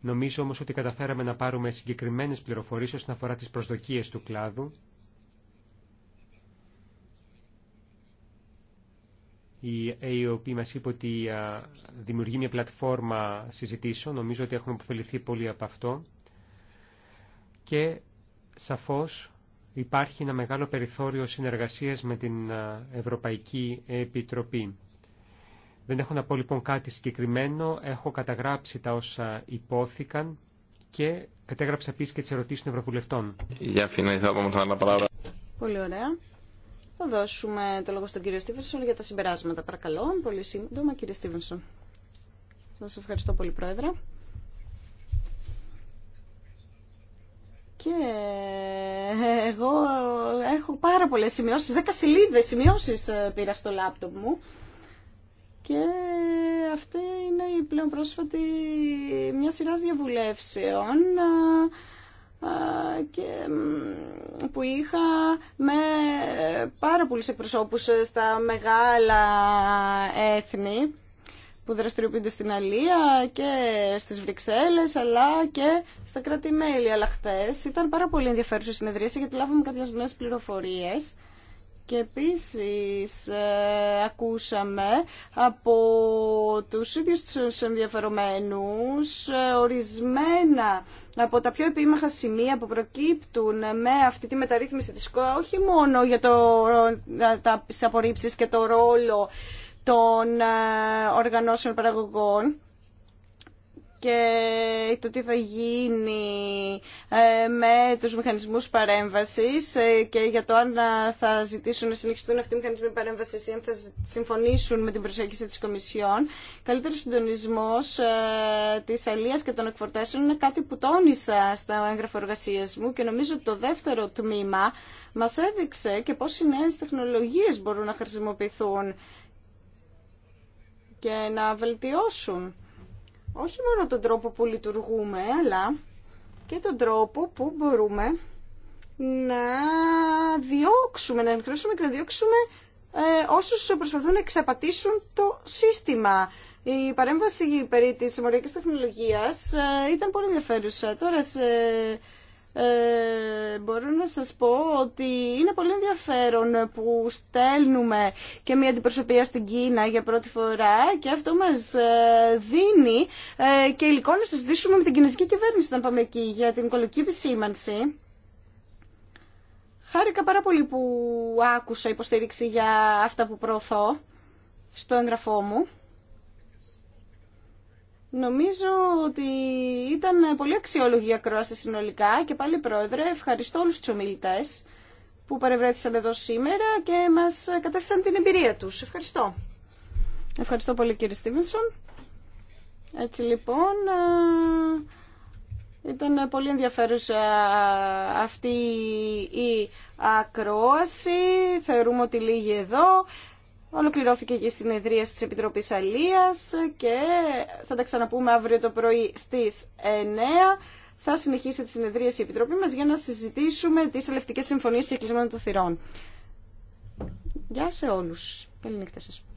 Νομίζω όμως ότι καταφέραμε να πάρουμε συγκεκριμένες πληροφορίες όσον αφορά τις προσδοκίες του κλάδου η AOP μας είπε ότι δημιουργεί μια πλατφόρμα συζητήσεων. Νομίζω ότι έχουν αποφεληθεί πολύ από αυτό. Και σαφώς υπάρχει ένα μεγάλο περιθώριο συνεργασίας με την Ευρωπαϊκή Επιτροπή. Δεν έχω να πω λοιπόν κάτι συγκεκριμένο. Έχω καταγράψει τα όσα υπόθηκαν και κατέγραψα επίση και τι ερωτήσει των Ευρωβουλευτών. Πολύ ωραία. Θα δώσουμε το λόγο στον κύριο Στίβενσον για τα συμπεράσματα. Παρακαλώ, πολύ σύντομα, κύριε Στίβενσον. Σας ευχαριστώ πολύ, Πρόεδρε. Και εγώ έχω πάρα πολλές σημειώσεις, δέκα σελίδες σημειώσεις ε, πήρα στο λάπτοπ μου. Και αυτή είναι η πλέον πρόσφατη μια σειρά διαβουλεύσεων και που είχα με ε, πάρα πολλούς εκπροσώπους ε, στα μεγάλα έθνη που δραστηριοποιούνται στην Αλία και στις Βρυξέλλες αλλά και στα κράτη-μέλη. Αλλά χθε ήταν πάρα πολύ ενδιαφέρουσα η συνεδρίαση γιατί λάβαμε κάποιες νέες πληροφορίες και επίσης ε, ακούσαμε από τους ίδιους τους ενδιαφερομένους ε, ορισμένα από τα πιο επίμαχα σημεία που προκύπτουν με αυτή τη μεταρρύθμιση της ΚΟΑ, όχι μόνο για το, τα, τις και το ρόλο των ε, οργανώσεων παραγωγών, και το τι θα γίνει ε, με τους μηχανισμούς παρέμβασης ε, και για το αν ε, θα ζητήσουν να συνεχιστούν αυτοί οι μηχανισμοί παρέμβασης ή αν θα συμφωνήσουν με την προσέγγιση της Κομισιόν. Καλύτερο συντονισμός της αλίας και των εκφορτάσεων είναι κάτι που τόνισα στα έγγραφα εργασία μου και νομίζω ότι το δεύτερο τμήμα μας έδειξε και πώς οι νέες τεχνολογίες μπορούν να χρησιμοποιηθούν και να βελτιώσουν όχι μόνο τον τρόπο που λειτουργούμε, αλλά και τον τρόπο που μπορούμε να διώξουμε, να ενχρώσουμε και να διώξουμε ε, όσους προσπαθούν να εξαπατήσουν το σύστημα. Η παρέμβαση περί της μοριακής τεχνολογίας ε, ήταν πολύ ενδιαφέρουσα. Τώρα ε, μπορώ να σας πω ότι είναι πολύ ενδιαφέρον που στέλνουμε και μια αντιπροσωπεία στην Κίνα για πρώτη φορά και αυτό μας ε, δίνει ε, και υλικό να συζητήσουμε με την κινέζικη κυβέρνηση να πάμε εκεί για την οικολογική επισήμανση. Χάρηκα πάρα πολύ που άκουσα υποστήριξη για αυτά που προωθώ στο έγγραφό μου. Νομίζω ότι ήταν πολύ αξιόλογη η ακρόαση συνολικά και πάλι πρόεδρε ευχαριστώ όλους τους ομιλητές που παρευρέθησαν εδώ σήμερα και μας κατέθεσαν την εμπειρία τους. Ευχαριστώ. Ευχαριστώ πολύ κύριε Στίβενσον. Έτσι λοιπόν ήταν πολύ ενδιαφέρουσα αυτή η ακρόαση. Θεωρούμε ότι λίγη εδώ. Ολοκληρώθηκε και η συνεδρία της Επιτροπής Αλίας και θα τα ξαναπούμε αύριο το πρωί στις 9. Θα συνεχίσει τη συνεδρία η Επιτροπή μας για να συζητήσουμε τις ελευτικές συμφωνίες και κλεισμένων των θυρών. Γεια σε όλους. Καληνύχτα σας.